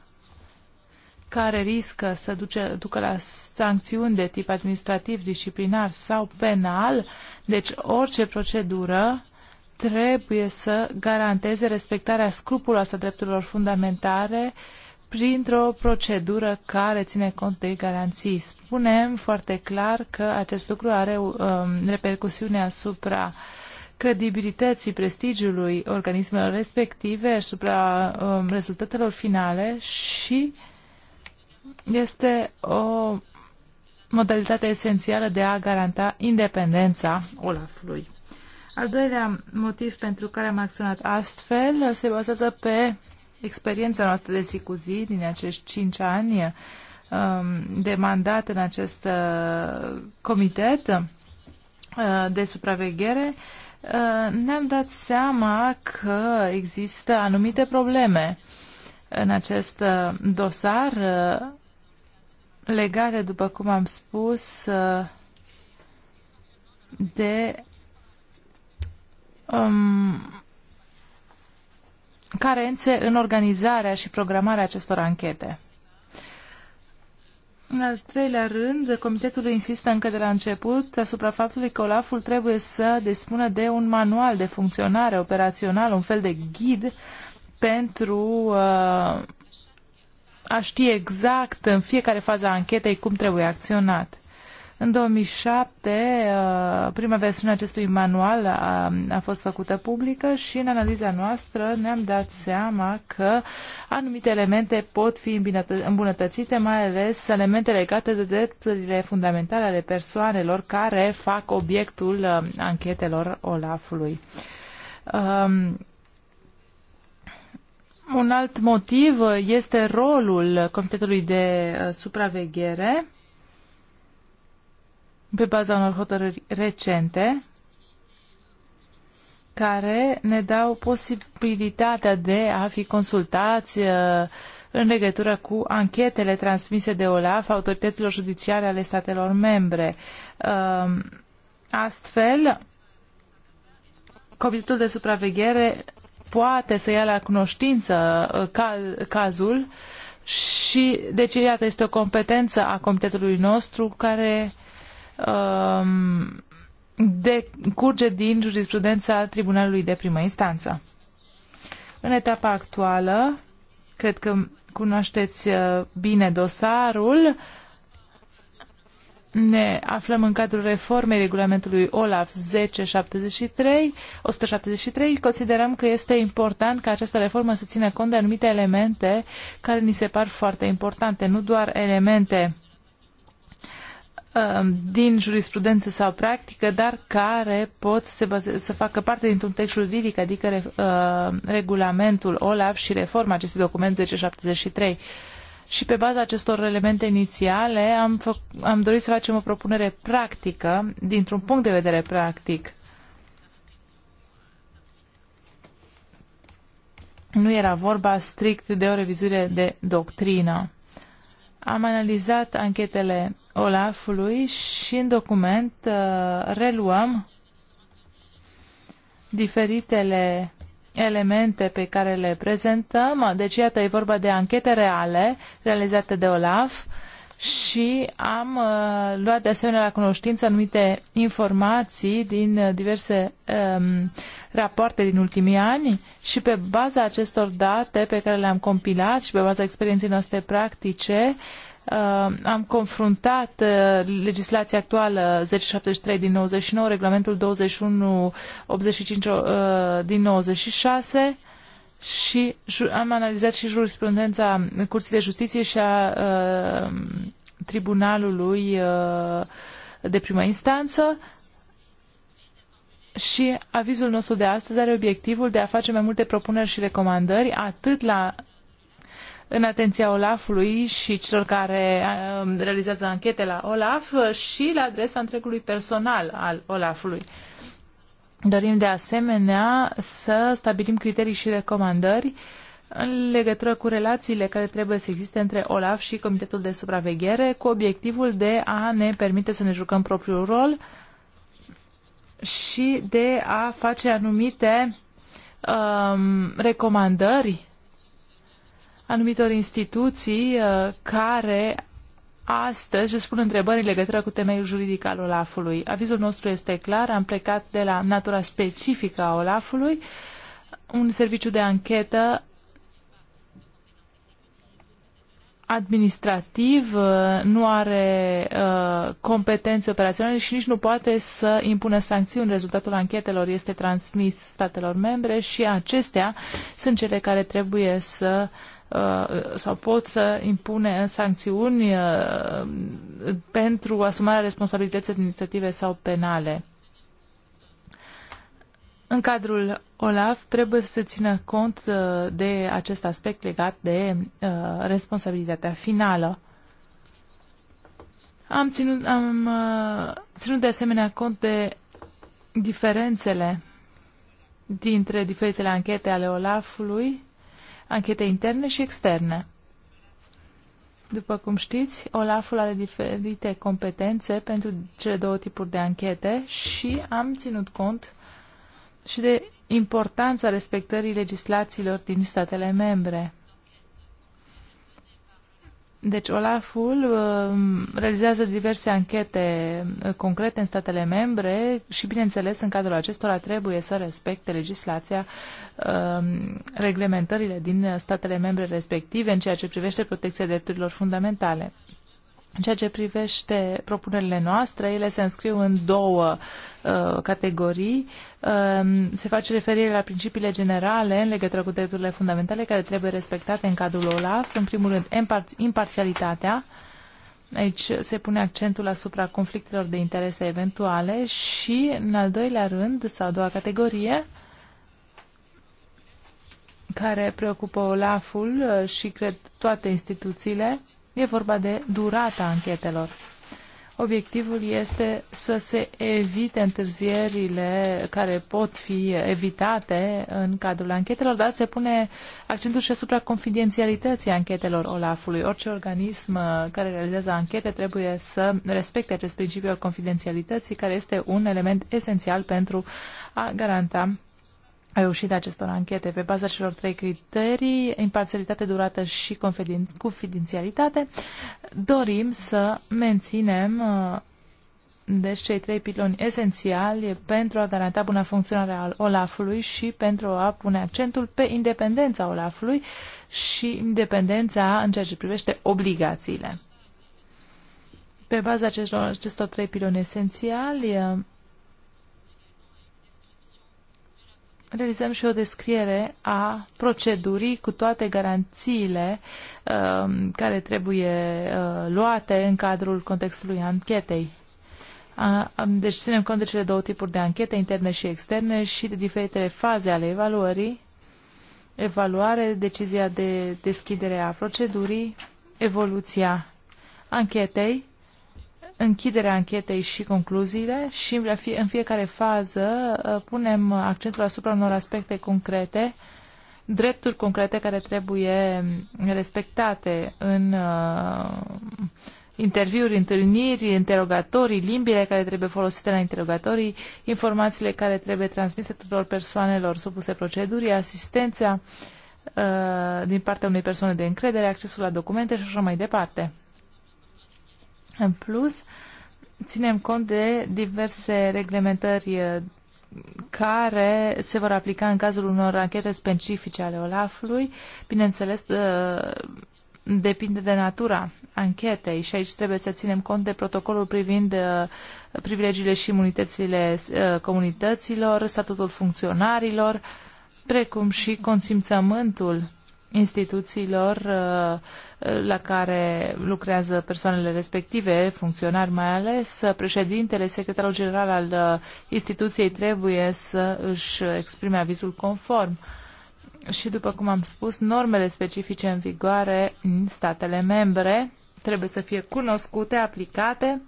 care riscă să duce, ducă la sancțiuni de tip administrativ, disciplinar sau penal, deci orice procedură trebuie să garanteze respectarea scrupuloasă a drepturilor fundamentale printr-o procedură care ține cont de garanții. Spunem foarte clar că acest lucru are um, repercusiune asupra credibilității prestigiului organismelor respective, asupra um, rezultatelor finale și este o modalitate esențială de a garanta independența Olafului. Al doilea motiv pentru care am acționat astfel se bazează pe experiența noastră de zi cu zi din acești cinci ani um, de mandat în acest uh, comitet uh, de supraveghere, uh, ne-am dat seama că există anumite probleme în acest dosar legate, după cum am spus, de um, carențe în organizarea și programarea acestor anchete. În al treilea rând, comitetul insistă încă de la început asupra faptului că Olaful trebuie să dispună de un manual de funcționare operațional, un fel de ghid pentru uh, a ști exact în fiecare fază a anchetei cum trebuie acționat. În 2007, uh, prima versiune acestui manual a, a fost făcută publică și în analiza noastră ne-am dat seama că anumite elemente pot fi îmbunătățite, mai ales elemente legate de drepturile fundamentale ale persoanelor care fac obiectul uh, anchetelor Olafului. Um, un alt motiv uh, este rolul Comitetului de uh, Supraveghere pe baza unor hotărâri recente care ne dau posibilitatea de a fi consultați uh, în legătură cu anchetele transmise de OLAF autorităților judiciare ale statelor membre. Um, astfel, Comitetul de supraveghere poate să ia la cunoștință uh, cazul și deci iată este o competență a comitetului nostru care um, decurge din jurisprudența Tribunalului de primă instanță. În etapa actuală, cred că cunoașteți uh, bine dosarul, uh, ne aflăm în cadrul reformei regulamentului OLAF 1073, 173, considerăm că este important ca această reformă să țină cont de anumite elemente care ni se par foarte importante, nu doar elemente um, din jurisprudență sau practică, dar care pot să, baze, să facă parte dintr-un text juridic, adică uh, regulamentul OLAF și reforma acestui document 1073. Și pe baza acestor elemente inițiale am, fă- am dorit să facem o propunere practică, dintr-un punct de vedere practic. Nu era vorba strict de o revizuire de doctrină. Am analizat anchetele Olafului și în document uh, reluăm diferitele elemente pe care le prezentăm. Deci, iată, e vorba de anchete reale realizate de OLAF și am uh, luat de asemenea la cunoștință anumite informații din uh, diverse um, rapoarte din ultimii ani și pe baza acestor date pe care le-am compilat și pe baza experienței noastre practice, uh, Uh, am confruntat uh, legislația actuală 1073 din 99, regulamentul 2185 uh, din 96 și am analizat și jurisprudența Curții de Justiție și a Tribunalului de primă instanță și avizul nostru de astăzi are obiectivul de a face mai multe propuneri și recomandări atât la în atenția Olafului și celor care um, realizează anchete la Olaf și la adresa întregului personal al Olafului. Dorim de asemenea să stabilim criterii și recomandări în legătură cu relațiile care trebuie să existe între OLAF și Comitetul de Supraveghere, cu obiectivul de a ne permite să ne jucăm propriul rol și de a face anumite um, recomandări anumitor instituții uh, care astăzi își pun întrebări în legătură cu temeiul juridic al Olafului. Avizul nostru este clar, am plecat de la natura specifică a Olafului, un serviciu de anchetă administrativ, uh, nu are uh, competențe operaționale și nici nu poate să impună sancțiuni. Rezultatul anchetelor este transmis statelor membre și acestea sunt cele care trebuie să Uh, sau pot să impune sancțiuni uh, pentru asumarea responsabilității administrative sau penale. În cadrul OLAF trebuie să se țină cont uh, de acest aspect legat de responsabilitatea finală. Am ținut, am ținut de asemenea cont de diferențele dintre diferitele anchete ale OLAF-ului anchete interne și externe. După cum știți, Olaful are diferite competențe pentru cele două tipuri de anchete și am ținut cont și de importanța respectării legislațiilor din statele membre. Deci Olaful uh, realizează diverse anchete uh, concrete în statele membre și, bineînțeles, în cadrul acestora trebuie să respecte legislația, uh, reglementările din statele membre respective în ceea ce privește protecția drepturilor fundamentale. În ceea ce privește propunerile noastre, ele se înscriu în două uh, categorii. Uh, se face referire la principiile generale în legătură cu drepturile fundamentale care trebuie respectate în cadrul OLAF. În primul rând, imparțialitatea. Aici se pune accentul asupra conflictelor de interese eventuale și, în al doilea rând, sau a doua categorie, care preocupă OLAF-ul uh, și, cred, toate instituțiile, E vorba de durata anchetelor. Obiectivul este să se evite întârzierile care pot fi evitate în cadrul anchetelor, dar se pune accentul și asupra confidențialității anchetelor Olafului. Orice organism uh, care realizează anchete trebuie să respecte acest principiu al confidențialității, care este un element esențial pentru a garanta reușit acestor anchete pe baza celor trei criterii, imparțialitate, durată și confidențialitate, dorim să menținem uh, deci cei trei piloni esențiali pentru a garanta buna funcționare al Olafului și pentru a pune accentul pe independența Olafului și independența în ceea ce privește obligațiile. Pe baza acestor, acestor trei piloni esențiali, uh, realizăm și o descriere a procedurii cu toate garanțiile uh, care trebuie uh, luate în cadrul contextului anchetei. deci ținem cont de cele două tipuri de anchete, interne și externe, și de diferitele faze ale evaluării, evaluare, decizia de deschidere a procedurii, evoluția anchetei închiderea anchetei și concluziile și în fiecare fază uh, punem accentul asupra unor aspecte concrete, drepturi concrete care trebuie respectate în uh, interviuri, întâlniri, interogatorii, limbile care trebuie folosite la interogatorii, informațiile care trebuie transmise tuturor persoanelor supuse procedurii, asistența uh, din partea unei persoane de încredere, accesul la documente și așa mai departe. În plus, ținem cont de diverse reglementări eh, care se vor aplica în cazul unor anchete specifice ale Olafului. Bineînțeles, eh, depinde de natura anchetei și aici trebuie să ținem cont de protocolul privind eh, privilegiile și imunitățile comunităților, statutul funcționarilor, precum și consimțământul instituțiilor uh, la care lucrează persoanele respective, funcționari mai ales, președintele, secretarul general al uh, instituției trebuie să își exprime avizul conform. Și după cum am spus, normele specifice în vigoare în statele membre trebuie să fie cunoscute, aplicate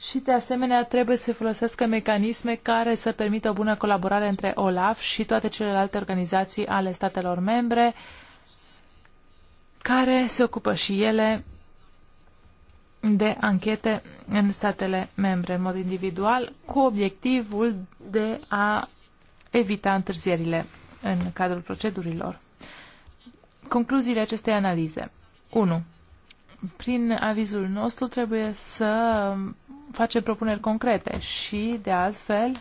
și, de asemenea, trebuie să folosească mecanisme care să permită o bună colaborare între OLAF și toate celelalte organizații ale statelor membre, care se ocupă și ele de anchete în statele membre, în mod individual, cu obiectivul de a evita întârzierile în cadrul procedurilor. Concluziile acestei analize. 1. Prin avizul nostru trebuie să facem propuneri concrete și, de altfel,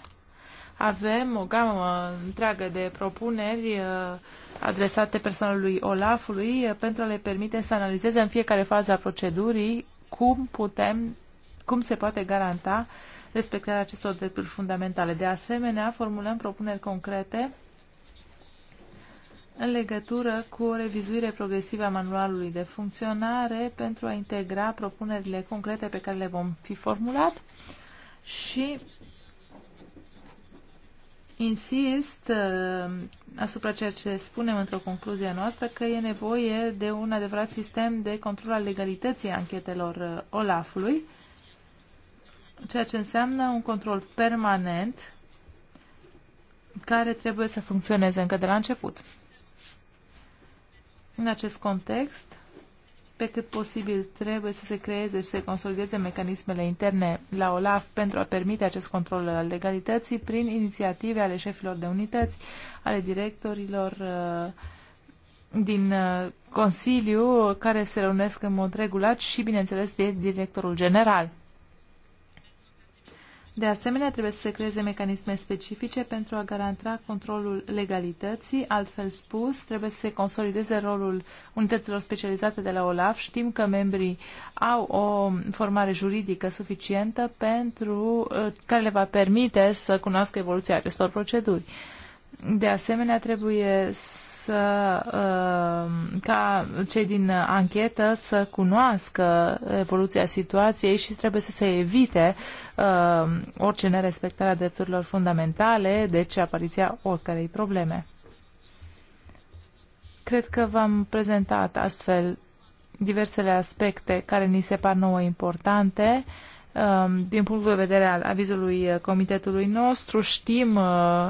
avem o gamă întreagă de propuneri uh, adresate personalului Olafului uh, pentru a le permite să analizeze în fiecare fază a procedurii cum putem, cum se poate garanta respectarea acestor drepturi fundamentale. De asemenea, formulăm propuneri concrete în legătură cu o revizuire progresivă a manualului de funcționare pentru a integra propunerile concrete pe care le vom fi formulat și insist uh, asupra ceea ce spunem într-o concluzie noastră că e nevoie de un adevărat sistem de control al legalității anchetelor uh, OLAF-ului, ceea ce înseamnă un control permanent care trebuie să funcționeze încă de la început. În acest context, pe cât posibil trebuie să se creeze și să se consolideze mecanismele interne la OLAF pentru a permite acest control al legalității prin inițiative ale șefilor de unități, ale directorilor uh, din uh, Consiliu, care se reunesc în mod regulat și, bineînțeles, de directorul general. De asemenea, trebuie să se creeze mecanisme specifice pentru a garanta controlul legalității, altfel spus, trebuie să se consolideze rolul unităților specializate de la OLAF. Știm că membrii au o formare juridică suficientă pentru uh, care le va permite să cunoască evoluția acestor proceduri. De asemenea, trebuie să uh, ca cei din anchetă să cunoască evoluția situației și trebuie să se evite uh, uh, orice nerespectare a drepturilor fundamentale, deci apariția oricărei probleme. Cred că v-am prezentat astfel diversele aspecte care ni se par nouă importante uh, din punctul de vedere al avizului comitetului nostru. Știm uh,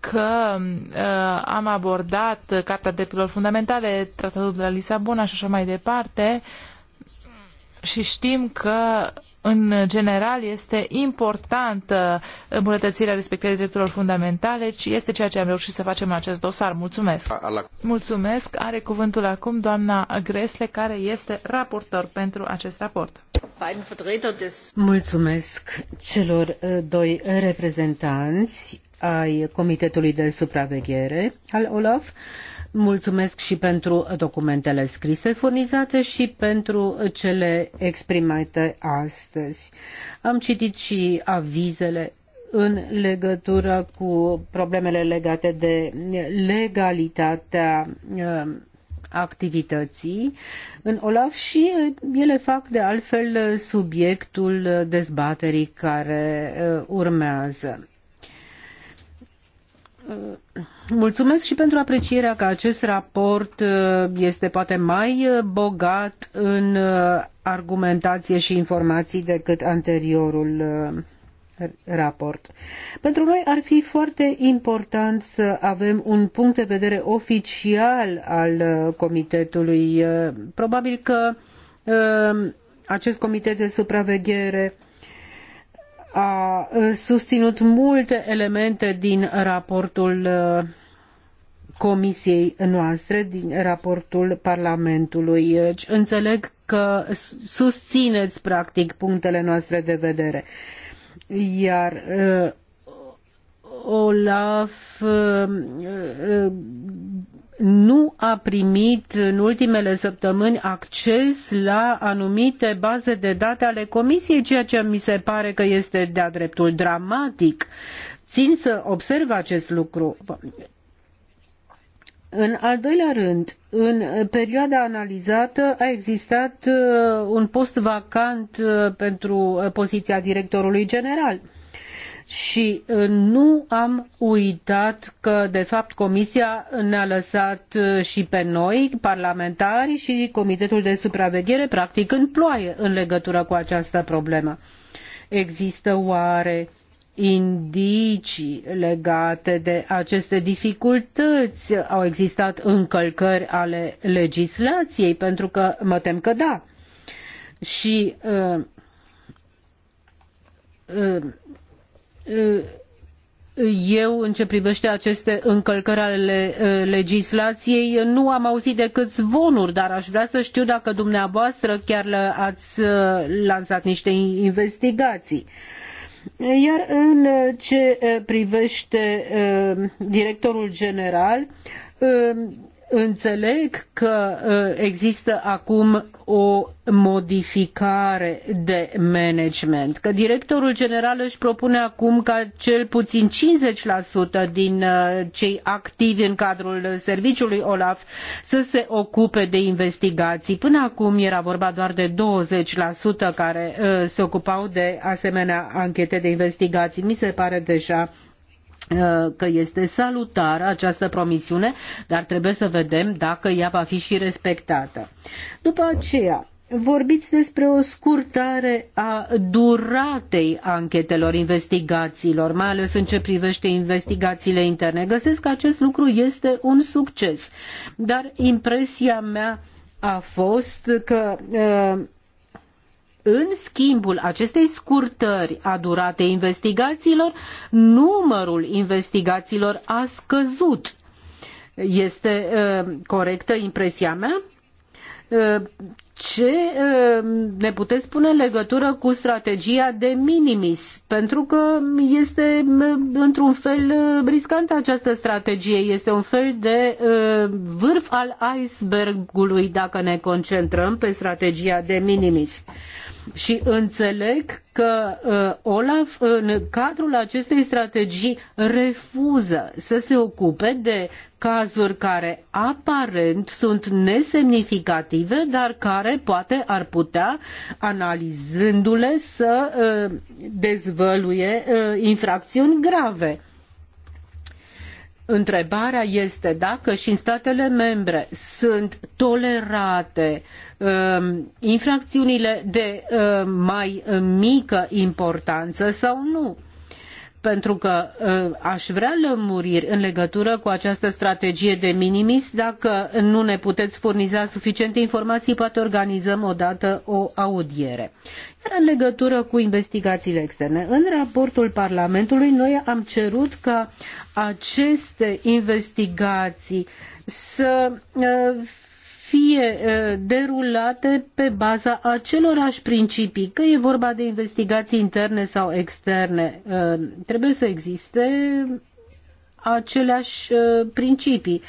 că uh, am abordat Carta Drepturilor Fundamentale, Tratatul de la Lisabona și așa mai departe și știm că în general este importantă îmbunătățirea respectării drepturilor fundamentale, ci este ceea ce am reușit să facem în acest dosar. Mulțumesc! Mulțumesc! Are cuvântul acum doamna Gresle, care este raportor pentru acest raport. Mulțumesc celor uh, doi reprezentanți ai Comitetului de Supraveghere al OLAF Mulțumesc și pentru documentele scrise furnizate și pentru cele exprimate astăzi. Am citit și avizele în legătură cu problemele legate de legalitatea uh, activității în OLAF și uh, ele fac de altfel uh, subiectul dezbaterii care urmează. Uh, mulțumesc și pentru aprecierea că acest raport uh, este poate mai uh, bogat în argumentație și informații decât anteriorul raport. Pentru noi ar fi foarte important să avem un punct de vedere oficial al comitetului. Probabil că acest comitet de supraveghere a susținut multe elemente din raportul comisiei noastre, din raportul Parlamentului. Deci, înțeleg că susțineți practic punctele noastre de vedere. Iar Olaf nu a primit în ultimele săptămâni acces la anumite baze de date ale Comisiei, ceea ce mi se pare că este de-a dreptul dramatic. Țin să observ acest lucru. În al doilea rând, în perioada analizată a existat uh, un post vacant uh, pentru uh, poziția directorului general și uh, nu am uitat că, de fapt, Comisia ne-a lăsat uh, și pe noi, parlamentari și Comitetul de Supraveghere, practic în ploaie în legătură cu această problemă. Există oare indicii legate de aceste dificultăți? Au existat încălcări ale legislației? Pentru că mă tem că da. Și uh, uh, eu, în ce privește aceste încălcări ale legislației, nu am auzit decât zvonuri, dar aș vrea să știu dacă dumneavoastră chiar ați lansat niște investigații. Iar în ce privește directorul general, Înțeleg că ă, există acum o modificare de management, că directorul general își propune acum ca cel puțin 50% din ă, cei activi în cadrul serviciului OLAF să se ocupe de investigații. Până acum era vorba doar de 20% care ă, se ocupau de asemenea anchete de investigații. Mi se pare deja Eh, că este salutară această promisiune, dar trebuie să vedem dacă ea va fi și respectată. După aceea, vorbiți despre o scurtare a duratei anchetelor, investigațiilor, mai ales în ce privește investigațiile interne. Găsesc că acest lucru este un succes, dar impresia mea a fost că uh, în schimbul acestei scurtări a duratei investigațiilor, numărul investigațiilor a scăzut. Este uh, corectă impresia mea? Uh, ce uh, ne puteți spune în legătură cu strategia de minimis? Pentru că este uh, într-un fel briscantă această strategie, este un fel de vârf al icebergului dacă ne concentrăm pe strategia de minimis și înțeleg că uh, Olaf în cadrul acestei strategii refuză să se ocupe de cazuri care aparent sunt nesemnificative, dar care poate ar putea, analizându-le, să uh, dezvăluie uh, infracțiuni grave. Întrebarea este dacă și în statele membre sunt tolerate um, infracțiunile de um, mai mică importanță sau nu pentru că ă, aș vrea lămuriri în legătură cu această strategie de minimis. Dacă nu ne puteți furniza suficiente informații, poate organizăm o dată o audiere. Iar în legătură cu investigațiile externe, în raportul Parlamentului noi am cerut ca aceste investigații să ă, fie derulate pe baza acelorași principii, că e vorba de investigații interne sau externe. Trebuie să existe aceleași principii.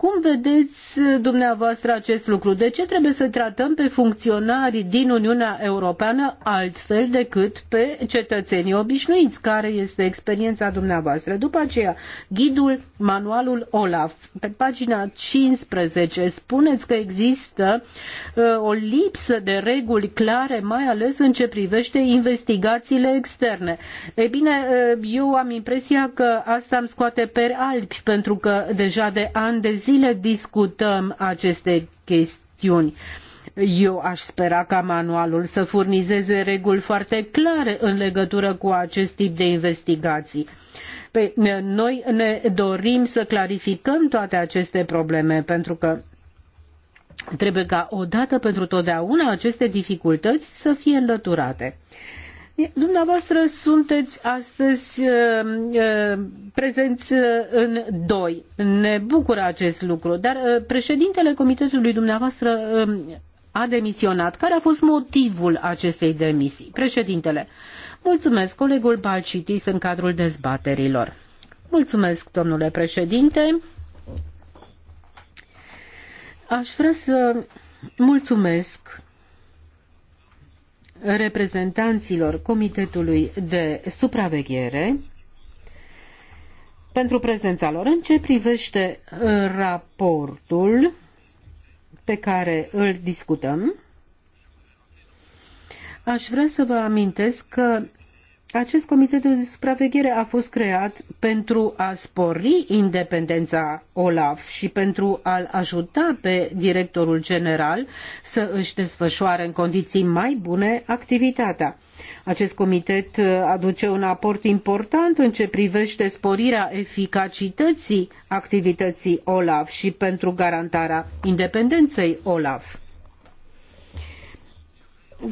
Cum vedeți uh, dumneavoastră acest lucru? De ce trebuie să tratăm pe funcționarii din Uniunea Europeană altfel decât pe cetățenii obișnuiți? Care este experiența dumneavoastră? După aceea, ghidul, manualul OLAF, pe pagina 15, spuneți că există uh, o lipsă de reguli clare, mai ales în ce privește investigațiile externe. E bine, uh, eu am impresia că asta îmi scoate pe albi, pentru că deja de ani de zi zile discutăm aceste chestiuni. Eu aș spera ca manualul să furnizeze reguli foarte clare în legătură cu acest tip de investigații. Pe, noi ne dorim să clarificăm toate aceste probleme pentru că trebuie ca odată pentru totdeauna aceste dificultăți să fie înlăturate. Dumneavoastră sunteți astăzi uh, uh, prezenți uh, în doi. Ne bucură acest lucru, dar președintele comitetului dumneavoastră um, a demisionat. Care a fost motivul acestei demisii? Președintele, mulțumesc colegul Balcitis în cadrul dezbaterilor. Mulțumesc, domnule președinte. Aș vrea să mulțumesc reprezentanților Comitetului de Supraveghere pentru prezența lor. În ce privește uh, raportul pe care îl discutăm, aș vrea să vă amintesc că acest comitet de supraveghere a fost creat pentru a spori independența OLAF și pentru a-l ajuta pe directorul general să își desfășoare în condiții mai bune activitatea. Acest comitet aduce un aport important în ce privește sporirea eficacității activității OLAF și pentru garantarea independenței OLAF.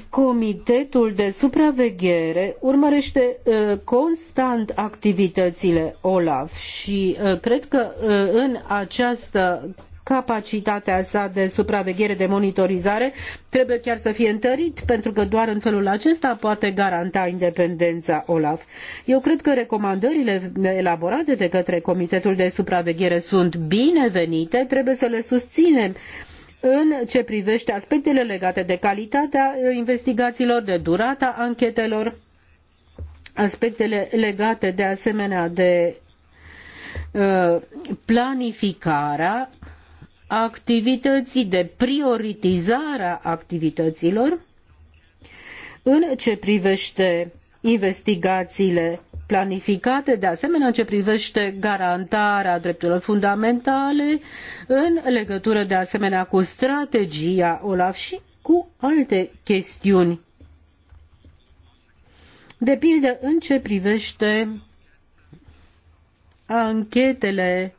Comitetul de supraveghere urmărește uh, constant activitățile OLAF și uh, cred că uh, în această capacitatea sa de supraveghere, de monitorizare, trebuie chiar să fie întărit, pentru că doar în felul acesta poate garanta independența OLAF. Eu cred că recomandările elaborate de către Comitetul de Supraveghere sunt binevenite, trebuie să le susținem în ce privește aspectele legate de calitatea eh, investigațiilor, de durata anchetelor, aspectele legate de asemenea de eh, planificarea activității, de prioritizarea activităților în ce privește investigațiile planificate, de asemenea în ce privește garantarea drepturilor fundamentale, în legătură de asemenea cu strategia OLAF și cu alte chestiuni. De pildă, în ce privește anchetele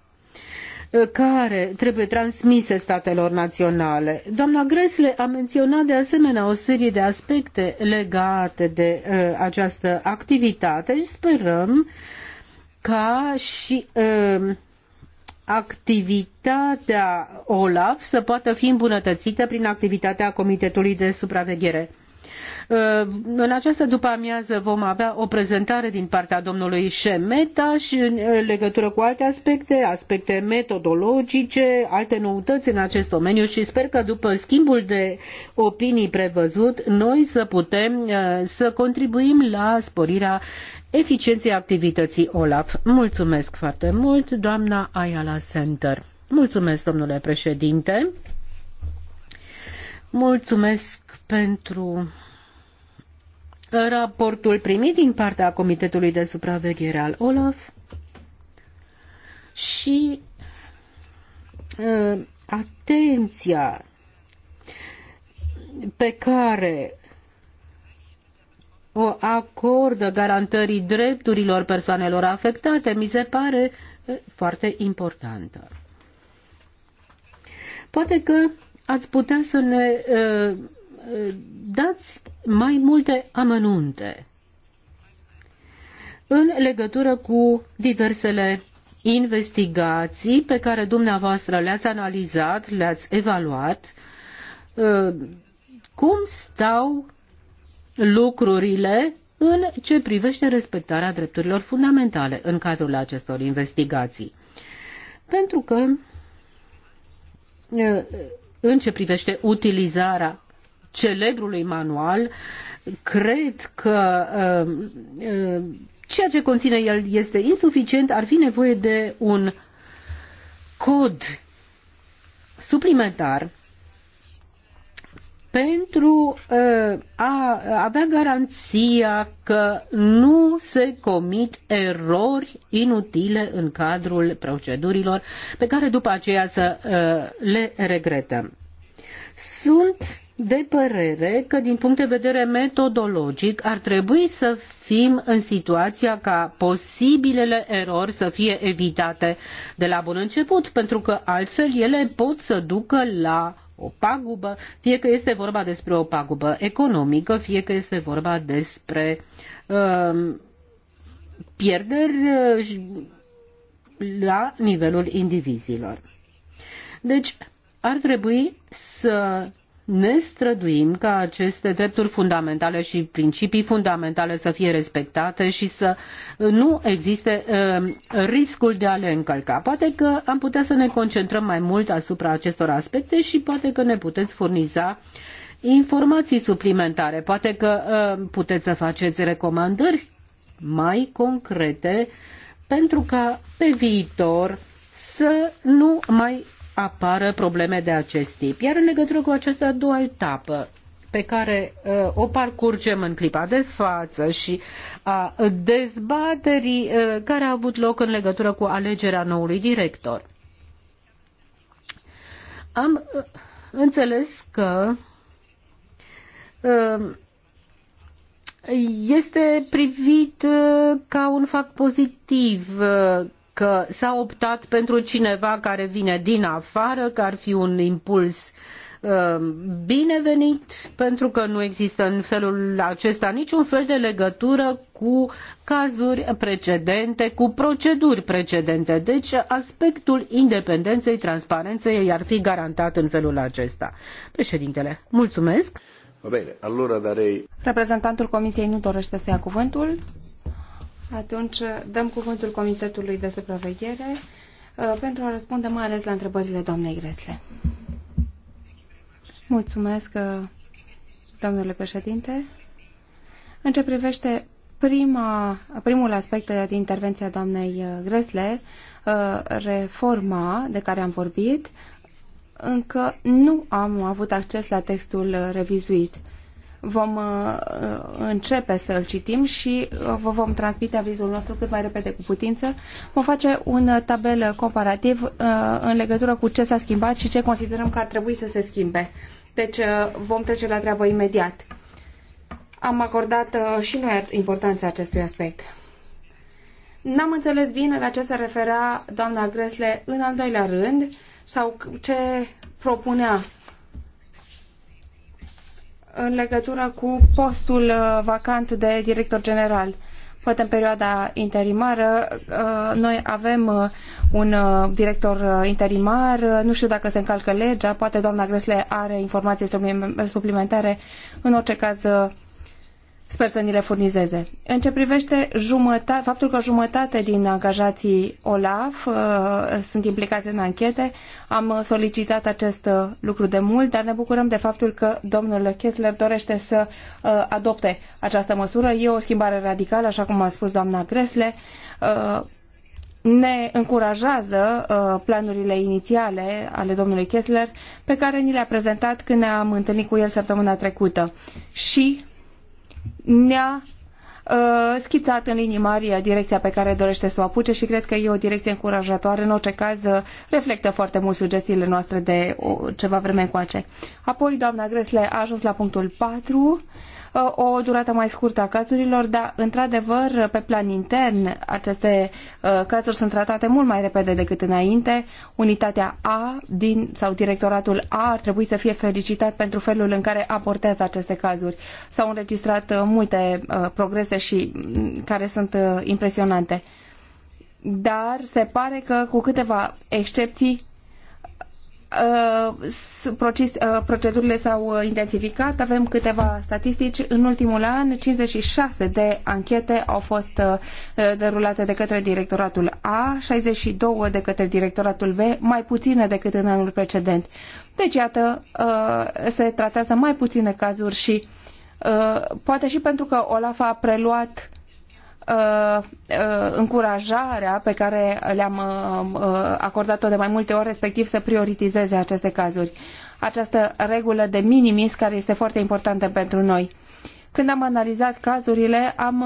Eh, care trebuie transmise statelor naționale. Doamna Gresle a menționat de asemenea o serie de aspecte legate de uh, această activitate și sperăm ca și uh, activitatea OLAF să poată fi îmbunătățită prin activitatea Comitetului de Supraveghere. În această după-amiază vom avea o prezentare din partea domnului Șemeta și în legătură cu alte aspecte, aspecte metodologice, alte noutăți în acest domeniu și sper că după schimbul de opinii prevăzut, noi să putem uh, să contribuim la sporirea eficienței activității OLAF. Mulțumesc foarte mult, doamna Ayala Center. Mulțumesc, domnule președinte. Mulțumesc pentru raportul primit din partea Comitetului de Supraveghere al OLAF și uh, atenția pe care o acordă garantării drepturilor persoanelor afectate mi se pare uh, foarte importantă. Poate că ați putea să ne uh, dați mai multe amănunte în legătură cu diversele investigații pe care dumneavoastră le-ați analizat, le-ați evaluat, uh, cum stau lucrurile în ce privește respectarea drepturilor fundamentale în cadrul acestor investigații. Pentru că uh, în ce privește utilizarea celebrului manual, cred că uh, uh, ceea ce conține el este insuficient, ar fi nevoie de un cod suplimentar pentru uh, a avea garanția că nu se comit erori inutile în cadrul procedurilor pe care după aceea să le regretăm. Sunt de părere că din punct de vedere metodologic ar trebui să fim în situația ca posibilele erori să fie evitate de la bun început, pentru că altfel ele pot să ducă la o pagubă, fie că este vorba despre o pagubă economică, fie că este vorba despre um, uh, pierderi la nivelul indivizilor. Deci, ar trebui să ne străduim ca aceste drepturi fundamentale și principii fundamentale să fie respectate și să nu existe uh, riscul de a le încălca. Poate că am putea să ne concentrăm mai mult asupra acestor aspecte și poate că ne puteți furniza informații suplimentare. Poate că uh, puteți să faceți recomandări mai concrete pentru ca pe viitor să nu mai apară probleme de acest tip. Iar în legătură cu această a doua etapă, pe care uh, o parcurgem în clipa de față și a dezbaterii uh, care a avut loc în legătură cu alegerea noului director. Am uh, înțeles că uh, este privit uh, ca un fapt pozitiv uh, că s-a optat pentru cineva care vine din afară, că ar fi un impuls uh, binevenit pentru că nu există în felul acesta niciun fel de legătură cu cazuri precedente, cu proceduri precedente. Deci aspectul independenței, transparenței ar fi garantat în felul acesta. Președintele, mulțumesc. bine, allora darei... Reprezentantul Comisiei nu dorește să ia cuvântul. Atunci dăm cuvântul Comitetului de Supraveghere uh, pentru a răspunde mai ales la întrebările doamnei Gresle. Mulțumesc, uh, domnule președinte. În ce privește prima, primul aspect de intervenția doamnei uh, Gresle, reforma de care am vorbit, încă nu am avut acces la textul revizuit vom uh, începe să îl citim și uh, vă vom transmite avizul nostru cât mai repede cu putință. Vom face un tabel comparativ uh, în legătură cu ce s-a schimbat și ce considerăm că ar trebui să se schimbe. Deci vom trece la treabă imediat. Am acordat și noi importanța acestui aspect. N-am înțeles bine la ce se referea doamna Gresle în al doilea rând sau ce propunea în legătură cu postul uh, vacant de director general. Poate în perioada interimară uh, noi avem uh, un director interimar, nu știu dacă se încalcă legea, poate doamna Gresle are informații suplimentare. În orice caz Sper să ni le furnizeze. În ce privește jumătate, faptul că jumătate din angajații OLAF uh, sunt implicați în anchete, am solicitat acest uh, lucru de mult, dar ne bucurăm de faptul că domnul Kessler dorește să uh, adopte această măsură. E o schimbare radicală, așa cum a spus doamna Gresle. Uh, ne încurajează uh, planurile inițiale ale domnului Kessler pe care ni le-a prezentat când ne-am întâlnit cu el săptămâna trecută. Și ne-a uh, schițat în linii mari direcția pe care dorește să o apuce și cred că e o direcție încurajatoare. În orice caz, uh, reflectă foarte mult sugestiile noastre de o, uh, ceva vreme încoace. Apoi, doamna Gresle a ajuns la punctul 4 o durată mai scurtă a cazurilor, dar, într-adevăr, pe plan intern, aceste uh, cazuri sunt tratate mult mai repede decât înainte. Unitatea A din, sau directoratul A ar trebui să fie felicitat pentru felul în care abordează aceste cazuri. S-au înregistrat uh, multe uh, progrese și mm, care sunt impresionante. Dar se pare că, cu câteva excepții, Uh, uh, procedurile s-au uh, intensificat. Avem câteva statistici. În ultimul an, 56 de anchete au fost derulate de către directoratul A, 62 de către directoratul B, mai puține decât în anul precedent. Deci, iată, se tratează mai puține cazuri și poate și pentru că Olaf a preluat Uh, uh, încurajarea pe care le-am uh, acordat-o de mai multe ori, respectiv să prioritizeze aceste cazuri. Această regulă de minimis care este foarte importantă pentru noi. Când am analizat cazurile, am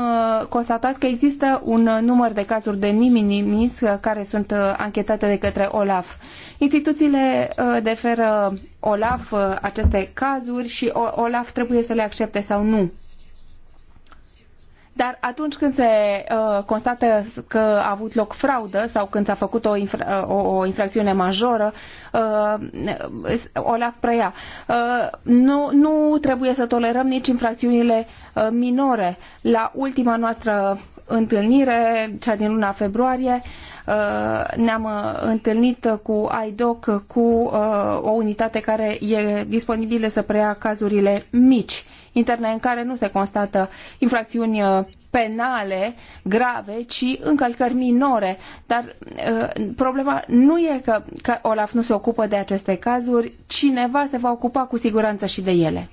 constatat că există un număr de cazuri de minimis care sunt anchetate de către OLAF. Instituțiile deferă OLAF aceste cazuri și OLAF trebuie să le accepte sau nu. Dar atunci când se uh, constată că a avut loc fraudă sau când s-a făcut o, infra, o, o infracțiune majoră, uh, Olaf preia. Uh, nu, nu trebuie să tolerăm nici infracțiunile uh, minore. La ultima noastră întâlnire, cea din luna februarie, uh, Uh, ne-am uh, întâlnit cu IDOC, cu uh, o unitate care e disponibilă să preia cazurile mici, interne în care nu se constată infracțiuni penale grave, ci încălcări minore. Dar problema nu e că, Olaf nu se ocupă de aceste cazuri, cineva se va ocupa cu siguranță și de ele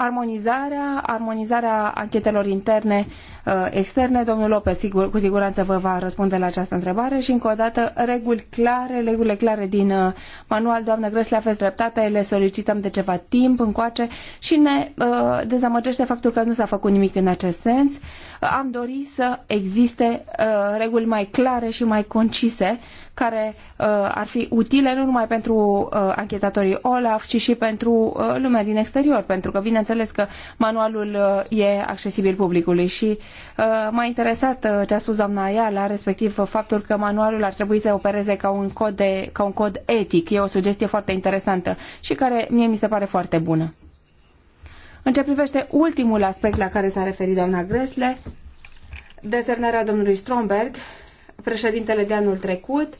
armonizarea, armonizarea anchetelor interne Uh, externe. Domnul Lopez sigur, cu siguranță vă va răspunde la această întrebare și încă o dată reguli clare, regulile clare din uh, manual. Doamnă Grăsle, aveți dreptate, le solicităm de ceva timp încoace și ne uh, dezamăgește faptul că nu s-a făcut nimic în acest sens. Am dorit să existe uh, reguli mai clare și mai concise care uh, ar fi utile nu numai pentru uh, anchetatorii OLAF, ci și pentru uh, lumea din exterior, pentru că bineînțeles că manualul uh, e accesibil publicului și Uh, m-a interesat uh, ce a spus doamna Ayala, respectiv uh, faptul că manualul ar trebui să opereze ca un cod, de, ca un cod etic. E o sugestie foarte interesantă și care mie mi se pare foarte bună. În ce privește ultimul aspect la care s-a referit doamna Gresle, desernarea domnului Stromberg, președintele de anul trecut, uh,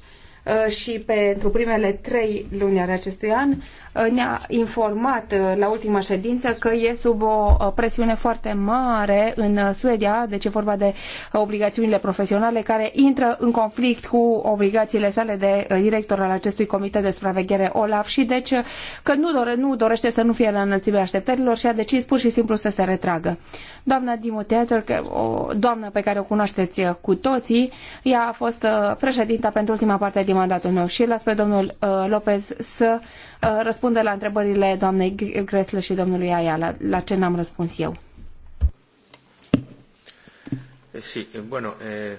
Uh, și pentru primele trei luni ale acestui an uh, ne-a informat uh, la ultima ședință că e sub o presiune foarte mare în Suedia, deci e vorba de obligațiunile profesionale care intră în conflict cu obligațiile sale de director al acestui comitet de supraveghere OLAF și deci că nu, dore, nu dorește să nu fie la înălțimea așteptărilor și a decis pur și simplu să se retragă. Doamna Dimu Teatr, o doamnă pe care o cunoașteți cu toții, ea a fost președinta pentru ultima parte din mandatul meu și las pe domnul uh, Lopez să uh, răspundă la întrebările doamnei Gresle și domnului Aia, la, la ce n-am răspuns eu. Eh, sí, eh, bueno, eh,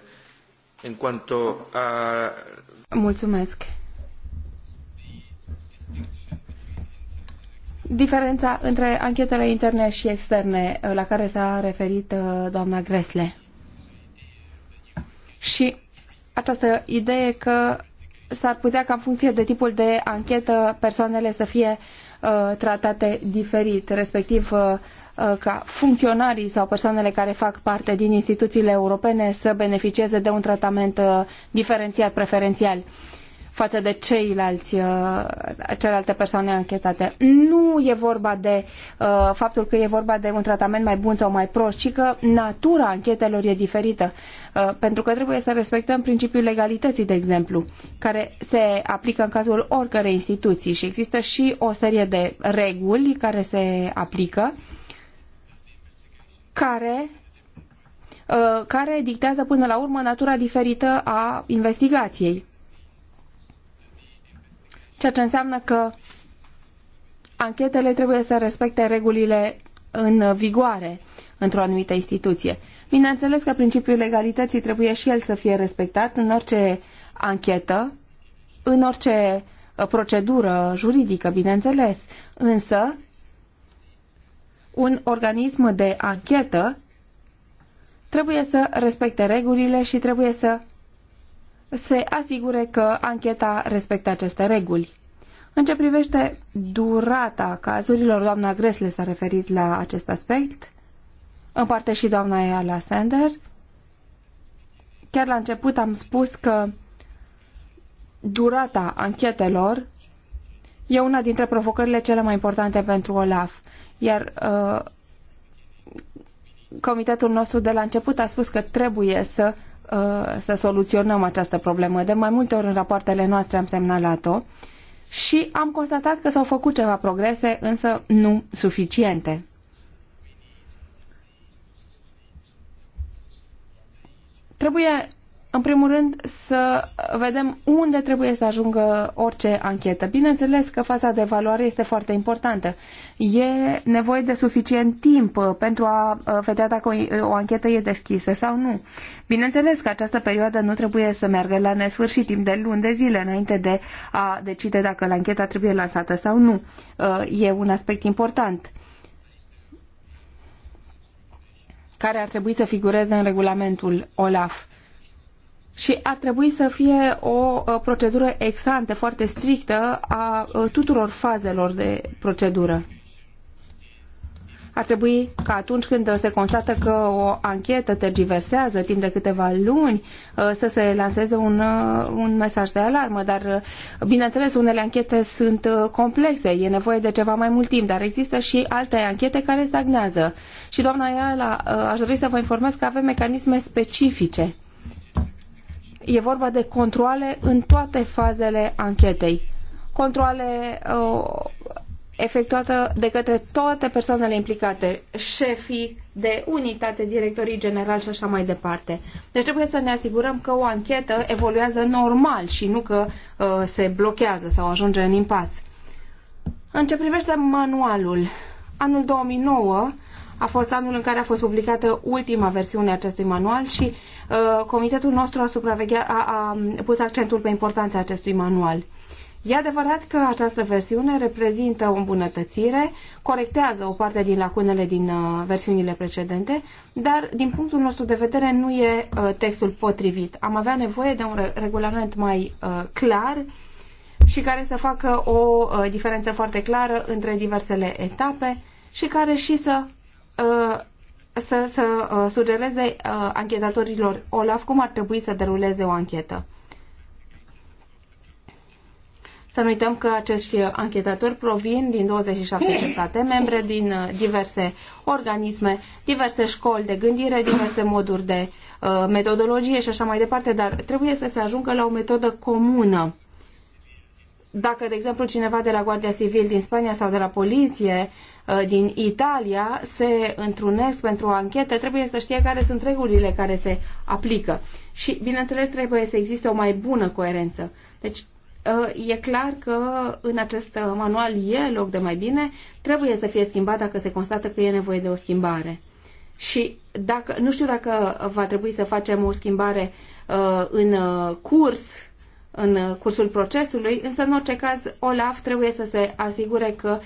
en cuanto a... Mulțumesc. Diferența între anchetele interne și externe uh, la care s-a referit doamna Gresle. Și această idee că s-ar putea ca în funcție de tipul de anchetă persoanele să fie uh, tratate diferit, respectiv uh, uh ca funcționarii sau persoanele care fac parte din instituțiile europene să beneficieze de un tratament uh, diferențiat preferențial. Uh, față de ceilalți, uh, celelalte persoane anchetate. Nu e vorba de uh, faptul că e vorba de un tratament mai bun sau mai prost, ci că natura anchetelor e diferită. Uh, pentru că trebuie să respectăm principiul legalității, de exemplu, care se aplică în cazul oricărei instituții și există și o serie de reguli care se aplică care uh, care dictează până la urmă natura diferită a investigației ceea ce înseamnă că anchetele trebuie să respecte regulile în vigoare într-o anumită instituție. Bineînțeles că principiul legalității trebuie și el să fie respectat în orice anchetă, în orice uh, procedură juridică, bineînțeles, însă un organism de anchetă trebuie să respecte regulile și trebuie să se asigure că ancheta respectă aceste reguli. În ce privește durata cazurilor, doamna Gresle s-a referit la acest aspect, în parte și doamna Eala Sender. Chiar la început am spus că durata anchetelor e una dintre provocările cele mai importante pentru OLAF, iar uh, comitetul nostru de la început a spus că trebuie să Uh, să soluționăm această problemă. De mai multe ori în rapoartele noastre am semnalat-o și am constatat că s-au făcut ceva progrese, însă nu suficiente. Trebuie în primul rând, să vedem unde trebuie să ajungă orice anchetă. Bineînțeles că faza de evaluare este foarte importantă. E nevoie de suficient timp uh, pentru a uh, vedea dacă o anchetă e deschisă sau nu. Bineînțeles că această perioadă nu trebuie să meargă la nesfârșit timp de luni de zile înainte de a decide dacă ancheta trebuie lansată sau nu. Uh, e un aspect important care ar trebui să figureze în regulamentul OLAF și ar trebui să fie o uh, procedură exante foarte strictă a uh, tuturor fazelor de procedură. Ar trebui ca atunci când se constată că o anchetă tergiversează timp de câteva luni uh, să se lanseze un, un mesaj de alarmă, dar bineînțeles unele anchete sunt complexe, e nevoie de ceva mai mult timp, dar există și alte anchete care stagnează. Și doamna Iala, aș dori să vă informez că avem mecanisme specifice E vorba de controle în toate fazele anchetei. Controle uh, de către toate persoanele implicate, șefii de unitate, directorii generali și așa mai departe. Deci trebuie să ne asigurăm că o anchetă evoluează normal și nu că uh, se blochează sau ajunge în impas. În ce privește manualul, anul 2009 a fost anul în care a fost publicată ultima versiune a acestui manual și uh, comitetul nostru a, a, a pus accentul pe importanța acestui manual. E adevărat că această versiune reprezintă o îmbunătățire, corectează o parte din lacunele din uh, versiunile precedente, dar din punctul nostru de vedere nu e uh, textul potrivit. Am avea nevoie de un regulament mai uh, clar și care să facă o uh, diferență foarte clară între diversele etape și care și să să, să uh, sugereze uh, anchetatorilor Olaf cum ar trebui să deruleze o anchetă. Să nu uităm că acești anchetatori provin din 27 de state membre, din uh, diverse organisme, diverse școli de gândire, diverse moduri de uh, metodologie și așa mai departe, dar trebuie să se ajungă la o metodă comună dacă, de exemplu, cineva de la Guardia Civil din Spania sau de la poliție uh, din Italia se întrunesc pentru o anchetă, trebuie să știe care sunt regulile care se aplică. Și, bineînțeles, trebuie să existe o mai bună coerență. Deci, uh, e clar că în acest manual e loc de mai bine, trebuie să fie schimbat dacă se constată că e nevoie de o schimbare. Și dacă, nu știu dacă va trebui să facem o schimbare uh, în uh, curs în cursul procesului, însă în orice caz OLAF trebuie să se asigure că uh,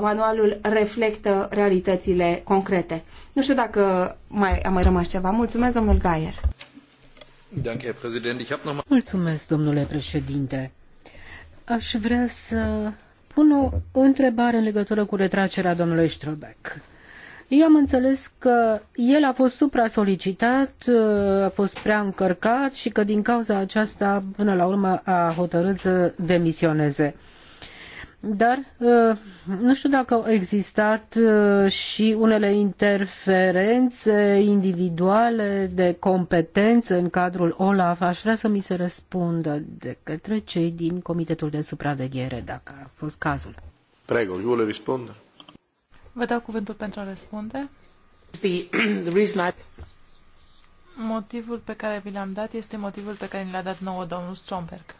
manualul reflectă realitățile concrete. Nu știu dacă mai, a mai rămas ceva. Mulțumesc, domnul Gaier. Mulțumesc, domnule președinte. Aș vrea să pun o întrebare în legătură cu retragerea domnului Strobeck. Eu am înțeles că el a fost supra-solicitat, uh, a fost prea încărcat și că din cauza aceasta, până la urmă, a hotărât să demisioneze. Dar uh, nu știu dacă au existat uh, și unele interferențe individuale de competență în cadrul OLAF. Aș vrea să mi se răspundă de către cei din Comitetul de Supraveghere, dacă a fost cazul. Prego, eu le răspund. Vă dau cuvântul pentru a răspunde. Motivul pe care vi l-am dat este motivul pe care ni l-a dat nouă domnul Stromberg.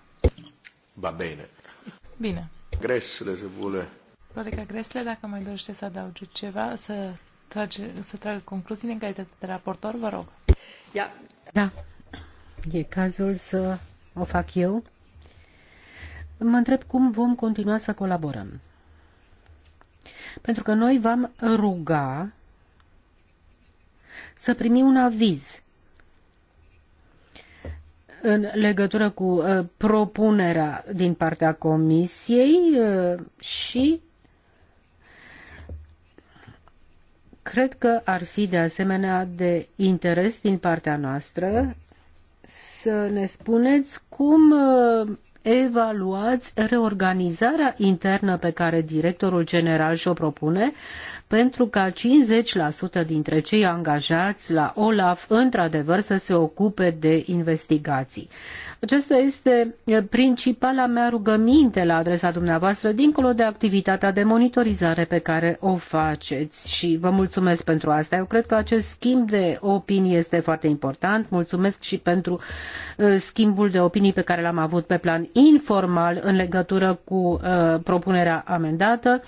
Va bine. Bine. Gresle, se vole. Colega Gresle, dacă mai dorește să adauge ceva, să, trage, să tragă concluziile în calitate de raportor, vă rog. Yeah. Da. E cazul să o fac eu. Mă întreb cum vom continua să colaborăm pentru că noi v-am ruga să primim un aviz în legătură cu uh, propunerea din partea Comisiei uh, și cred că ar fi de asemenea de interes din partea noastră să ne spuneți cum uh, evaluați reorganizarea internă pe care directorul general și-o propune pentru ca 50% dintre cei angajați la OLAF într-adevăr să se ocupe de investigații. Aceasta este principala mea rugăminte la adresa dumneavoastră, dincolo de activitatea de monitorizare pe care o faceți și vă mulțumesc pentru asta. Eu cred că acest schimb de opinii este foarte important. Mulțumesc și pentru schimbul de opinii pe care l-am avut pe plan informal în legătură cu propunerea amendată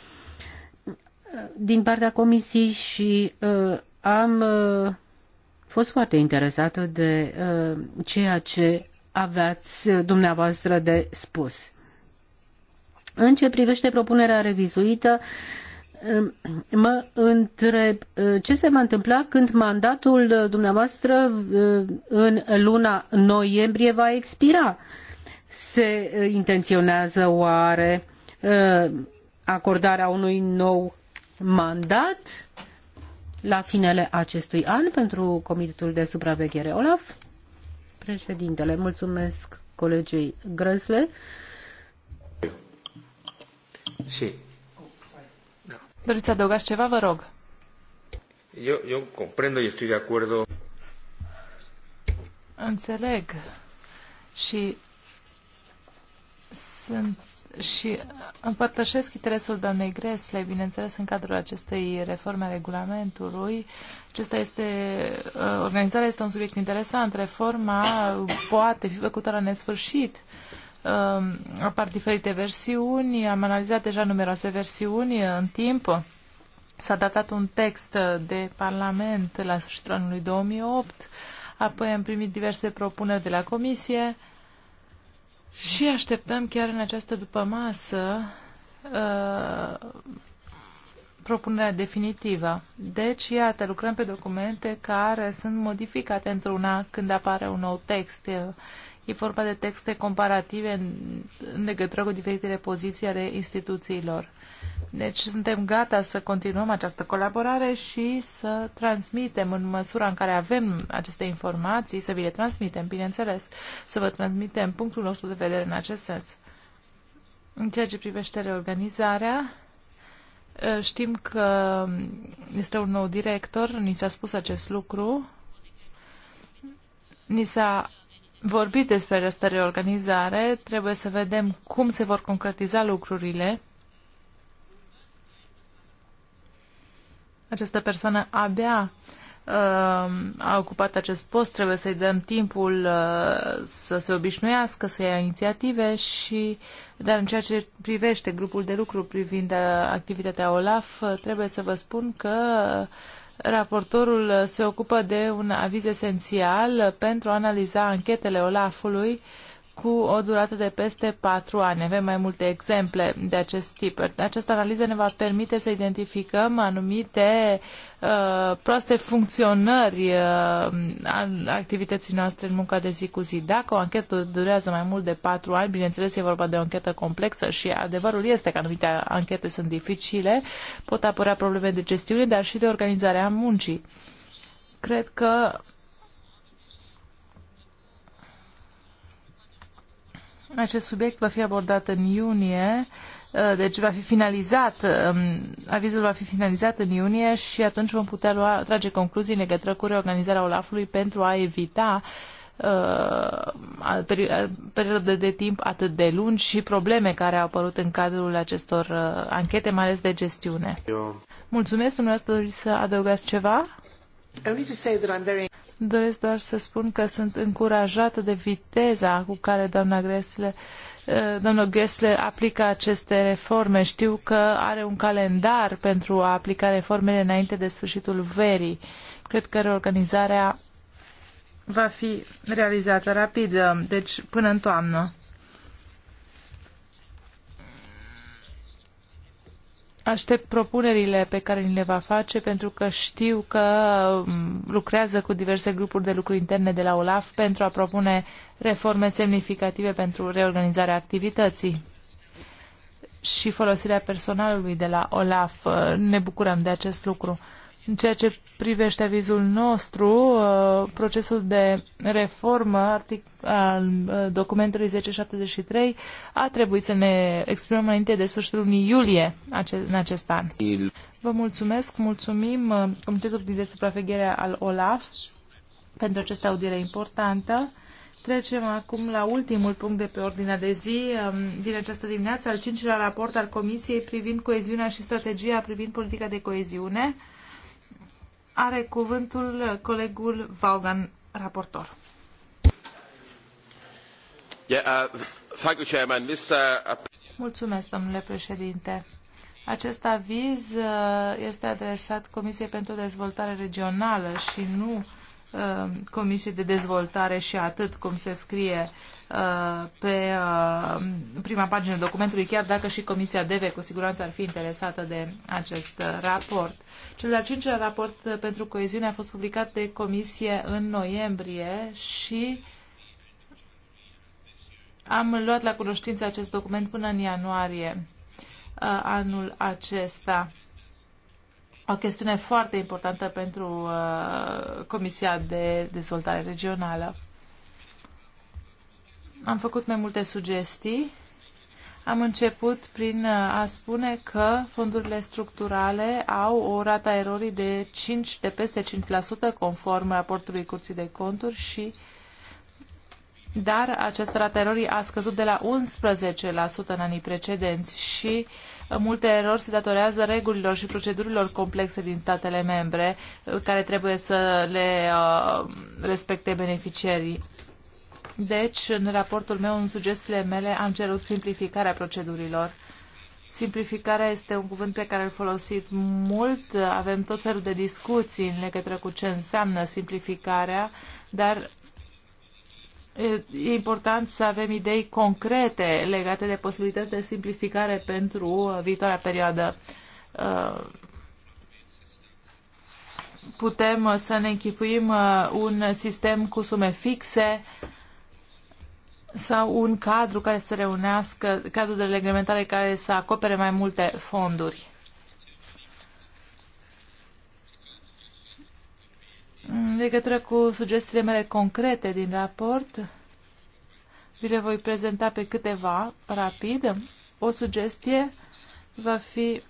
din partea comisiei și uh, am uh, fost foarte interesată de uh, ceea ce aveați dumneavoastră de spus. În ce privește propunerea revizuită, um, mă întreb ce se va întâmpla când mandatul dumneavoastră în luna noiembrie va expira. Se intenționează oare acordarea unui nou mandat la finele acestui an pentru Comitetul de Supraveghere OLAF. Președintele, mulțumesc colegei Grăsle. Și. Vreți să adăugați ceva, vă rog. Eu, eu comprendo eu sunt de acord. Înțeleg. Și sunt și împărtășesc interesul doamnei Gresle, bineînțeles, în cadrul acestei reforme a regulamentului. Acesta este, ă, organizarea este un subiect interesant. Reforma poate fi făcută la nesfârșit. Apar diferite versiuni, am analizat deja numeroase versiuni în timp. S-a datat un text de Parlament la sfârșitul anului 2008, apoi am primit diverse propuneri de la Comisie, și așteptăm chiar în această dupămasă uh, propunerea definitivă. Deci, iată, lucrăm pe documente care sunt modificate într-una când apare un nou text. E vorba de texte comparative în, în legătură cu diferitele poziții ale instituțiilor. Uh, deci suntem gata să continuăm această colaborare și să transmitem în măsura în care avem aceste informații, să vi le transmitem, bineînțeles, să vă transmitem punctul nostru de vedere în acest sens. În ceea ce privește reorganizarea, eh, știm că este un nou director, ni s-a spus acest lucru, ni s-a vorbit despre această reorganizare, trebuie să vedem cum se vor concretiza lucrurile Această persoană abia uh, a ocupat acest post, trebuie să-i dăm timpul uh, să se obișnuiască, să ia inițiative și, dar în ceea ce privește grupul de lucru privind uh, activitatea OLAF, trebuie să vă spun că raportorul se ocupă de un aviz esențial pentru a analiza anchetele OLAF-ului uh, cu o durată de peste patru ani. Avem mai multe exemple de acest tip. Această analiză ne va permite să identificăm anumite uh, proaste funcționări uh, al activității noastre în munca de zi cu zi. Dacă o anchetă durează mai mult de patru ani, bineînțeles e vorba de o anchetă complexă și adevărul este că anumite anchete sunt dificile, pot apărea probleme de gestiune, dar și de organizare a muncii. Cred că Acest subiect va fi abordat în iunie, uh, deci va fi finalizat, um, avizul va fi finalizat în iunie și atunci vom putea lua, trage concluzii în legătură cu reorganizarea Olafului pentru a evita uh, perioade de timp atât de lungi și probleme care au apărut în cadrul acestor uh, anchete, mai ales de gestiune. Eu... Mulțumesc, dumneavoastră doriți să adăugați ceva? Doresc doar să spun că sunt încurajată de viteza cu care doamna Gresle eh, domnul Gessler aplică aceste reforme. Știu că are un calendar pentru a aplica reformele înainte de sfârșitul verii. Cred că reorganizarea va fi realizată rapid, deci până în toamnă. Aștept propunerile pe care ni le va face pentru că știu că mm, lucrează cu diverse grupuri de lucru interne de la OLAF pentru a propune reforme semnificative pentru reorganizarea activității și folosirea personalului de la OLAF. Ne bucurăm de acest lucru. În ceea ce privește avizul nostru, uh, procesul de reformă al uh, documentului 1073 a trebuit să ne exprimăm înainte de sfârșitul lunii iulie în acest an. Vă mulțumesc, mulțumim uh, Comitetului de Supraveghere al OLAF pentru această audiere importantă. Trecem acum la ultimul punct de pe ordinea de zi um, din această dimineață, al cincilea raport al Comisiei privind coeziunea și strategia privind politica de coeziune. Are cuvântul colegul Vaughan, raportor. Yeah, uh, Chairman. This, uh... Mulțumesc, domnule președinte. Acest aviz uh, este adresat Comisiei pentru Dezvoltare Regională și nu Uh, Comisie Comisiei de Dezvoltare și atât cum se scrie uh, pe uh, prima pagină documentului, chiar dacă și Comisia DEVE cu siguranță ar fi interesată de acest raport. Cel de-al cincilea raport pentru coeziune a fost publicat de Comisie în noiembrie și am luat la cunoștință acest document până în ianuarie anul acesta o chestiune foarte importantă pentru uh, Comisia de Dezvoltare Regională. Am făcut mai multe sugestii. Am început prin uh, a spune că fondurile structurale au o rată a erorii de, 5, de peste 5% conform raportului Curții de Conturi și dar această rată a erorii a scăzut de la 11% în anii precedenți și uh, multe erori se datorează regulilor și procedurilor complexe din statele membre uh, care trebuie să le uh, respecte beneficiarii. Deci, în raportul meu, în sugestiile mele, am cerut simplificarea procedurilor. Simplificarea este un cuvânt pe care îl folosit mult, avem tot felul de discuții în legătură cu ce înseamnă simplificarea, dar E important să avem idei concrete legate de posibilități de simplificare pentru uh, viitoarea perioadă. Uh, putem uh, să ne închipuim un sistem cu sume fixe sau un cadru care să reunească, cadru de reglementare care să acopere mai multe fonduri. În legătură cu sugestiile mele concrete din raport, vi le voi prezenta pe câteva rapid. O sugestie va fi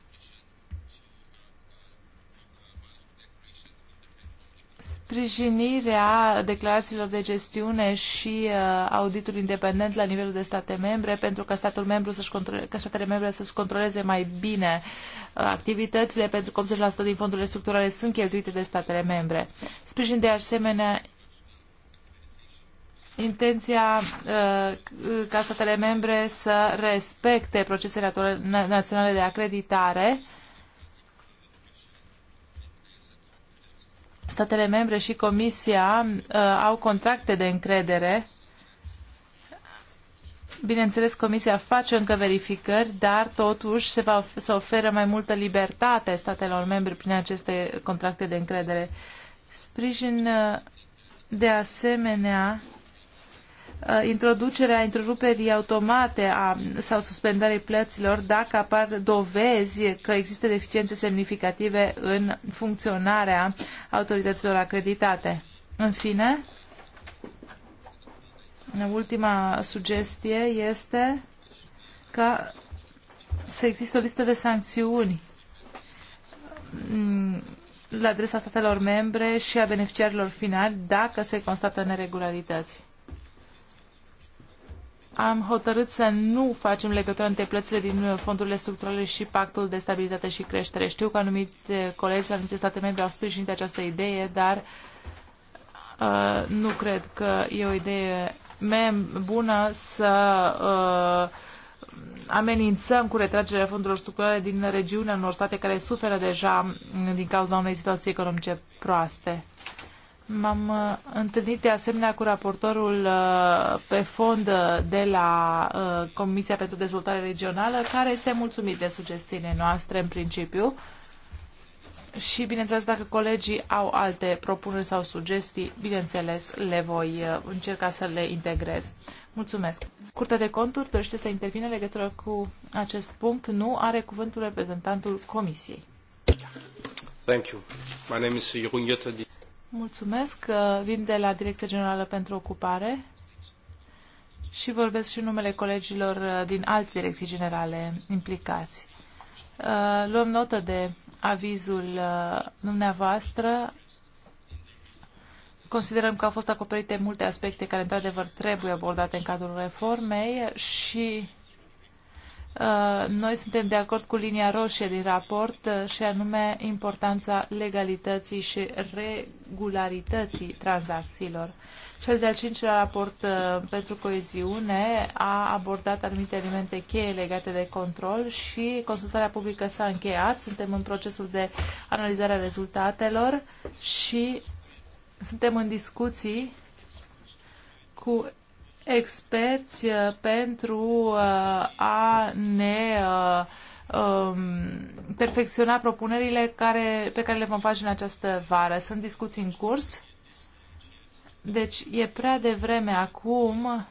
sprijinirea declarațiilor de gestiune și uh, auditul independent la nivelul de state membre pentru ca, statul membru să-și controle, ca statele membre să-și controleze mai bine uh, activitățile pentru că 80% din fondurile structurale sunt cheltuite de statele membre. Sprijin de asemenea intenția uh, ca statele membre să respecte procesele naționale de acreditare uh, statele membre și Comisia uh, au contracte de încredere. Bineînțeles, Comisia face încă verificări, dar totuși se, va, se oferă mai multă libertate statelor membre prin aceste contracte de încredere. Sprijin uh, de asemenea Uh, introducerea întreruperii automate a, sau suspendarei plăților dacă apar dovezi că există deficiențe semnificative în funcționarea autorităților acreditate. În fine, ultima sugestie este ca să există o listă de sancțiuni mm, la adresa statelor membre și a beneficiarilor finali dacă se constată neregularități am hotărât să nu facem legătura între plățile din fondurile structurale și pactul de stabilitate și creștere. Știu că anumite colegi și anumite state membre au sprijinit această idee, dar uh, nu cred că e o idee bună să uh, amenințăm cu retragerea fondurilor structurale din regiunea unor state care suferă deja din cauza unei situații economice proaste. M-am uh, întâlnit de asemenea cu raportorul uh, pe fond uh, de la Comisia pentru Dezvoltare Regională, care este mulțumit de sugestiile noastre în principiu. Și, bineînțeles, dacă colegii au alte propuneri sau sugestii, bineînțeles, le voi încerca să le integrez. Mulțumesc. Curtea de conturi dorește să intervine legătură cu acest punct. Nu are cuvântul reprezentantul Comisiei. Thank you. My name is Jeroen Jutte, Mulțumesc. Uh, vin de la Direcția Generală pentru Ocupare și vorbesc și numele colegilor uh, din alte direcții generale implicați. Uh, luăm notă de avizul dumneavoastră. Considerăm că au fost acoperite multe aspecte care, într-adevăr, trebuie abordate în cadrul reformei și Uh, noi suntem de acord cu linia roșie din raport uh, și anume importanța legalității și regularității tranzacțiilor. Cel de-al cincilea raport uh, pentru coeziune a abordat anumite elemente cheie legate de control și consultarea publică s-a încheiat. Suntem în procesul de analizare a rezultatelor și suntem în discuții cu experți uh, pentru uh, a ne uh, um, perfecționa propunerile care, pe care le vom face în această vară. Sunt discuții în curs, deci e prea devreme acum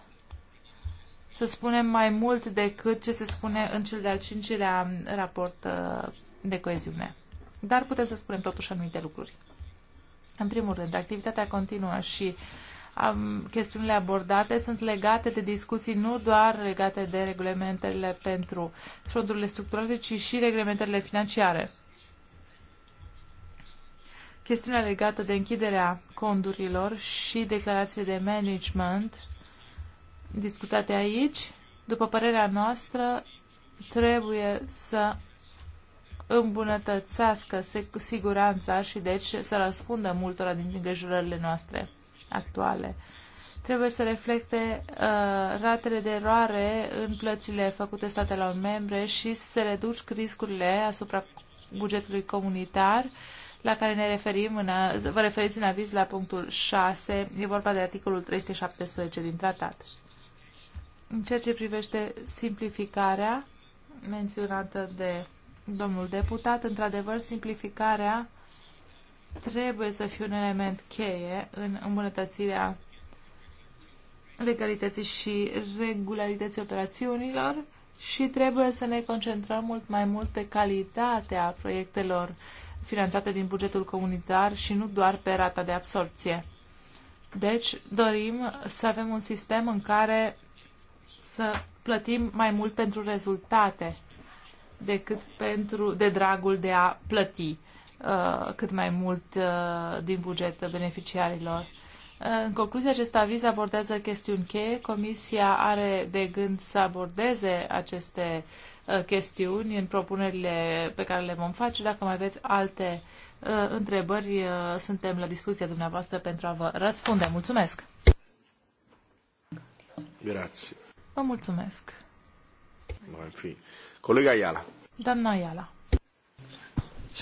să spunem mai mult decât ce se spune în cel de-al cincilea raport de coeziune. Dar putem să spunem totuși anumite lucruri. În primul rând, activitatea continuă și uh, chestiunile abordate sunt legate de discuții nu doar legate de reglementările pentru fondurile structurale, ci și reglementările financiare. Chestiunea legată de închiderea condurilor și declarațiile de management discutate aici, după părerea noastră, trebuie să îmbunătățească siguranța și deci să răspundă multora din îngrijorările noastre actuale. Trebuie să reflecte uh, ratele de eroare în plățile făcute statelor membre și să reduci riscurile asupra bugetului comunitar la care ne referim în a, vă referiți în aviz la punctul 6, e vorba de articolul 317 din tratat. În ceea ce privește simplificarea menționată de domnul deputat, într-adevăr, simplificarea uh, trebuie să fie un element cheie în îmbunătățirea legalității și regularității operațiunilor și trebuie să ne concentrăm mult mai mult pe calitatea proiectelor finanțate din bugetul comunitar și nu doar pe rata de absorpție. Deci dorim să avem un sistem în care să plătim mai mult pentru rezultate decât pentru de dragul de a plăti Uh, cât mai mult uh, din buget beneficiarilor. Uh, în concluzie, acest aviz abordează chestiuni cheie. Comisia are de gând să abordeze aceste uh, chestiuni în propunerile pe care le vom face. Dacă mai aveți alte întrebări, suntem la discuția dumneavoastră pentru a vă răspunde. Mulțumesc! Grazie. Vă mulțumesc. Colega Iala. Doamna Iala.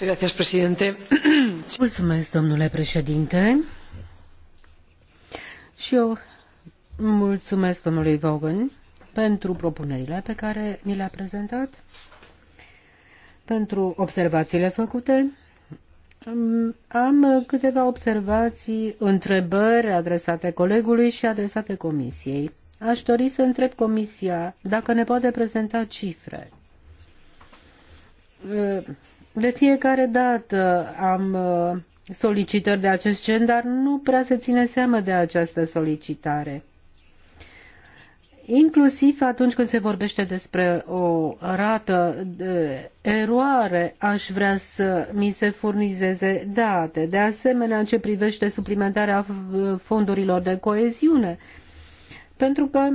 Mulțumesc, domnule președinte. Și eu mulțumesc domnului Vaughan pentru propunerile pe care ni le-a prezentat, pentru observațiile făcute. Am câteva observații, întrebări adresate colegului și adresate comisiei. a dori să întreb comisia dacă ne poate prezenta cifre de fiecare dată am uh, solicitări de acest gen, dar nu prea se ține seamă de această solicitare. Inclusiv atunci când se vorbește despre o rată de eroare, aș vrea să mi se furnizeze date. De asemenea, în ce privește suplimentarea uh, fondurilor de coeziune, pentru că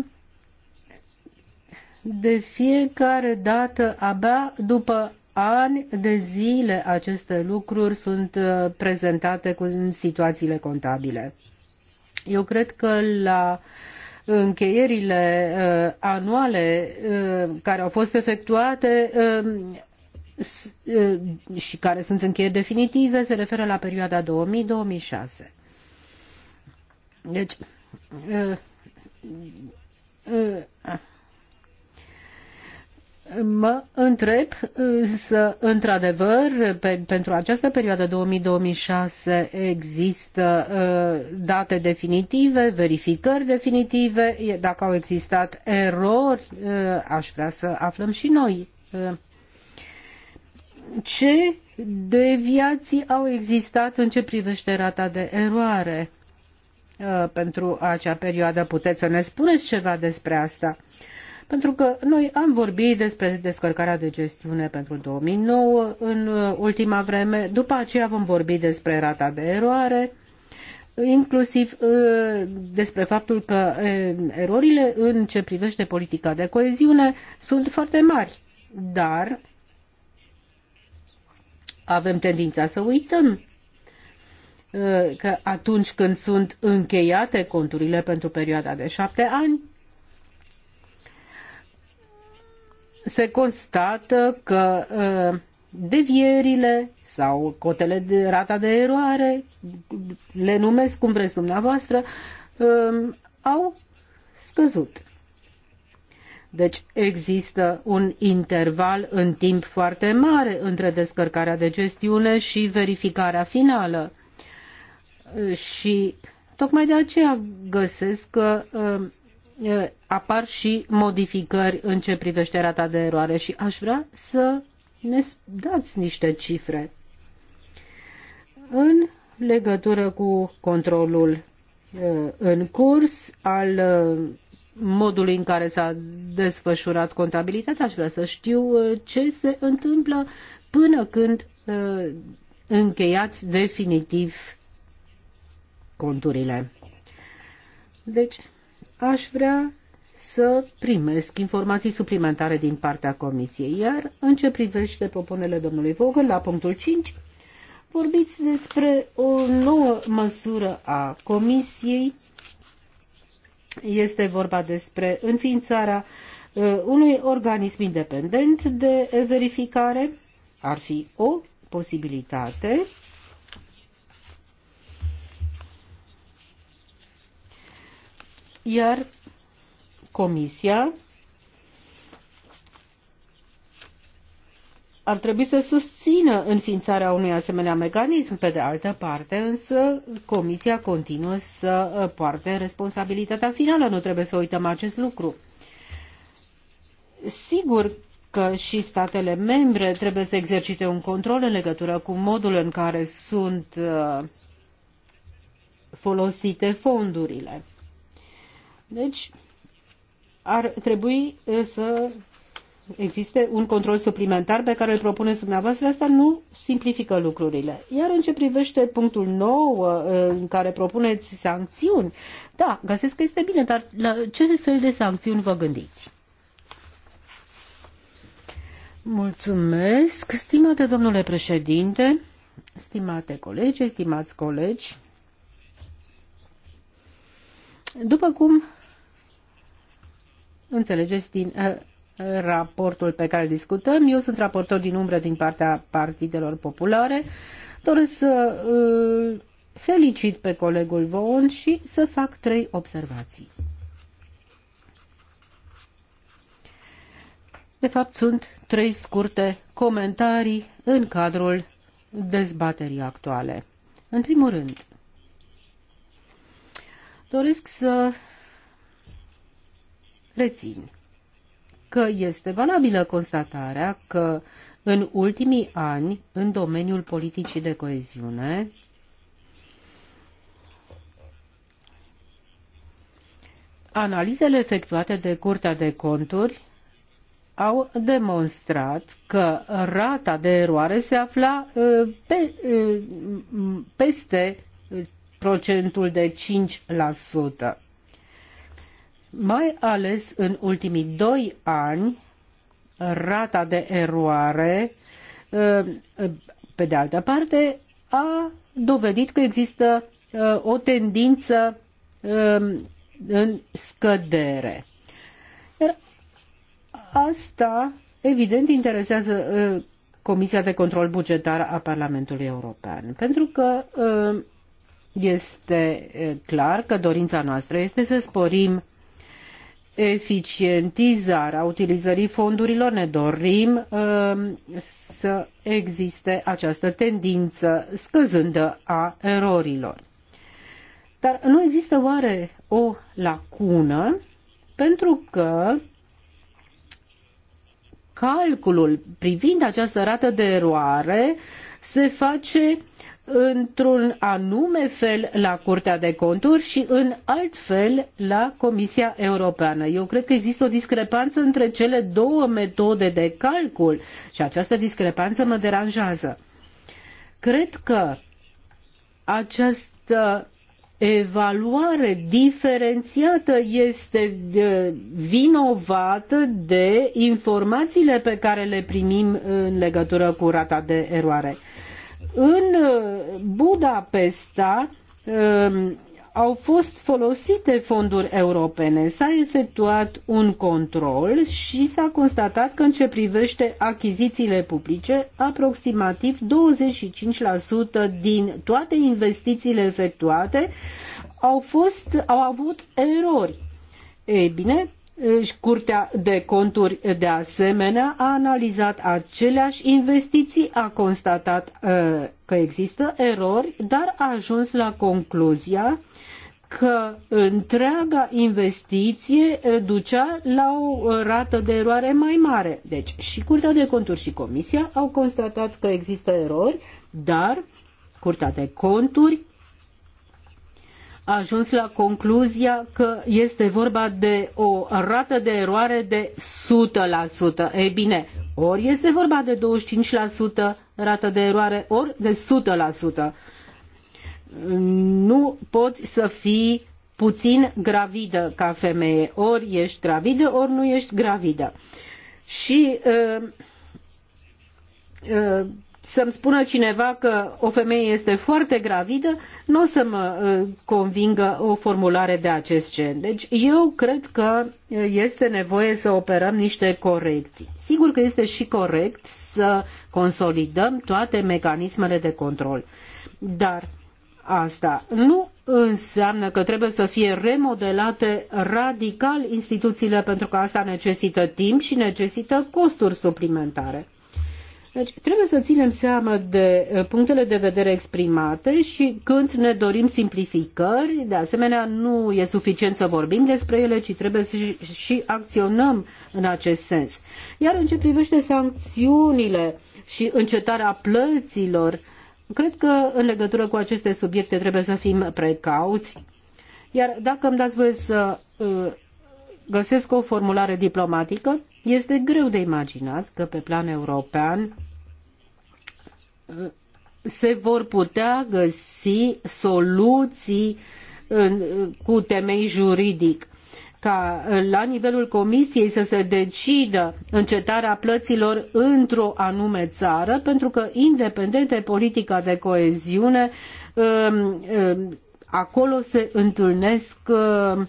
de fiecare dată, abia după ani de zile aceste lucruri sunt uh, prezentate cu situațiile contabile. Eu cred că la încheierile uh, anuale uh, care au fost efectuate um, uh, și care sunt încheieri definitive se referă la perioada 2000-2006. Deci, uh, uh, Mă întreb uh, să, într-adevăr, pe, pentru această perioadă 2000-2006 există uh, date definitive, verificări definitive, dacă au existat erori, uh, aș vrea să aflăm și noi. Uh, ce deviații au existat în ce privește rata de eroare uh, pentru acea perioadă? Puteți să ne spuneți ceva despre asta? Uh, pentru că noi am vorbit despre descărcarea de gestiune pentru 2009 în uh, ultima vreme, după aceea vom vorbi despre rata de eroare, inclusiv uh, despre faptul că uh, erorile în ce privește politica de coeziune sunt foarte mari, dar avem tendința să uităm că atunci când sunt încheiate conturile pentru perioada de șapte ani, se constată că ă, devierile sau cotele de rata de eroare, le numesc cum vreți dumneavoastră, ă, au scăzut. Deci există un interval în timp foarte mare între descărcarea de gestiune și verificarea finală. Și tocmai de aceea găsesc că ă, apar și modificări în ce privește rata de eroare și aș vrea să ne dați niște cifre în legătură cu controlul în curs al modului în care s-a desfășurat contabilitatea. Aș vrea să știu ce se întâmplă până când încheiați definitiv conturile. Deci, aș vrea să primesc informații suplimentare din partea Comisiei. Iar în ce privește propunerile domnului Vogel, la punctul 5, vorbiți despre o nouă măsură a Comisiei. Este vorba despre înființarea uh, unui organism independent de verificare. Ar fi o posibilitate iar Comisia ar trebui să susțină înființarea unui asemenea mecanism. Pe de altă parte, însă, Comisia continuă să uh, poarte responsabilitatea finală. Nu trebuie să uităm acest lucru. Sigur că și statele membre trebuie să exercite un control în legătură cu modul în care sunt uh, folosite fondurile. Deci, ar trebui să existe un control suplimentar pe care îl propuneți dumneavoastră, asta nu simplifică lucrurile. Iar în ce privește punctul nou, în care propuneți sancțiuni, da, găsesc că este bine, dar la ce fel de sancțiuni vă gândiți? Mulțumesc, stimate domnule președinte, stimate colegi, stimați colegi. După cum înțelegeți din uh, raportul pe care discutăm. Eu sunt raportor din umbră din partea partidelor populare. Doresc să uh, felicit pe colegul Von și să fac trei observații. De fapt, sunt trei scurte comentarii în cadrul dezbaterii actuale. În primul rând, doresc să rețin că este valabilă constatarea că în ultimii ani, în domeniul politicii de coeziune, analizele efectuate de Curtea de Conturi au demonstrat că rata de eroare se afla pe, peste procentul de 5% mai ales în ultimii doi ani, rata de eroare, ă, pe de altă parte, a dovedit că există ă, o tendință ă, în scădere. Iar asta, evident, interesează Comisia de Control Bugetar a Parlamentului European, pentru că este clar că dorința noastră este să sporim eficientizarea utilizării fondurilor, ne dorim uh, să existe această tendință scăzândă a erorilor. Dar nu există oare o lacună pentru că calculul privind această rată de eroare se face într-un anume fel la Curtea de Conturi și în alt fel la Comisia Europeană. Eu cred că există o discrepanță între cele două metode de calcul și această discrepanță mă deranjează. Cred că această evaluare diferențiată este vinovată de informațiile pe care le primim în legătură cu rata de eroare în uh, Budapesta um, au fost folosite fonduri europene. S-a efectuat un control și s-a constatat că în ce privește achizițiile publice, aproximativ 25% din toate investițiile efectuate au, fost, au avut erori. Ei bine, Curtea de conturi de asemenea a analizat aceleași investiții, a constatat uh, că există erori, dar a ajuns la concluzia că întreaga investiție uh, ducea la o uh, rată de eroare mai mare. Deci și Curtea de Conturi și Comisia au constatat că există erori, dar Curtea de Conturi a ajuns la concluzia că este vorba de o rată de eroare de 100%. Ei bine, ori este vorba de 25% rată de eroare, ori de 100%. Nu poți să fii puțin gravidă ca femeie. Ori ești gravidă, ori nu ești gravidă. Și uh, uh, să-mi spună cineva că o femeie este foarte gravidă, nu o să mă uh, convingă o formulare de acest gen. Deci eu cred că este nevoie să operăm niște corecții. Sigur că este și corect să consolidăm toate mecanismele de control. Dar asta nu înseamnă că trebuie să fie remodelate radical instituțiile pentru că asta necesită timp și necesită costuri suplimentare. Deci trebuie să ținem seama de eh, punctele de vedere exprimate și când ne dorim simplificări, de asemenea nu e suficient să vorbim despre ele, ci trebuie să și acționăm în acest sens. Iar în ce privește sancțiunile și încetarea plăților, cred că în legătură cu aceste subiecte trebuie să fim precauți. Iar dacă îmi dați voie să eh, găsesc o formulare diplomatică, este greu de imaginat că pe plan european se vor putea găsi soluții în, cu temei juridic ca la nivelul comisiei să se decidă încetarea plăților într-o anume țară, pentru că independent de politica de coeziune, um, um, acolo se întâlnesc um,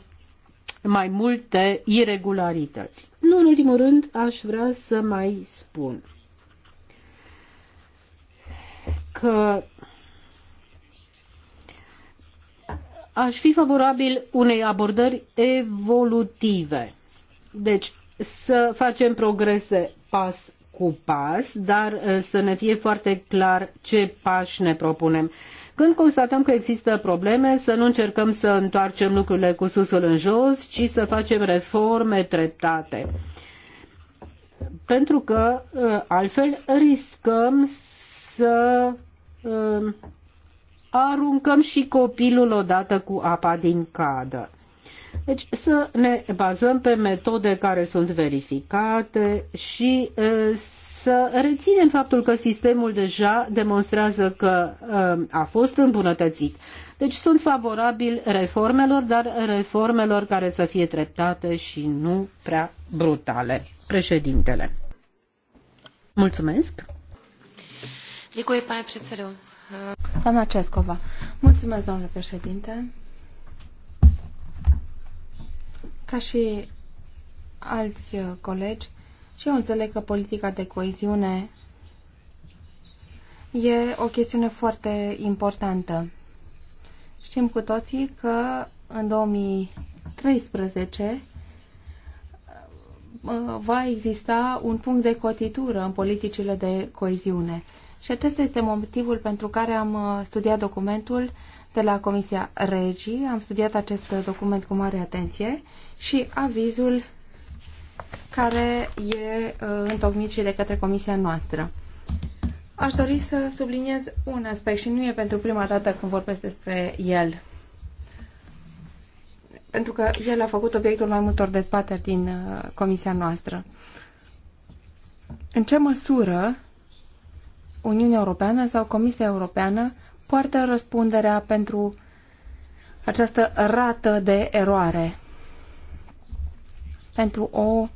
mai multe irregularități. Nu în ultimul rând aș vrea să mai spun că aș fi favorabil unei abordări evolutive. Deci să facem progrese pas cu pas, dar uh, să ne fie foarte clar ce pași ne propunem. Când constatăm că există probleme, să nu încercăm să întoarcem lucrurile cu susul în jos, ci să facem reforme treptate. Pentru că uh, altfel riscăm să aruncăm și copilul odată cu apa din cadă. Deci să ne bazăm pe metode care sunt verificate și să reținem faptul că sistemul deja demonstrează că a fost îmbunătățit. Deci sunt favorabil reformelor, dar reformelor care să fie treptate și nu prea brutale. Președintele. Mulțumesc. Děkuji, pane předsedo. Doamna Cescova. Mulțumesc, domnule președinte. Ca și alți colegi, și eu înțeleg că politica de coeziune e o chestiune foarte importantă. Știm cu toții că în 2013 uh, va exista un punct de cotitură în politicile de coeziune. Și acesta este motivul pentru care am uh, studiat documentul de la Comisia Regii. Am studiat acest document cu mare atenție și avizul care e uh, întocmit și de către Comisia noastră. Aș dori să subliniez un aspect și nu e pentru prima dată când vorbesc despre el. Pentru că el a făcut obiectul mai multor dezbateri din uh, comisia noastră. În ce măsură Uniunea Europeană sau Comisia Europeană poartă răspunderea pentru această rată de eroare, pentru o,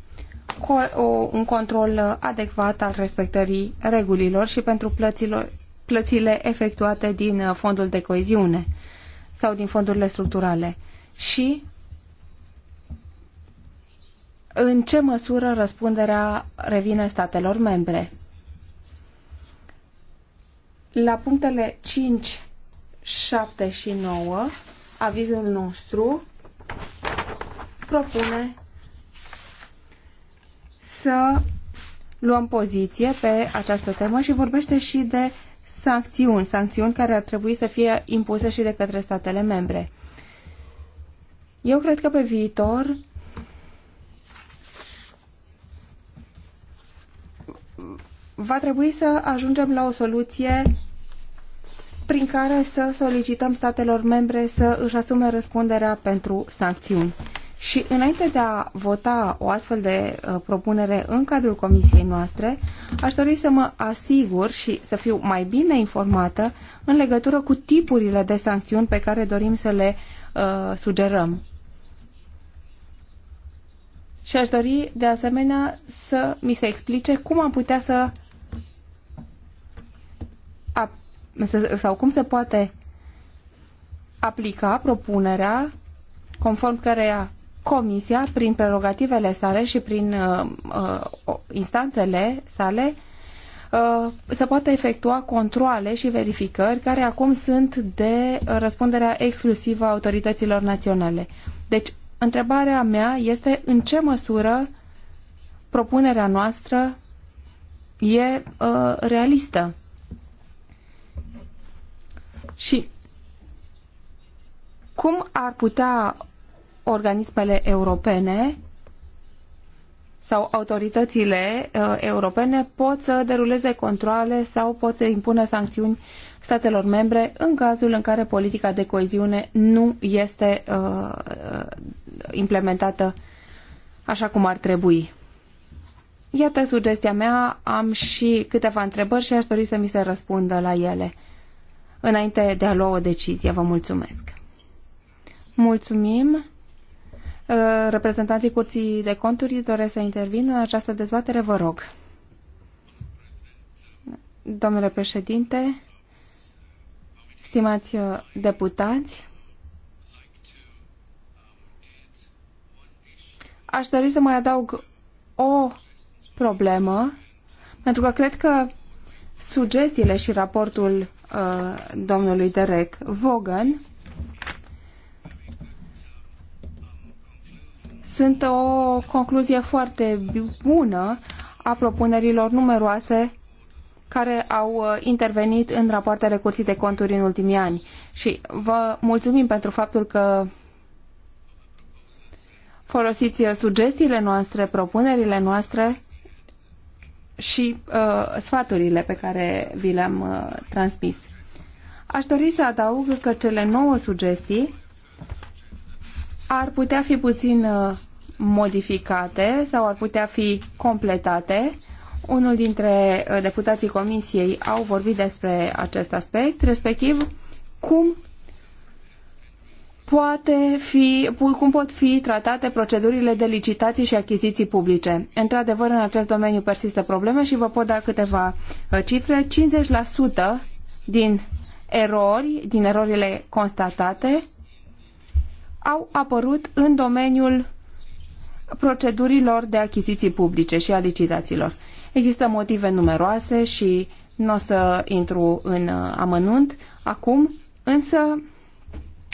o, un control adecvat al respectării regulilor și pentru plăților, plățile efectuate din fondul de coeziune sau din fondurile structurale și în ce măsură răspunderea revine statelor membre. La punctele 5, 7 și 9, avizul nostru propune să luăm poziție pe această temă și vorbește și de sancțiuni, sancțiuni care ar trebui să fie impuse și de către statele membre. Eu cred că pe viitor va trebui să ajungem la o soluție prin care să solicităm statelor membre să își asume răspunderea pentru sancțiuni. Și înainte de a vota o astfel de uh, propunere în cadrul comisiei noastre, aș dori să mă asigur și să fiu mai bine informată în legătură cu tipurile de sancțiuni pe care dorim să le uh, sugerăm. Și aș dori, de asemenea, să mi se explice cum am putea să sau cum se poate aplica propunerea conform căreia Comisia, prin prerogativele sale și prin uh, uh, instanțele sale, uh, se poate efectua controle și verificări care acum sunt de răspunderea exclusivă a autorităților naționale. Deci, întrebarea mea este în ce măsură propunerea noastră e uh, realistă. Și cum ar putea organismele europene sau autoritățile uh, europene pot să deruleze controle sau pot să impună sancțiuni statelor membre în cazul în care politica de coeziune nu este uh, uh implementată așa cum ar trebui. Iată sugestia mea, am și câteva întrebări și aș dori să mi se răspundă la ele înainte de a lua o decizie. Vă mulțumesc! Mulțumim! Uh, reprezentanții Curții de Conturi doresc să intervină în această dezbatere, vă rog. Domnule președinte, stimați uh, deputați, aș dori să mai adaug o problemă, pentru că cred că sugestiile și raportul Uh, domnului Derek Vogan sunt o concluzie foarte bună a propunerilor numeroase care au uh, intervenit în rapoartele Curții de Conturi în ultimii ani. Și vă mulțumim pentru faptul că folosiți uh, sugestiile noastre, propunerile noastre și uh, sfaturile pe care vi le-am uh, transmis. Aș dori să adaug că cele nouă sugestii ar putea fi puțin uh, modificate sau ar putea fi completate. Unul dintre uh, deputații comisiei au vorbit despre acest aspect, respectiv cum poate fi, cum pot fi tratate procedurile de licitații și achiziții publice. Într-adevăr, în acest domeniu persistă probleme și vă pot da câteva uh, cifre. 50% din erori, din erorile constatate, au apărut în domeniul procedurilor de achiziții publice și a licitațiilor. Există motive numeroase și nu o să intru în uh, amănunt acum, însă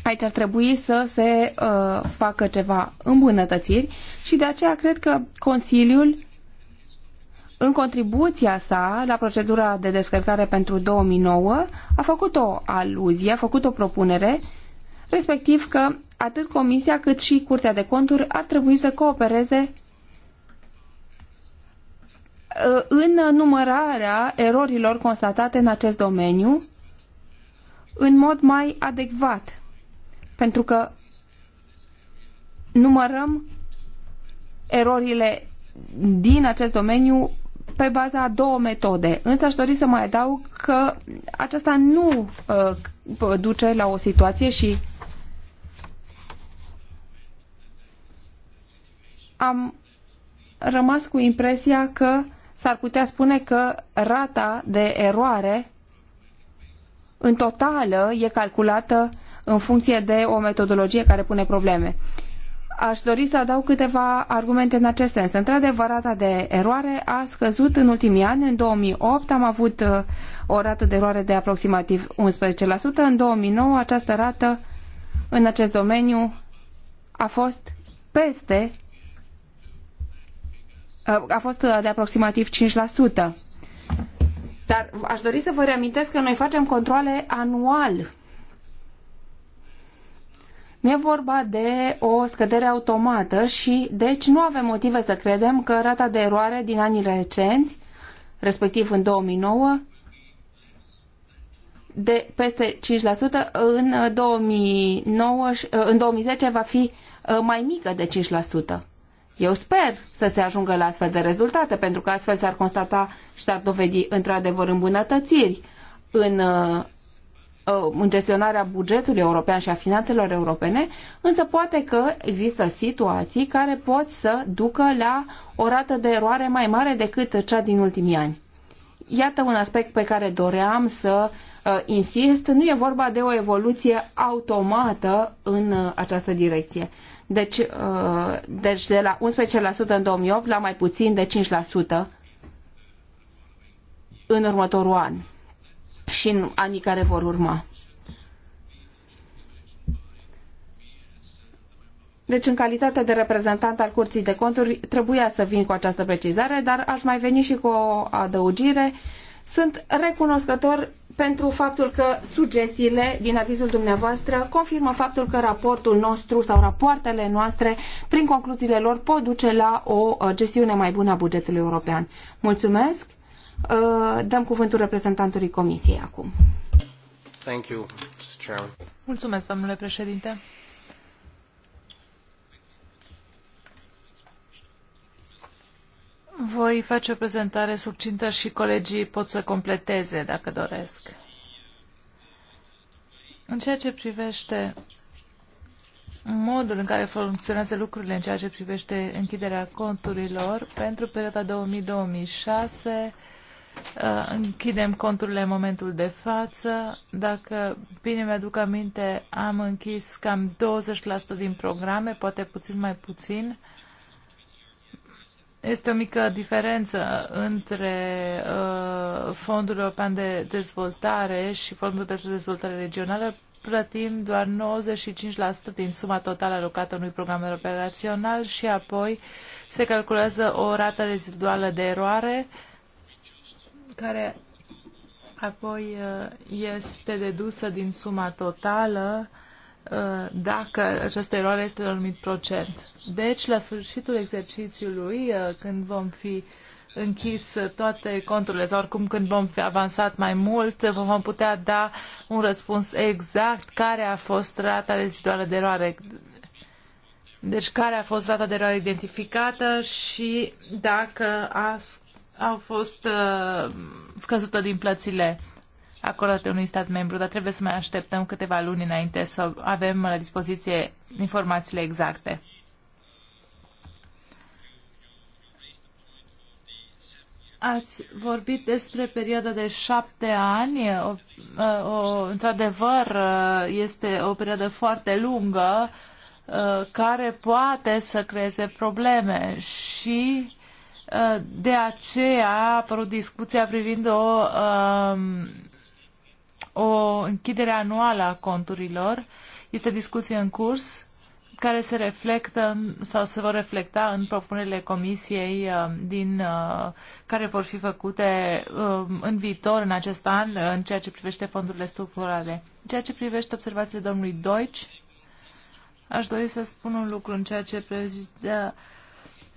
Aici ar trebui să se uh, facă ceva îmbunătățiri și de aceea cred că Consiliul în contribuția sa la procedura de descărcare pentru 2009 a făcut o aluzie, a făcut o propunere, respectiv că atât Comisia cât și Curtea de Conturi ar trebui să coopereze uh, în numărarea erorilor constatate în acest domeniu în mod mai adecvat pentru că numărăm erorile din acest domeniu pe baza a două metode. Însă aș dori să mai adaug că aceasta nu uh, duce la o situație și am rămas cu impresia că s-ar putea spune că rata de eroare în totală e calculată în funcție de o metodologie care pune probleme. Aș dori să adaug câteva argumente în acest sens. Într-adevăr, rata de eroare a scăzut în ultimii ani. În 2008 am avut uh, o rată de eroare de aproximativ 11%. În 2009 această rată în acest domeniu a fost peste uh, a fost uh, de aproximativ 5%. Dar aș dori să vă reamintesc că noi facem controle anual E vorba de o scădere automată și deci nu avem motive să credem că rata de eroare din anii recenți, respectiv în 2009, de peste 5% în 2009 în 2010 va fi ă, mai mică de 5%. Eu sper să se ajungă la astfel de rezultate, pentru că astfel s-ar constata și s-ar dovedi într-adevăr îmbunătățiri în ă, Uh, în gestionarea bugetului european și a finanțelor europene, însă poate că există situații care pot să ducă la o rată de eroare mai mare decât cea din ultimii ani. Iată un aspect pe care doream să uh, insist, nu e vorba de o evoluție automată în uh, această direcție. Deci, deci de la 11% în 2008 la mai puțin de 5% în următorul an și în anii care vor urma. Deci, în calitate de reprezentant al Curții de Conturi, trebuia să vin cu această precizare, dar aș mai veni și cu o adăugire. Sunt recunoscător pentru faptul că sugestiile din avizul dumneavoastră confirmă faptul că raportul nostru sau rapoartele noastre, prin concluziile lor, pot duce la o uh, gestiune mai bună a bugetului european. Mulțumesc! Uh, dăm cuvântul reprezentantului Comisiei acum. Thank you, Mr. Mulțumesc, domnule președinte. Voi face o prezentare succintă și colegii pot să completeze dacă doresc. În ceea ce privește modul în care funcționează lucrurile în ceea ce privește închiderea conturilor pentru perioada 2000-2006, Uh, închidem conturile în momentul de față. Dacă bine mi-aduc aminte, am închis cam 20% din programe, poate puțin mai puțin. Este o mică diferență între uh, Fondul European de Dezvoltare și Fondul pentru Dezvoltare Regională. Plătim doar 95% din suma totală alocată unui program operațional și apoi se calculează o rată reziduală de eroare uh, care apoi uh, este dedusă din suma totală uh, dacă această eroare este de un anumit procent. Deci, la sfârșitul exercițiului, uh, când vom fi închis toate conturile sau oricum când vom fi avansat mai mult, vom putea da un răspuns exact care a fost rata reziduală de eroare. Deci care a fost rata de eroare identificată și dacă a au fost uh, scăzută din plățile acordate unui stat membru, dar trebuie să mai așteptăm câteva luni înainte să avem la dispoziție informațiile exacte. Ați vorbit despre perioada de șapte ani. O, uh, o, într-adevăr, uh, este o perioadă foarte lungă uh, care poate să creeze probleme și Uh, de aceea a apărut discuția privind o, um, o închidere anuală a conturilor. Este discuție în curs care se reflectă sau se vor reflecta în propunerile comisiei uh, din, uh, care vor fi făcute um, în viitor, în acest an, în ceea ce privește fondurile structurale. În ceea ce privește observațiile domnului Deutsch, aș dori să spun un lucru în ceea ce privește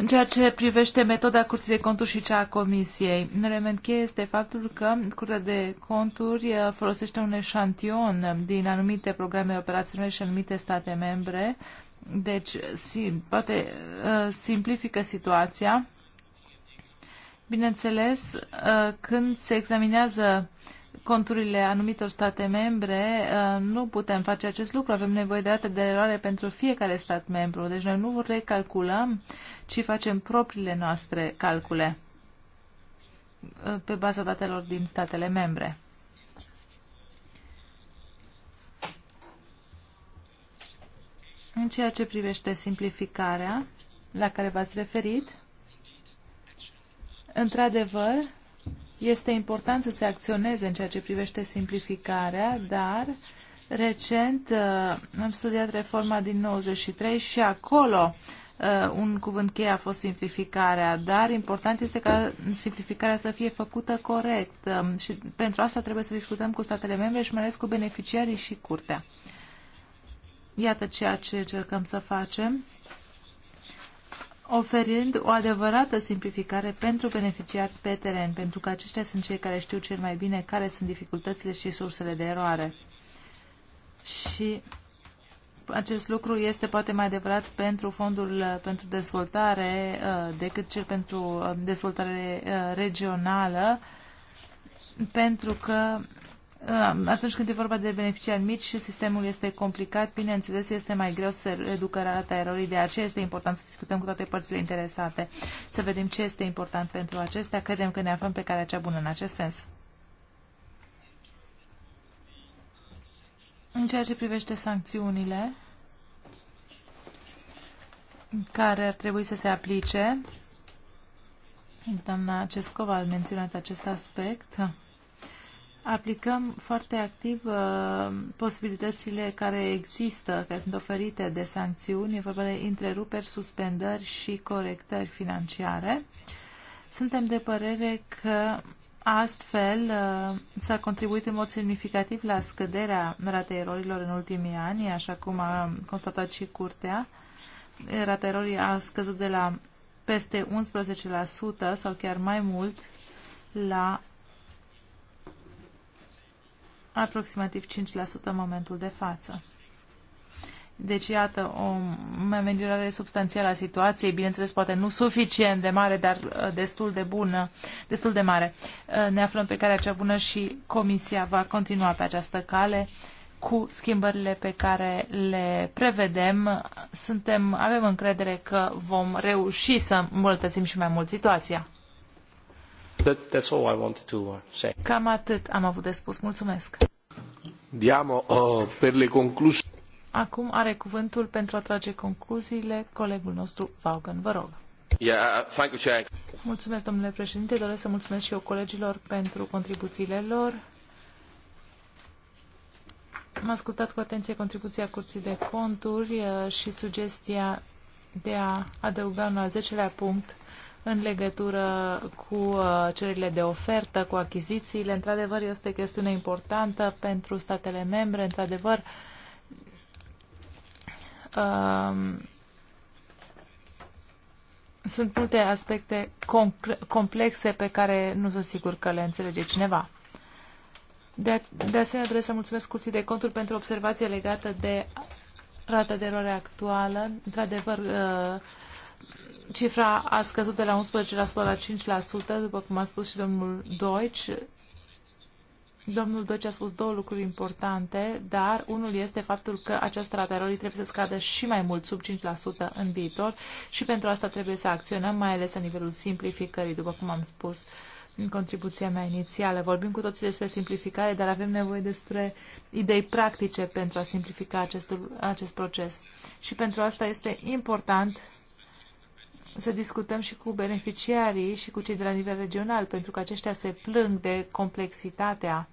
în ceea ce privește metoda Curții de Conturi și cea a Comisiei, un element cheie este faptul că Curtea de Conturi uh, folosește un eșantion din anumite programe operaționale și anumite state membre, deci sim, poate uh, simplifică situația. Bineînțeles, uh, când se examinează conturile anumitor state membre, uh, nu putem face acest lucru. Avem nevoie de date de eroare pentru fiecare stat membru. Deci noi nu recalculăm, ci facem propriile noastre calcule uh, pe baza datelor din statele membre. În ceea ce privește simplificarea la care v-ați referit, într-adevăr, este important să se acționeze în ceea ce privește simplificarea, dar recent uh, am studiat reforma din 93 și acolo uh, un cuvânt cheie a fost simplificarea, dar important este ca simplificarea să fie făcută corect um, și pentru asta trebuie să discutăm cu statele membre și mai ales cu beneficiarii și curtea. Iată ceea ce încercăm să facem oferind o adevărată simplificare pentru beneficiari pe teren, pentru că aceștia sunt cei care știu cel mai bine care sunt dificultățile și sursele de eroare. Și acest lucru este poate mai adevărat pentru fondul uh, pentru dezvoltare uh, decât cel pentru uh, dezvoltare regională, pentru că atunci când e vorba de beneficiari mici și sistemul este complicat, bineînțeles, este mai greu să reducă rata erorii. De aceea este important să discutăm cu toate părțile interesate, să vedem ce este important pentru acestea. Credem că ne aflăm pe calea cea bună în acest sens. În ceea ce privește sancțiunile care ar trebui să se aplice, doamna Cescova a menționat acest aspect aplicăm foarte activ uh, posibilitățile care există, care sunt oferite de sancțiuni, e vorba de întreruperi, suspendări și corectări financiare. Suntem de părere că astfel uh, s-a contribuit în mod semnificativ la scăderea ratei erorilor în ultimii ani, așa cum a constatat și Curtea. Rata erorii a scăzut de la peste 11% sau chiar mai mult la aproximativ 5% în momentul de față. Deci, iată, o ameliorare substanțială a situației, bineînțeles, poate nu suficient de mare, dar uh, destul de bună, destul de mare. Uh, ne aflăm pe care cea bună și Comisia va continua pe această cale cu schimbările pe care le prevedem. Suntem, avem încredere că vom reuși să îmbunătățim și mai mult situația that's all I wanted to uh, say. Cam atât am avut de spus. Mulțumesc. Diamo uh, per le concluzii. Acum are cuvântul pentru a trage concluziile colegul nostru Vaughan. Vă rog. Yeah, uh, thank you, Chair. Mulțumesc, domnule președinte. Doresc să mulțumesc și eu colegilor pentru contribuțiile lor. Am ascultat cu atenție contribuția Curții de Conturi uh, și sugestia de a adăuga un al zecelea punct în legătură cu uh, cererile de ofertă, cu achizițiile. Într-adevăr, este o chestiune importantă pentru statele membre. Într-adevăr, um, sunt multe aspecte complexe pe care nu sunt sigur că le înțelege cineva. De, de asemenea, trebuie să mulțumesc Curții de Conturi pentru observație legată de rata de eroare actuală. Într-adevăr, uh, cifra a scăzut de la 11% la 5%, după cum a spus și domnul Deutsch. Domnul Deutsch a spus două lucruri importante, dar unul este faptul că această rată a trebuie să scadă și mai mult, sub 5% în viitor și pentru asta trebuie să acționăm, mai ales la nivelul simplificării, după cum am spus în contribuția mea inițială. Vorbim cu toții despre simplificare, dar avem nevoie despre idei practice pentru a simplifica acest, acest proces. Și pentru asta este important să discutăm și cu beneficiarii și cu cei de la nivel regional, pentru că aceștia se plâng de complexitatea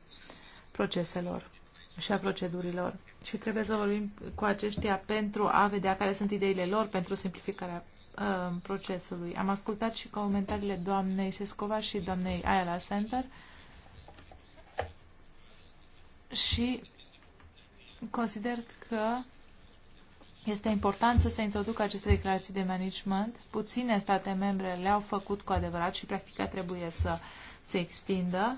proceselor și a procedurilor. Și trebuie să vorbim cu aceștia pentru a vedea care sunt ideile lor pentru simplificarea uh, procesului. Am ascultat și comentariile doamnei Sescova și doamnei Ayala Center și consider că este important să se introducă aceste declarații de management. Puține state membre le-au făcut cu adevărat și practica trebuie să se extindă.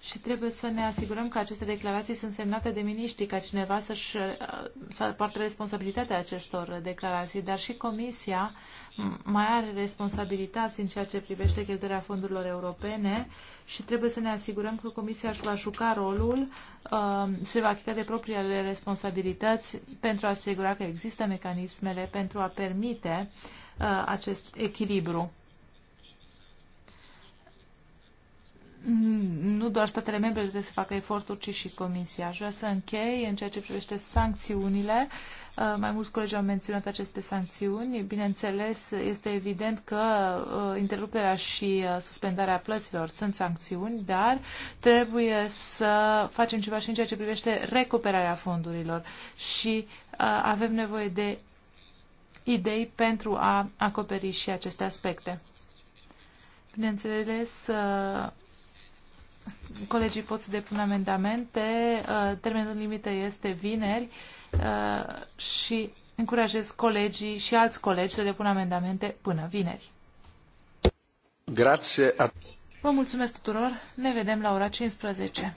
Și trebuie să ne asigurăm că aceste declarații sunt semnate de miniștri, ca cineva să-și uh, să poartă responsabilitatea acestor declarații, dar și Comisia mai are responsabilități în ceea ce privește cheltuirea fondurilor europene și trebuie să ne asigurăm că Comisia își va juca rolul, uh, se va achita de propriile responsabilități pentru a asigura că există mecanismele pentru a permite uh, acest echilibru Mm, nu doar statele membre trebuie să facă eforturi, ci și Comisia. Aș vrea să închei în ceea ce privește sancțiunile. Uh, mai mulți colegi au menționat aceste sancțiuni. Bineînțeles, este evident că uh, interuperea și uh, suspendarea plăților sunt sancțiuni, dar trebuie să facem ceva și în ceea ce privește recuperarea fondurilor și avem nevoie de idei pentru a acoperi și aceste aspecte. Bineînțeles, colegii pot să depună amendamente, uh, termenul limită este vineri uh, și încurajez colegii și alți colegi să depună amendamente până vineri. Vă mulțumesc tuturor, ne vedem la ora 15.